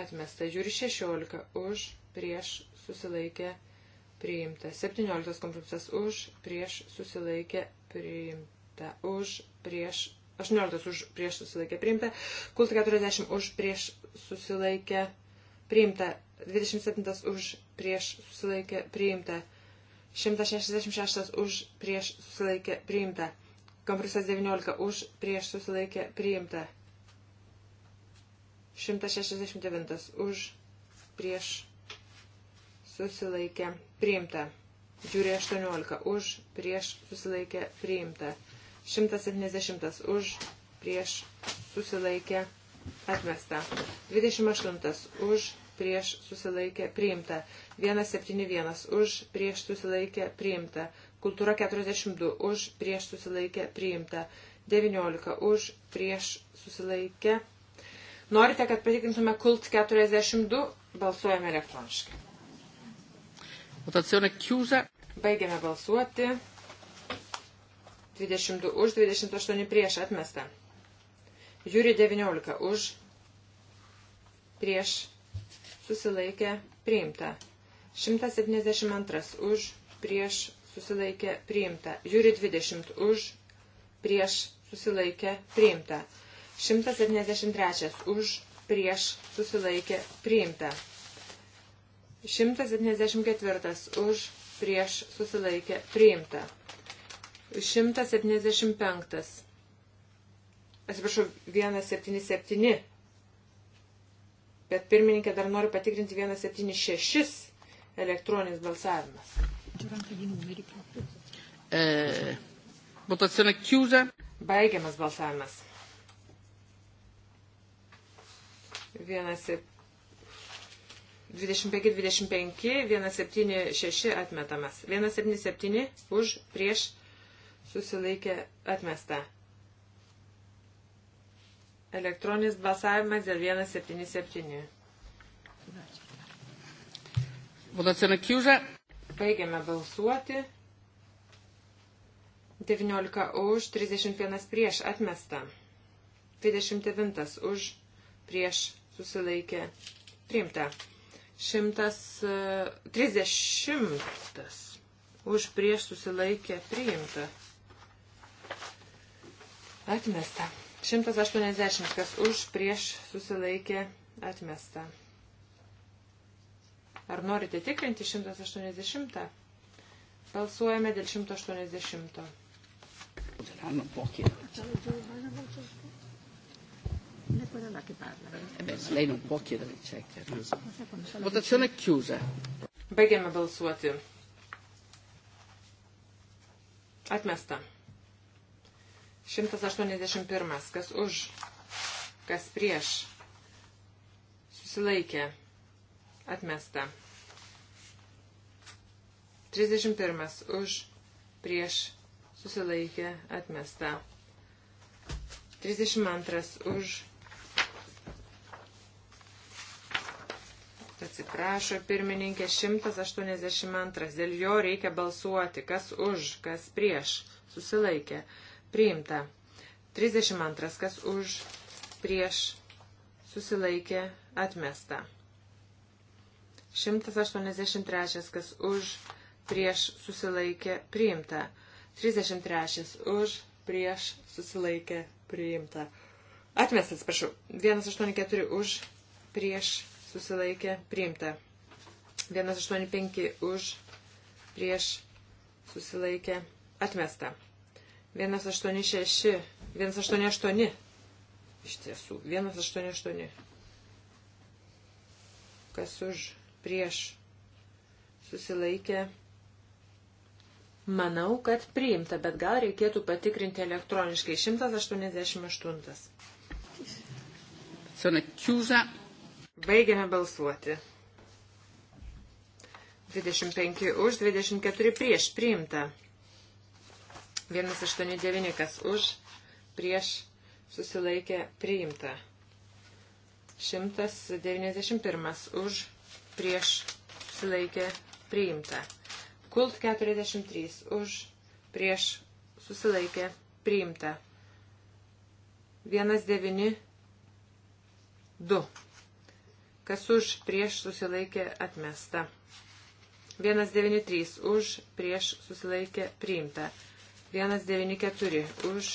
atmesta. Jūri 16 už prieš susilaikė priimta. 17 kompromisas už, prieš susilaikė priimta. Už, prieš, 18 už, prieš susilaikė priimta. Kult 40 už, prieš susilaikė priimta. 27 už, prieš susilaikė priimta. 166 už, prieš susilaikė priimta. Kompromisas 19 už, prieš susilaikė priimta. 169 už, prieš susilaikė priimta. Žiūrė 18 už, prieš susilaikė priimta. 170 už, prieš susilaikė atmesta. 28 už, prieš susilaikė priimta. 171 už, prieš susilaikė priimta. Kultūra 42 už, prieš susilaikė priimta. 19 už, prieš susilaikė. Norite, kad patikrintume kult 42, balsuojame elektroniškai. Votazione chiusa. Baigiame balsuoti. 22 už, 28 prieš atmesta. Žiūri 19 už, prieš susilaikė priimta. 172 už, prieš susilaikė priimta. Žiūri 20 už, prieš susilaikė priimta. 173 už, prieš susilaikė priimta. 174 už prieš susilaikė priimta. 175. Atsiprašau, 177. Bet pirmininkė dar nori patikrinti 176 elektroninis balsavimas. E, votazione chiusa. Baigiamas balsavimas. 17 25-25, 176 atmetamas. 177 už prieš susilaikė atmesta. Elektroninis balsavimas dėl 177. Votacijona Kiuža. Baigiame balsuoti. 19 už, 31 prieš atmesta. 29 už prieš susilaikė priimta. 130 e, už prieš susilaikę priimta. Atmesta. 180 kas už prieš susilaikė atmesta. Ar norite tikrinti 180? Balsuojame dėl 180. Hanno pochi. È quella là che parla. Eh beh, lei non può chiedere il check. No? Eh, Votazione dice... chiusa. Baigiame balsuoti. Atmesta. 181. Kas už, kas prieš. Susilaikė. Atmesta. 31. Už, prieš, susilaikė, atmesta. 32. Už, Atsiprašo pirmininkė 182. Dėl jo reikia balsuoti. Kas už, kas prieš. Susilaikė. Priimta. 32. Kas už, prieš. Susilaikė. Atmesta. 183. Kas už, prieš. Susilaikė. Priimta. 33. Už, prieš. Susilaikė. Priimta. Atmestas, prašau. 184 už, prieš susilaikė priimta. 185 už prieš susilaikė atmesta. 186, 188 iš tiesų, 188. Kas už prieš susilaikė. Manau, kad priimta, bet gal reikėtų patikrinti elektroniškai. 188. Sono chiusa Baigiame balsuoti. 25 už, 24 prieš, priimta. 189 kas už, prieš, susilaikė, priimta. 191 už, prieš, susilaikė, priimta. Kult 43 už, prieš, susilaikė, priimta. 192 kas už prieš susilaikė atmesta. 193 už prieš susilaikė priimta. 194 už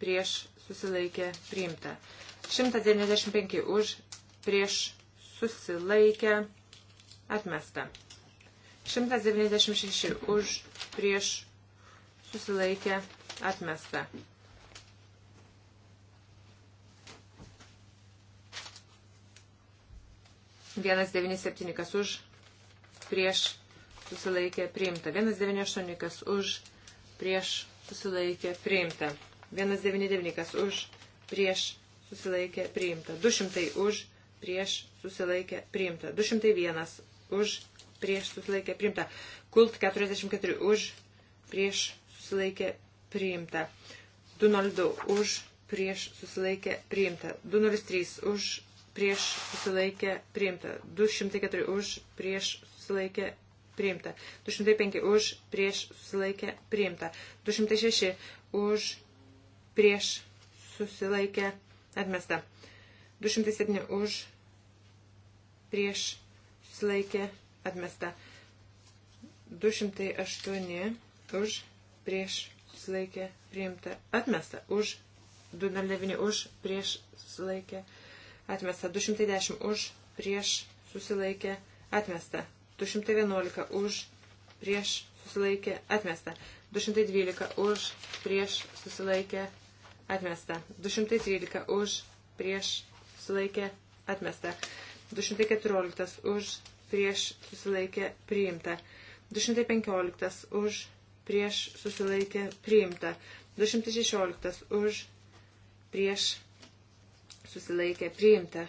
prieš susilaikė priimta. 195 už prieš susilaikė atmesta. 196 už prieš susilaikė atmesta. 197 kas už, prieš susilaikė priimta. 198 kas už, prieš susilaikė priimta. 199 kas už, prieš susilaikė priimta. 200 už, prieš susilaikė priimta. 201 už, prieš susilaikė priimta. Kult 44 už, prieš susilaikė priimta. 202 už, prieš susilaikė priimta. 203 už, prieš susilaikę priimta. 204 už prieš susilaikę priimta. 205 už prieš susilaikę priimta. 206 už prieš susilaikę atmesta. 207 už prieš susilaikę atmesta. 208 už prieš susilaikę priimta. Atmesta už 209 už prieš susilaikę priimta atmesta. 210 už, prieš, susilaikė, atmesta. 211 už, prieš, susilaikė, atmesta. 212 už, prieš, susilaikė, atmesta. 213 už, prieš, susilaikė, atmesta. 214 už, prieš, susilaikė, priimta. 215 už, prieš, susilaikė, priimta. 216 už, prieš, susilaikė priimta.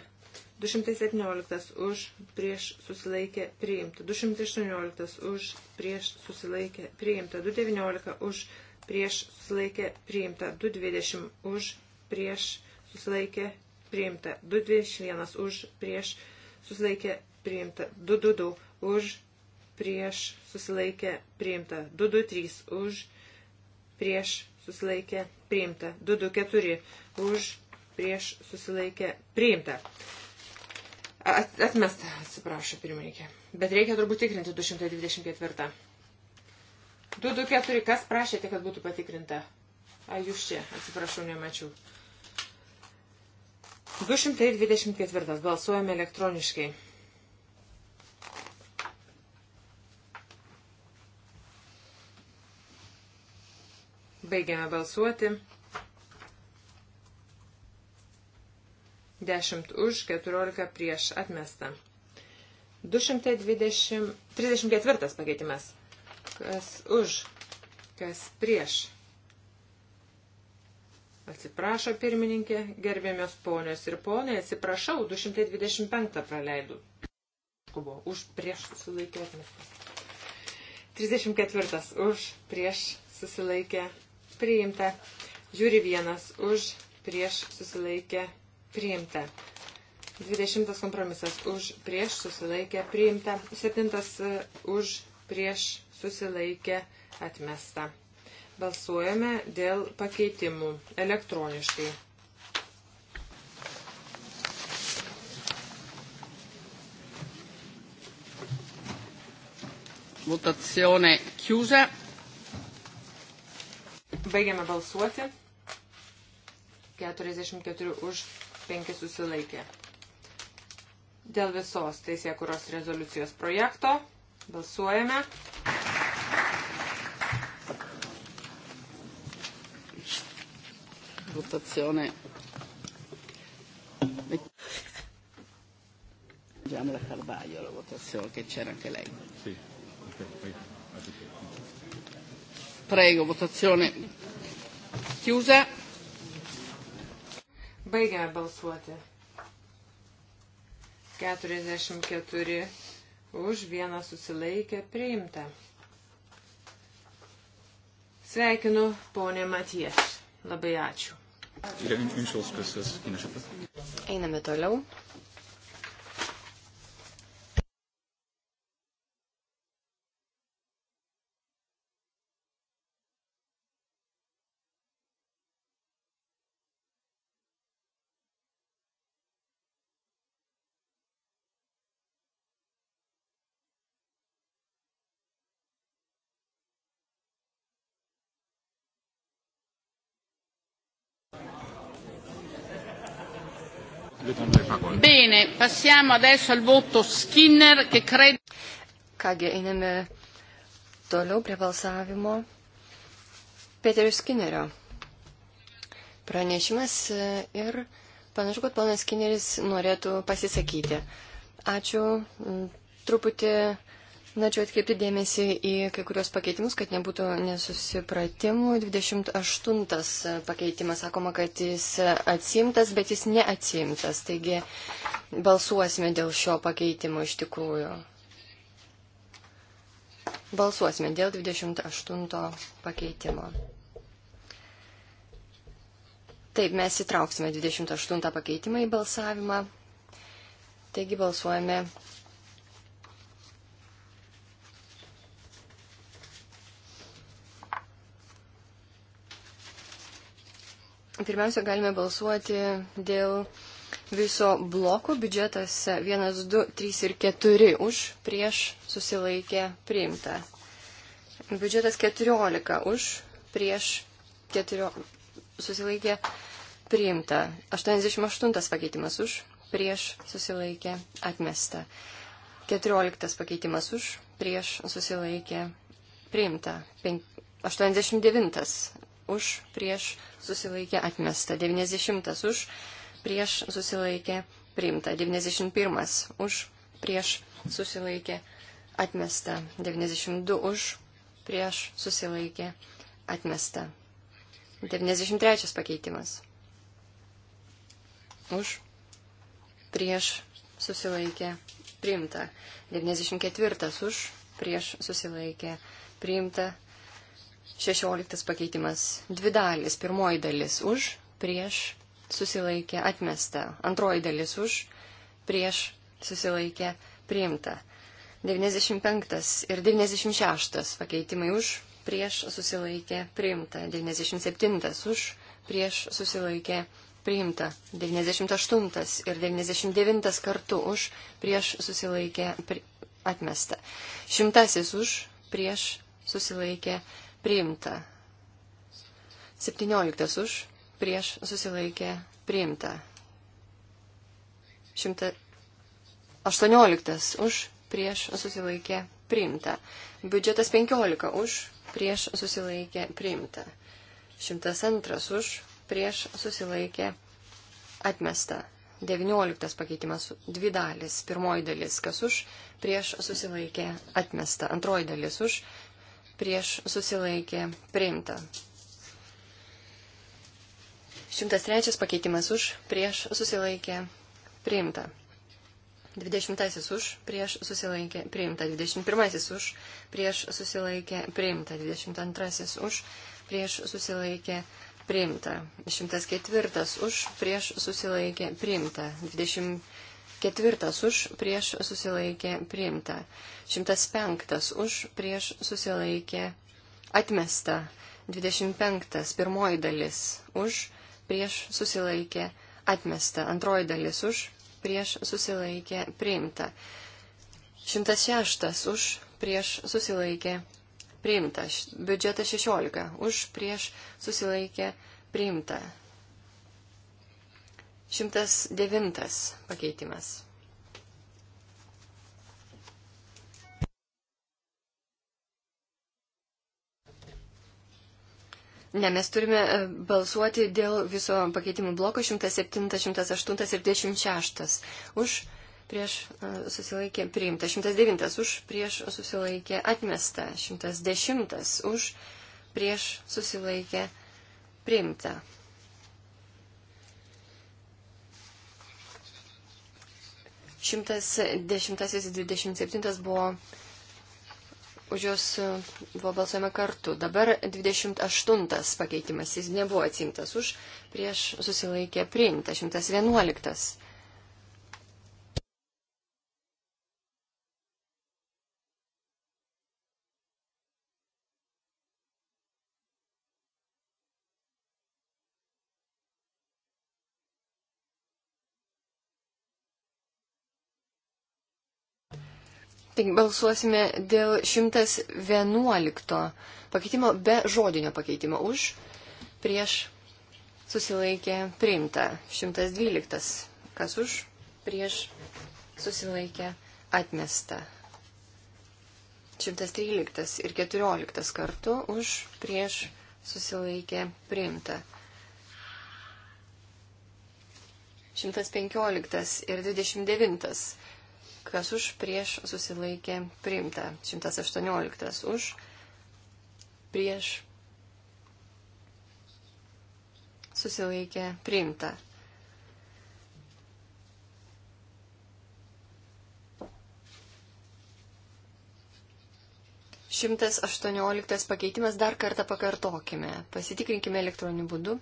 217 už prieš susilaikė priimta. 218 už prieš susilaikė priimta. 219 už prieš susilaikė priimta. 220 už prieš susilaikė priimta. 221 už prieš susilaikė priimta. 222 už prieš susilaikė priimta. 223 už prieš susilaikė priimta. 224 už prieš susilaikė priimta. Atmesta, atsiprašau, pirmininkė. Bet reikia turbūt tikrinti 224. 224, kas prašėte, kad būtų patikrinta? A, jūs čia, atsiprašau, nemačiau. 224. Balsuojame elektroniškai. Baigiame balsuoti. 10 už, 14 prieš atmesta. 234 pakeitimas. Kas už, kas prieš. Atsiprašo pirmininkė, gerbėmios ponios ir ponai, atsiprašau, 225 praleidau. Kubo, už prieš susilaikė atmestas. 34 už prieš susilaikė priimta. Žiūri vienas už prieš susilaikė priimta. 20 kompromisas už prieš susilaikę priimta. 7 e, už prieš susilaikę atmesta. Balsuojame dėl pakeitimų elektroniškai. Votazione chiusa. Baigiame balsuoti. 44 už 5 susilaikė. Dėl visos teisėkuros rezoliucijos projekto balsuojame. Votazione. Vediamo la Carvaglio, la votazione che c'era anche lei. Sì. Prego, votazione chiusa. Baigiame balsuoti. 44 už vieną susilaikę priimta. Sveikinu, ponė Matijas. Labai ačiū. Einame toliau. Bene, passiamo adesso al voto Skinner che credo. Kągi, einame toliau prie balsavimo. Peterio Skinnerio pranešimas e, ir panašu, kad ponas Skinneris norėtų pasisakyti. Ačiū. Truputį Norėčiau atkreipti dėmesį į kai kurios pakeitimus, kad nebūtų nesusipratimų. 28 pakeitimas sakoma, kad jis atsimtas, bet jis neatsimtas. Taigi balsuosime dėl šio pakeitimo iš tikrųjų. Balsuosime dėl 28 pakeitimo. Taip, mes įtrauksime 28 pakeitimą į balsavimą. Taigi balsuojame Pirmiausia, galime balsuoti dėl viso bloko biudžetas 1, 2, 3 ir 4 už, prieš susilaikė priimta. Biudžetas 14 už, prieš 4 susilaikė priimta. 88 pakeitimas už, prieš susilaikė atmesta. 14 pakeitimas už, prieš susilaikė priimta. 89 už, prieš susilaikė atmesta, 90 už, prieš susilaikė priimta, 91 už, prieš susilaikė atmesta, 92 už, prieš susilaikė atmesta. 93 pakeitimas. Už, prieš susilaikė priimta, 94 už, prieš susilaikė priimta. Šešioliktas pakeitimas. Dvi dalis. Pirmoji dalis už, prieš, susilaikė, atmesta. Antroji dalis už, prieš, susilaikė, priimta. 95 ir 96 pakeitimai už, prieš, susilaikė, priimta. 97 už, prieš, susilaikė, priimta. 98 ir 99 kartu už, prieš, susilaikė, pri... atmesta. Šimtasis už, prieš, susilaikė, priimta priimta. 17 už, prieš susilaikė priimta. 118 už, prieš susilaikė priimta. Biudžetas 15 už, prieš susilaikė priimta. 102 už, prieš susilaikė atmesta. 19 pakeitimas dvi dalis. Pirmoji dalis, kas už, prieš susilaikė atmesta. Antroji dalis už, prieš susilaikė priimta. 103 pakeitimas už, prieš susilaikė priimta. 20 už, prieš susilaikė priimta. 21 už, prieš susilaikė priimta. 22 už, prieš susilaikė priimta. 104 už, prieš susilaikė priimta. 20 Ketvirtas už prieš susilaikė priimta. Šimtas penktas už prieš susilaikė atmesta. Dvidešimt penktas pirmoji dalis už prieš susilaikė atmesta. Antroji dalis už prieš susilaikė priimta. Šimtas šeštas už prieš susilaikė priimta. Biudžetas šešiolika už prieš susilaikė priimta. 109 pakeitimas. Ne, mes turime e, balsuoti dėl viso pakeitimų bloko 107, 108 ir 26. E, už prieš susilaikė priimta. 109 už prieš susilaikė atmesta. 110 už prieš susilaikė priimta. 110-27 buvo, už juos e, buvo balsuojama kartu. Dabar 28 pakeitimas, jis nebuvo atsimtas už, prieš susilaikė priimta 111. Taigi balsuosime dėl 111 pakeitimo be žodinio pakeitimo už, prieš susilaikė priimta. 112. Kas už, prieš susilaikė atmesta. 113 ir 14 kartų už, prieš susilaikė priimta. 115 ir 29 kas už prieš susilaikė priimta. 118 už prieš susilaikė priimta. Šimtas aštuonioliktas pakeitimas dar kartą pakartokime. Pasitikrinkime elektroniniu būdu.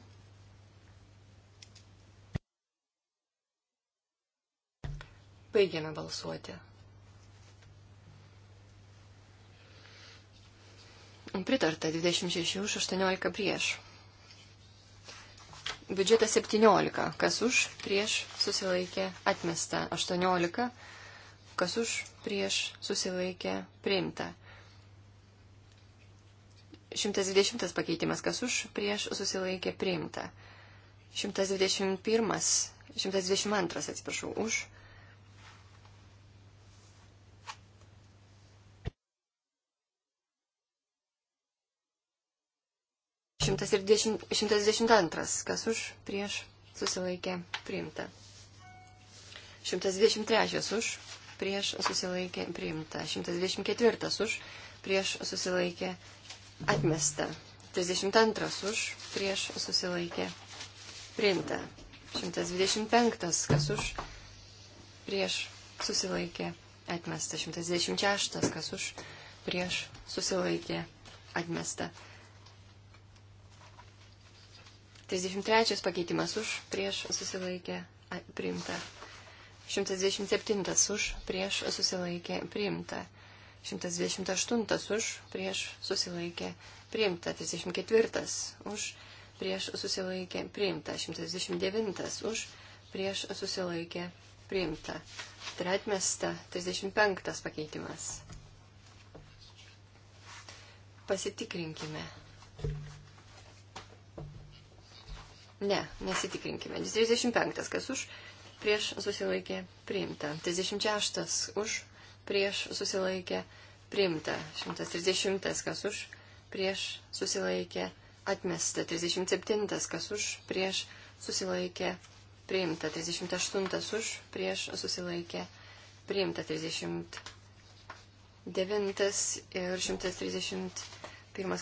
Baigiame balsuoti. Pritarta 26 už 18 prieš. Biudžetas 17. Kas už prieš susilaikė atmesta. 18. Kas už prieš susilaikė priimta. 120 pakeitimas. Kas už prieš susilaikė priimta. 121. 122 atsiprašau. Už 110, 122. Kas už, prieš, susilaikė, priimta. 123 už, prieš, susilaikė, priimta. 124 už, prieš, susilaikė, atmesta. 32 už, prieš, susilaikė, priimta. 125 kas už, prieš, susilaikė, atmesta. 126 kas už, prieš, susilaikė, atmesta. 33 pakeitimas už, prieš susilaikė priimta. 127 už, prieš susilaikė priimta. 128 už, prieš susilaikė priimta. 34 už, prieš susilaikė priimta. 129 už, prieš susilaikė priimta. Tai yra atmesta 35 pakeitimas. Pasitikrinkime. Ne, nesitikrinkime. 35. Kas už? Prieš susilaikė priimta. 36. Už? Prieš susilaikė priimta. 130. Kas už? Prieš susilaikė atmesta. 37. Kas už? Prieš susilaikė priimta. 38. Už? Prieš susilaikė priimta. 39 ir 131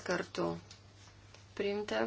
kartų priimta.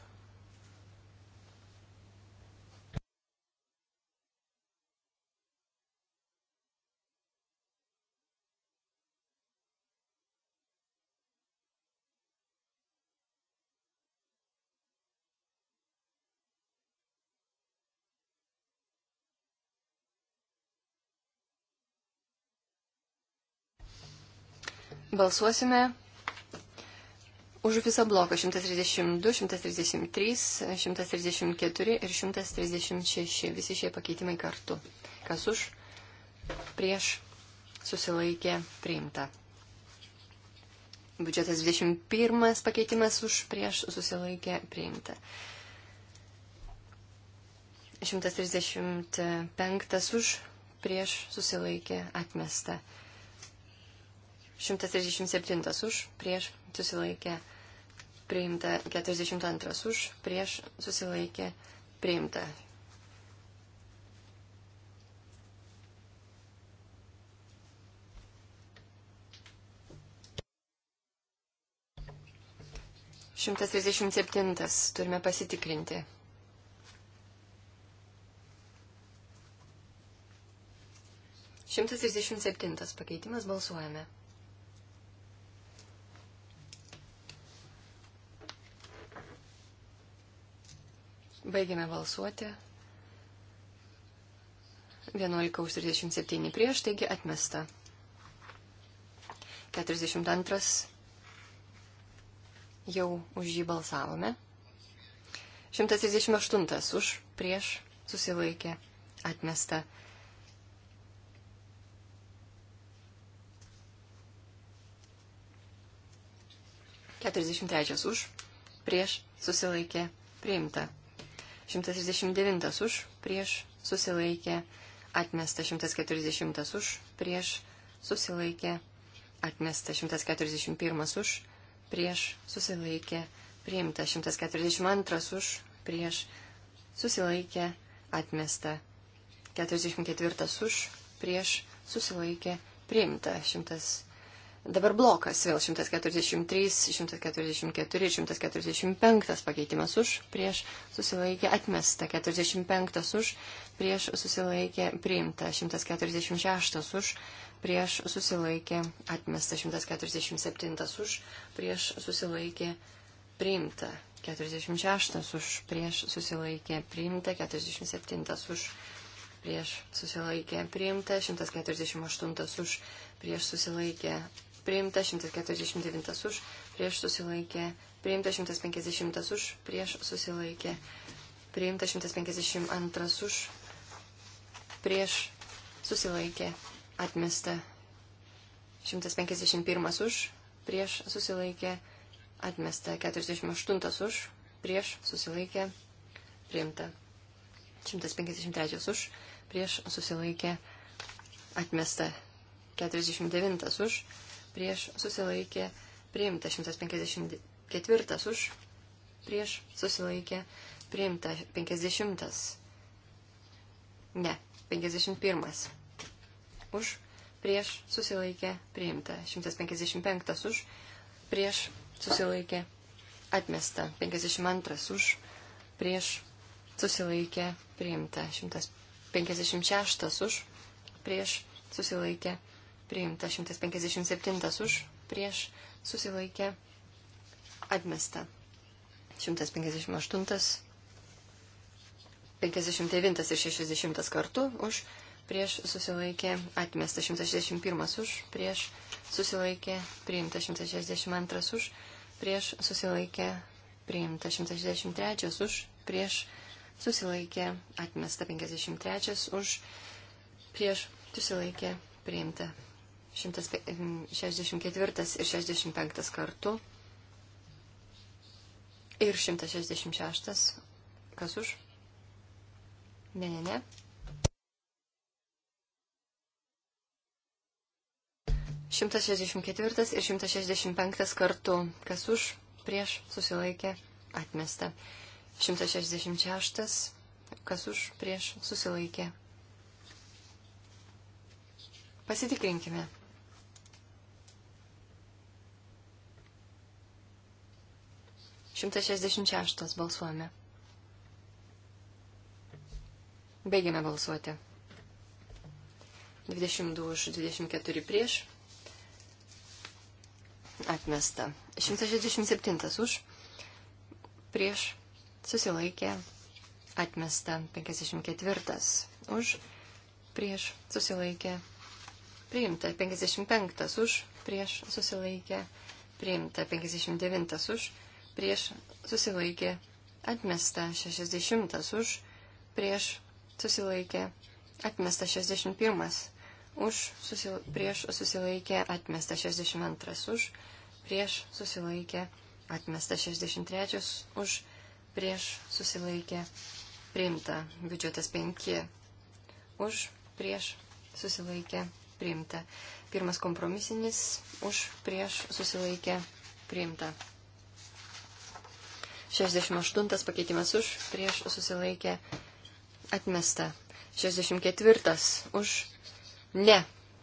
Balsuosime už visą bloką 132, 133, 134 ir 136. Visi šie pakeitimai kartu. Kas už, prieš, susilaikė, priimta. Biudžetas 21 pakeitimas už, prieš, susilaikė, priimta. 135 už, prieš, susilaikė, atmesta. 137 už, prieš susilaikė priimta 42 už, prieš susilaikė priimta. Šimtas trisdešimt septintas. Turime pasitikrinti. Šimtas trisdešimt septintas. Pakeitimas balsuojame. Baigėme balsuoti. 11 už 37 prieš, taigi atmesta. 42 jau už jį balsavome. 138 už prieš susilaikė atmesta. Keturiasdešimt trečias už, prieš susilaikė priimta. 139 už, prieš susilaikė atmesta 140 už, prieš susilaikė atmesta 141 už, prieš susilaikė priimta 142 už, prieš susilaikė atmesta 44 už, prieš susilaikė priimta 100. Dabar blokas vėl 143, 144 ir 145 pakeitimas už, prieš susilaikė atmesta, 45 už, prieš susilaikė priimta, 146 už, prieš susilaikė atmesta, 147 už, prieš susilaikė priimta, 46 už, prieš susilaikė priimta, 47 už prieš susilaikė priimta, 148 už prieš susilaikė priimta 149 už, prieš susilaikė, priimta 150 už, prieš susilaikė, priimta 152 už, prieš susilaikė, atmesta 151 už, prieš susilaikė, atmesta 48 už, prieš susilaikė, priimta 153 už, prieš susilaikė, atmesta 49 už, prieš susilaikė priimta 154 už, prieš susilaikė priimta 50. Ne, 51. Už, prieš susilaikė priimta 155 už, prieš susilaikė atmesta 52 už, prieš susilaikė priimta 156 už, prieš susilaikė priimta priimta 157 už, prieš susilaikė atmesta 158, 59 ir 60 kartų už, prieš susilaikė atmesta 161 už, prieš susilaikė priimta 162 už, prieš susilaikė priimta 163 už, prieš susilaikė atmesta 53 už, prieš susilaikė priimta 164 ir 65 kartu. Ir 166. Kas už? Ne, ne, ne. Šimtas šešdešimt ketvirtas ir šimtas šešdešimt penktas kartu, kas už, prieš, susilaikė, atmesta. Šimtas šešdešimt šeštas, kas už, prieš, susilaikė. Pasitikrinkime. 166 balsuojame. Baigiame balsuoti. 22 už 24 prieš. Atmesta. 167 už. Prieš. Susilaikė. Atmesta. 54 už. Prieš. Susilaikė. Priimta. 55 už. Prieš. Susilaikė. Priimta. 59 už prieš susilaikė atmesta 60 už, prieš susilaikė atmesta 61 už, susil, prieš susilaikė atmesta 62 už, prieš susilaikė atmesta 63 už, prieš susilaikė priimta biudžetas 5 už, prieš susilaikė priimta. Pirmas kompromisinis už, prieš susilaikė priimta. 68 pakeitimas už, prieš susilaikė atmesta. 64 už, ne.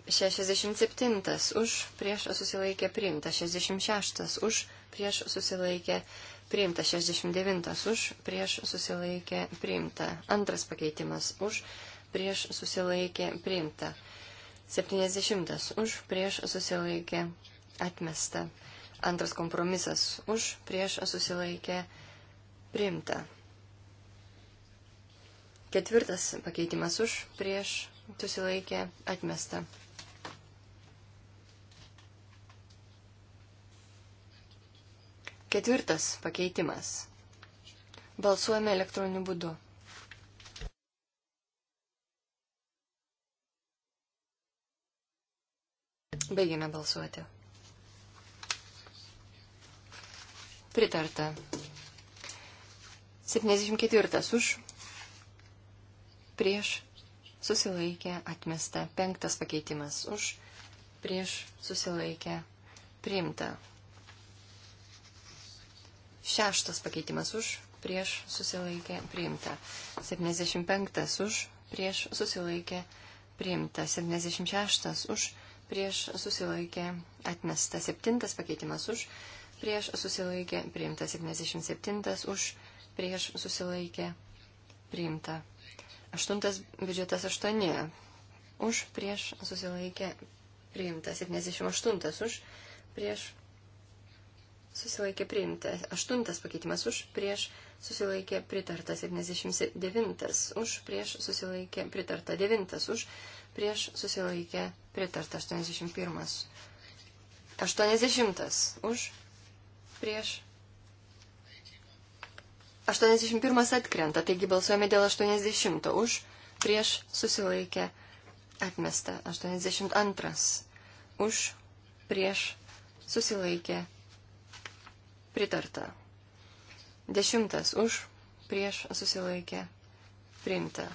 67 už, prieš susilaikė priimta. 66 už, prieš susilaikė priimta. 69 už, prieš susilaikė priimta. Antras pakeitimas už, prieš susilaikė priimta. 70 už, prieš susilaikė atmesta. Antras kompromisas už, prieš susilaikė priimta. Ketvirtas pakeitimas už, prieš susilaikė atmesta. Ketvirtas pakeitimas. Balsuojame elektroniniu būdu. Baigėme balsuoti. Pritarta. 74 už. Prieš. Susilaikė. Atmesta. Penktas pakeitimas už. Prieš. Susilaikė. Priimta. Šeštas pakeitimas už. Prieš. Susilaikė. Priimta. 75 už. Prieš. Susilaikė. Priimta. 76 už. Prieš. Susilaikė. Atmesta. Septintas pakeitimas už prieš susilaikė priimta 77, už prieš susilaikė priimta. 8 biudžetas 8, už prieš susilaikė priimta 78, už prieš susilaikė priimta 8 pakeitimas, už prieš susilaikė pritarta 79, už prieš susilaikė pritarta 9, už prieš susilaikė pritarta 81. 80 už prieš. 81 atkrenta, taigi balsuojame dėl 80 už, prieš susilaikė atmesta. 82 už, prieš susilaikė pritarta. 10 už, prieš susilaikė priimta.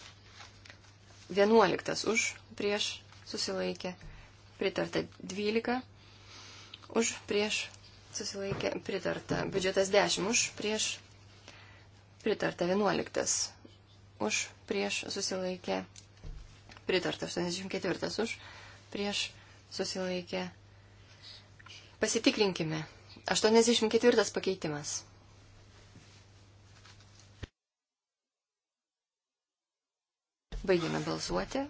11 už, prieš susilaikė pritarta. 12 už, prieš susilaikė pritarta. Biudžetas 10 už prieš pritarta 11 už prieš susilaikė pritarta 84 už prieš susilaikė. Pasitikrinkime. 84 pakeitimas. Baigėme balsuoti.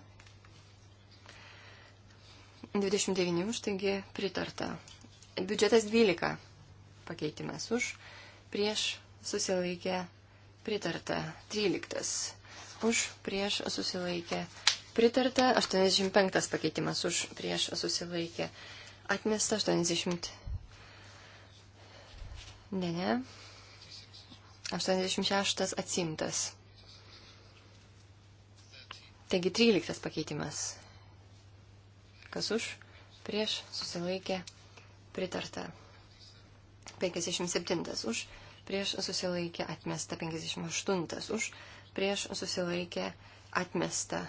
29 už, taigi pritarta. Biudžetas 12 pakeitimas už, prieš susilaikė pritarta 13. Už, prieš susilaikė pritarta 85 pakeitimas už, prieš susilaikė atmesta 80. Ne, ne. 86 atsimtas. Taigi 13 pakeitimas. Kas už, prieš susilaikė pritarta pritarta. 57 už, prieš susilaikė atmesta. 58 už, prieš susilaikė atmesta.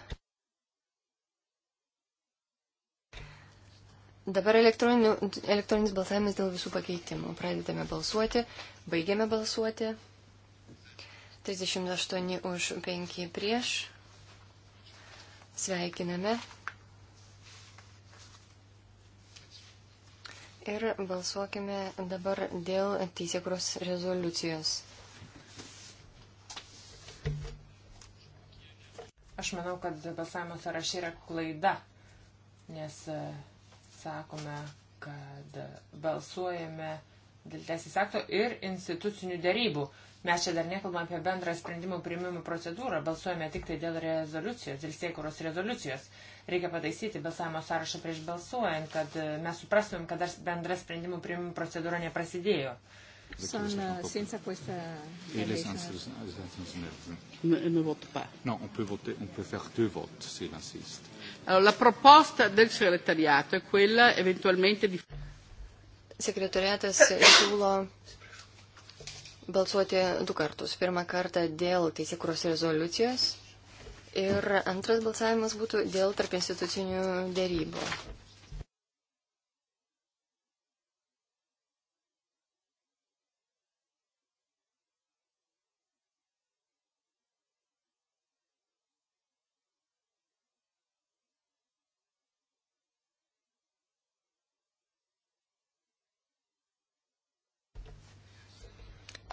Dabar elektroninis balsavimas dėl visų pakeitimų. Pradedame balsuoti, baigiame balsuoti. 38 už 5 prieš. Sveikiname. Ir balsuokime dabar dėl teisėkros rezoliucijos. Aš manau, kad balsavimo sąrašai yra klaida, nes e, sakome, kad balsuojame dėl teisės akto ir institucinių dėrybų. Mes čia dar nekalbame apie bendrą sprendimų priimimų procedūrą, balsuojame tik tai dėl rezoliucijos, dėl siekuros rezoliucijos. Reikia pataisyti balsavimo sąrašą prieš balsuojant, kad e, mes suprastumėm, kad dar bendra sprendimų priimimų procedūra neprasidėjo. Sono senza questa et les eh. ne vote pas. Non, on peut voter, on peut faire deux votes s'il insiste. Alors la proposta del segretariato è quella eventualmente di Segretariatas siūlo balsuoti du kartus. Pirmą kartą dėl teisėkuros rezoliucijos ir antras balsavimas būtų dėl tarp institucinių dėrybų.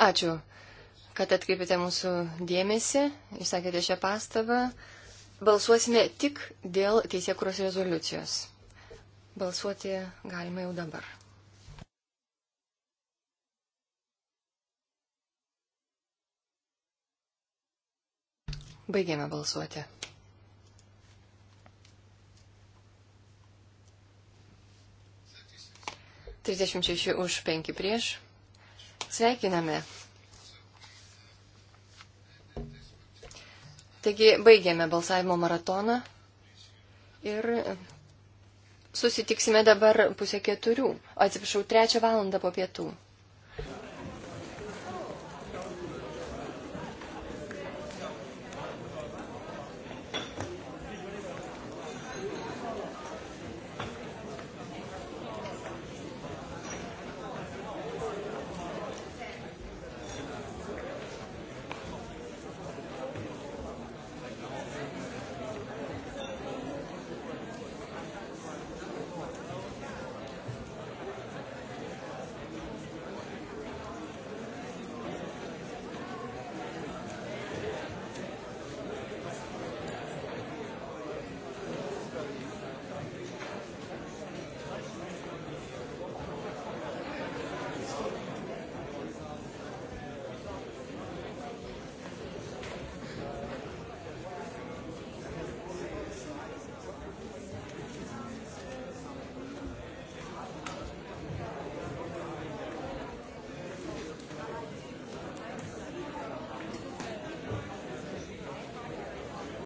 Ačiū, kad atkreipėte mūsų dėmesį, išsakėte šią pastabą. Balsuosime tik dėl teisėkuros rezoliucijos. Balsuoti galima jau dabar. Baigėme balsuoti. Trisdešimt šeši už penki prieš. Sveikiname. Taigi baigėme balsavimo maratoną ir susitiksime dabar pusę keturių, atsiprašau, trečią valandą po pietų.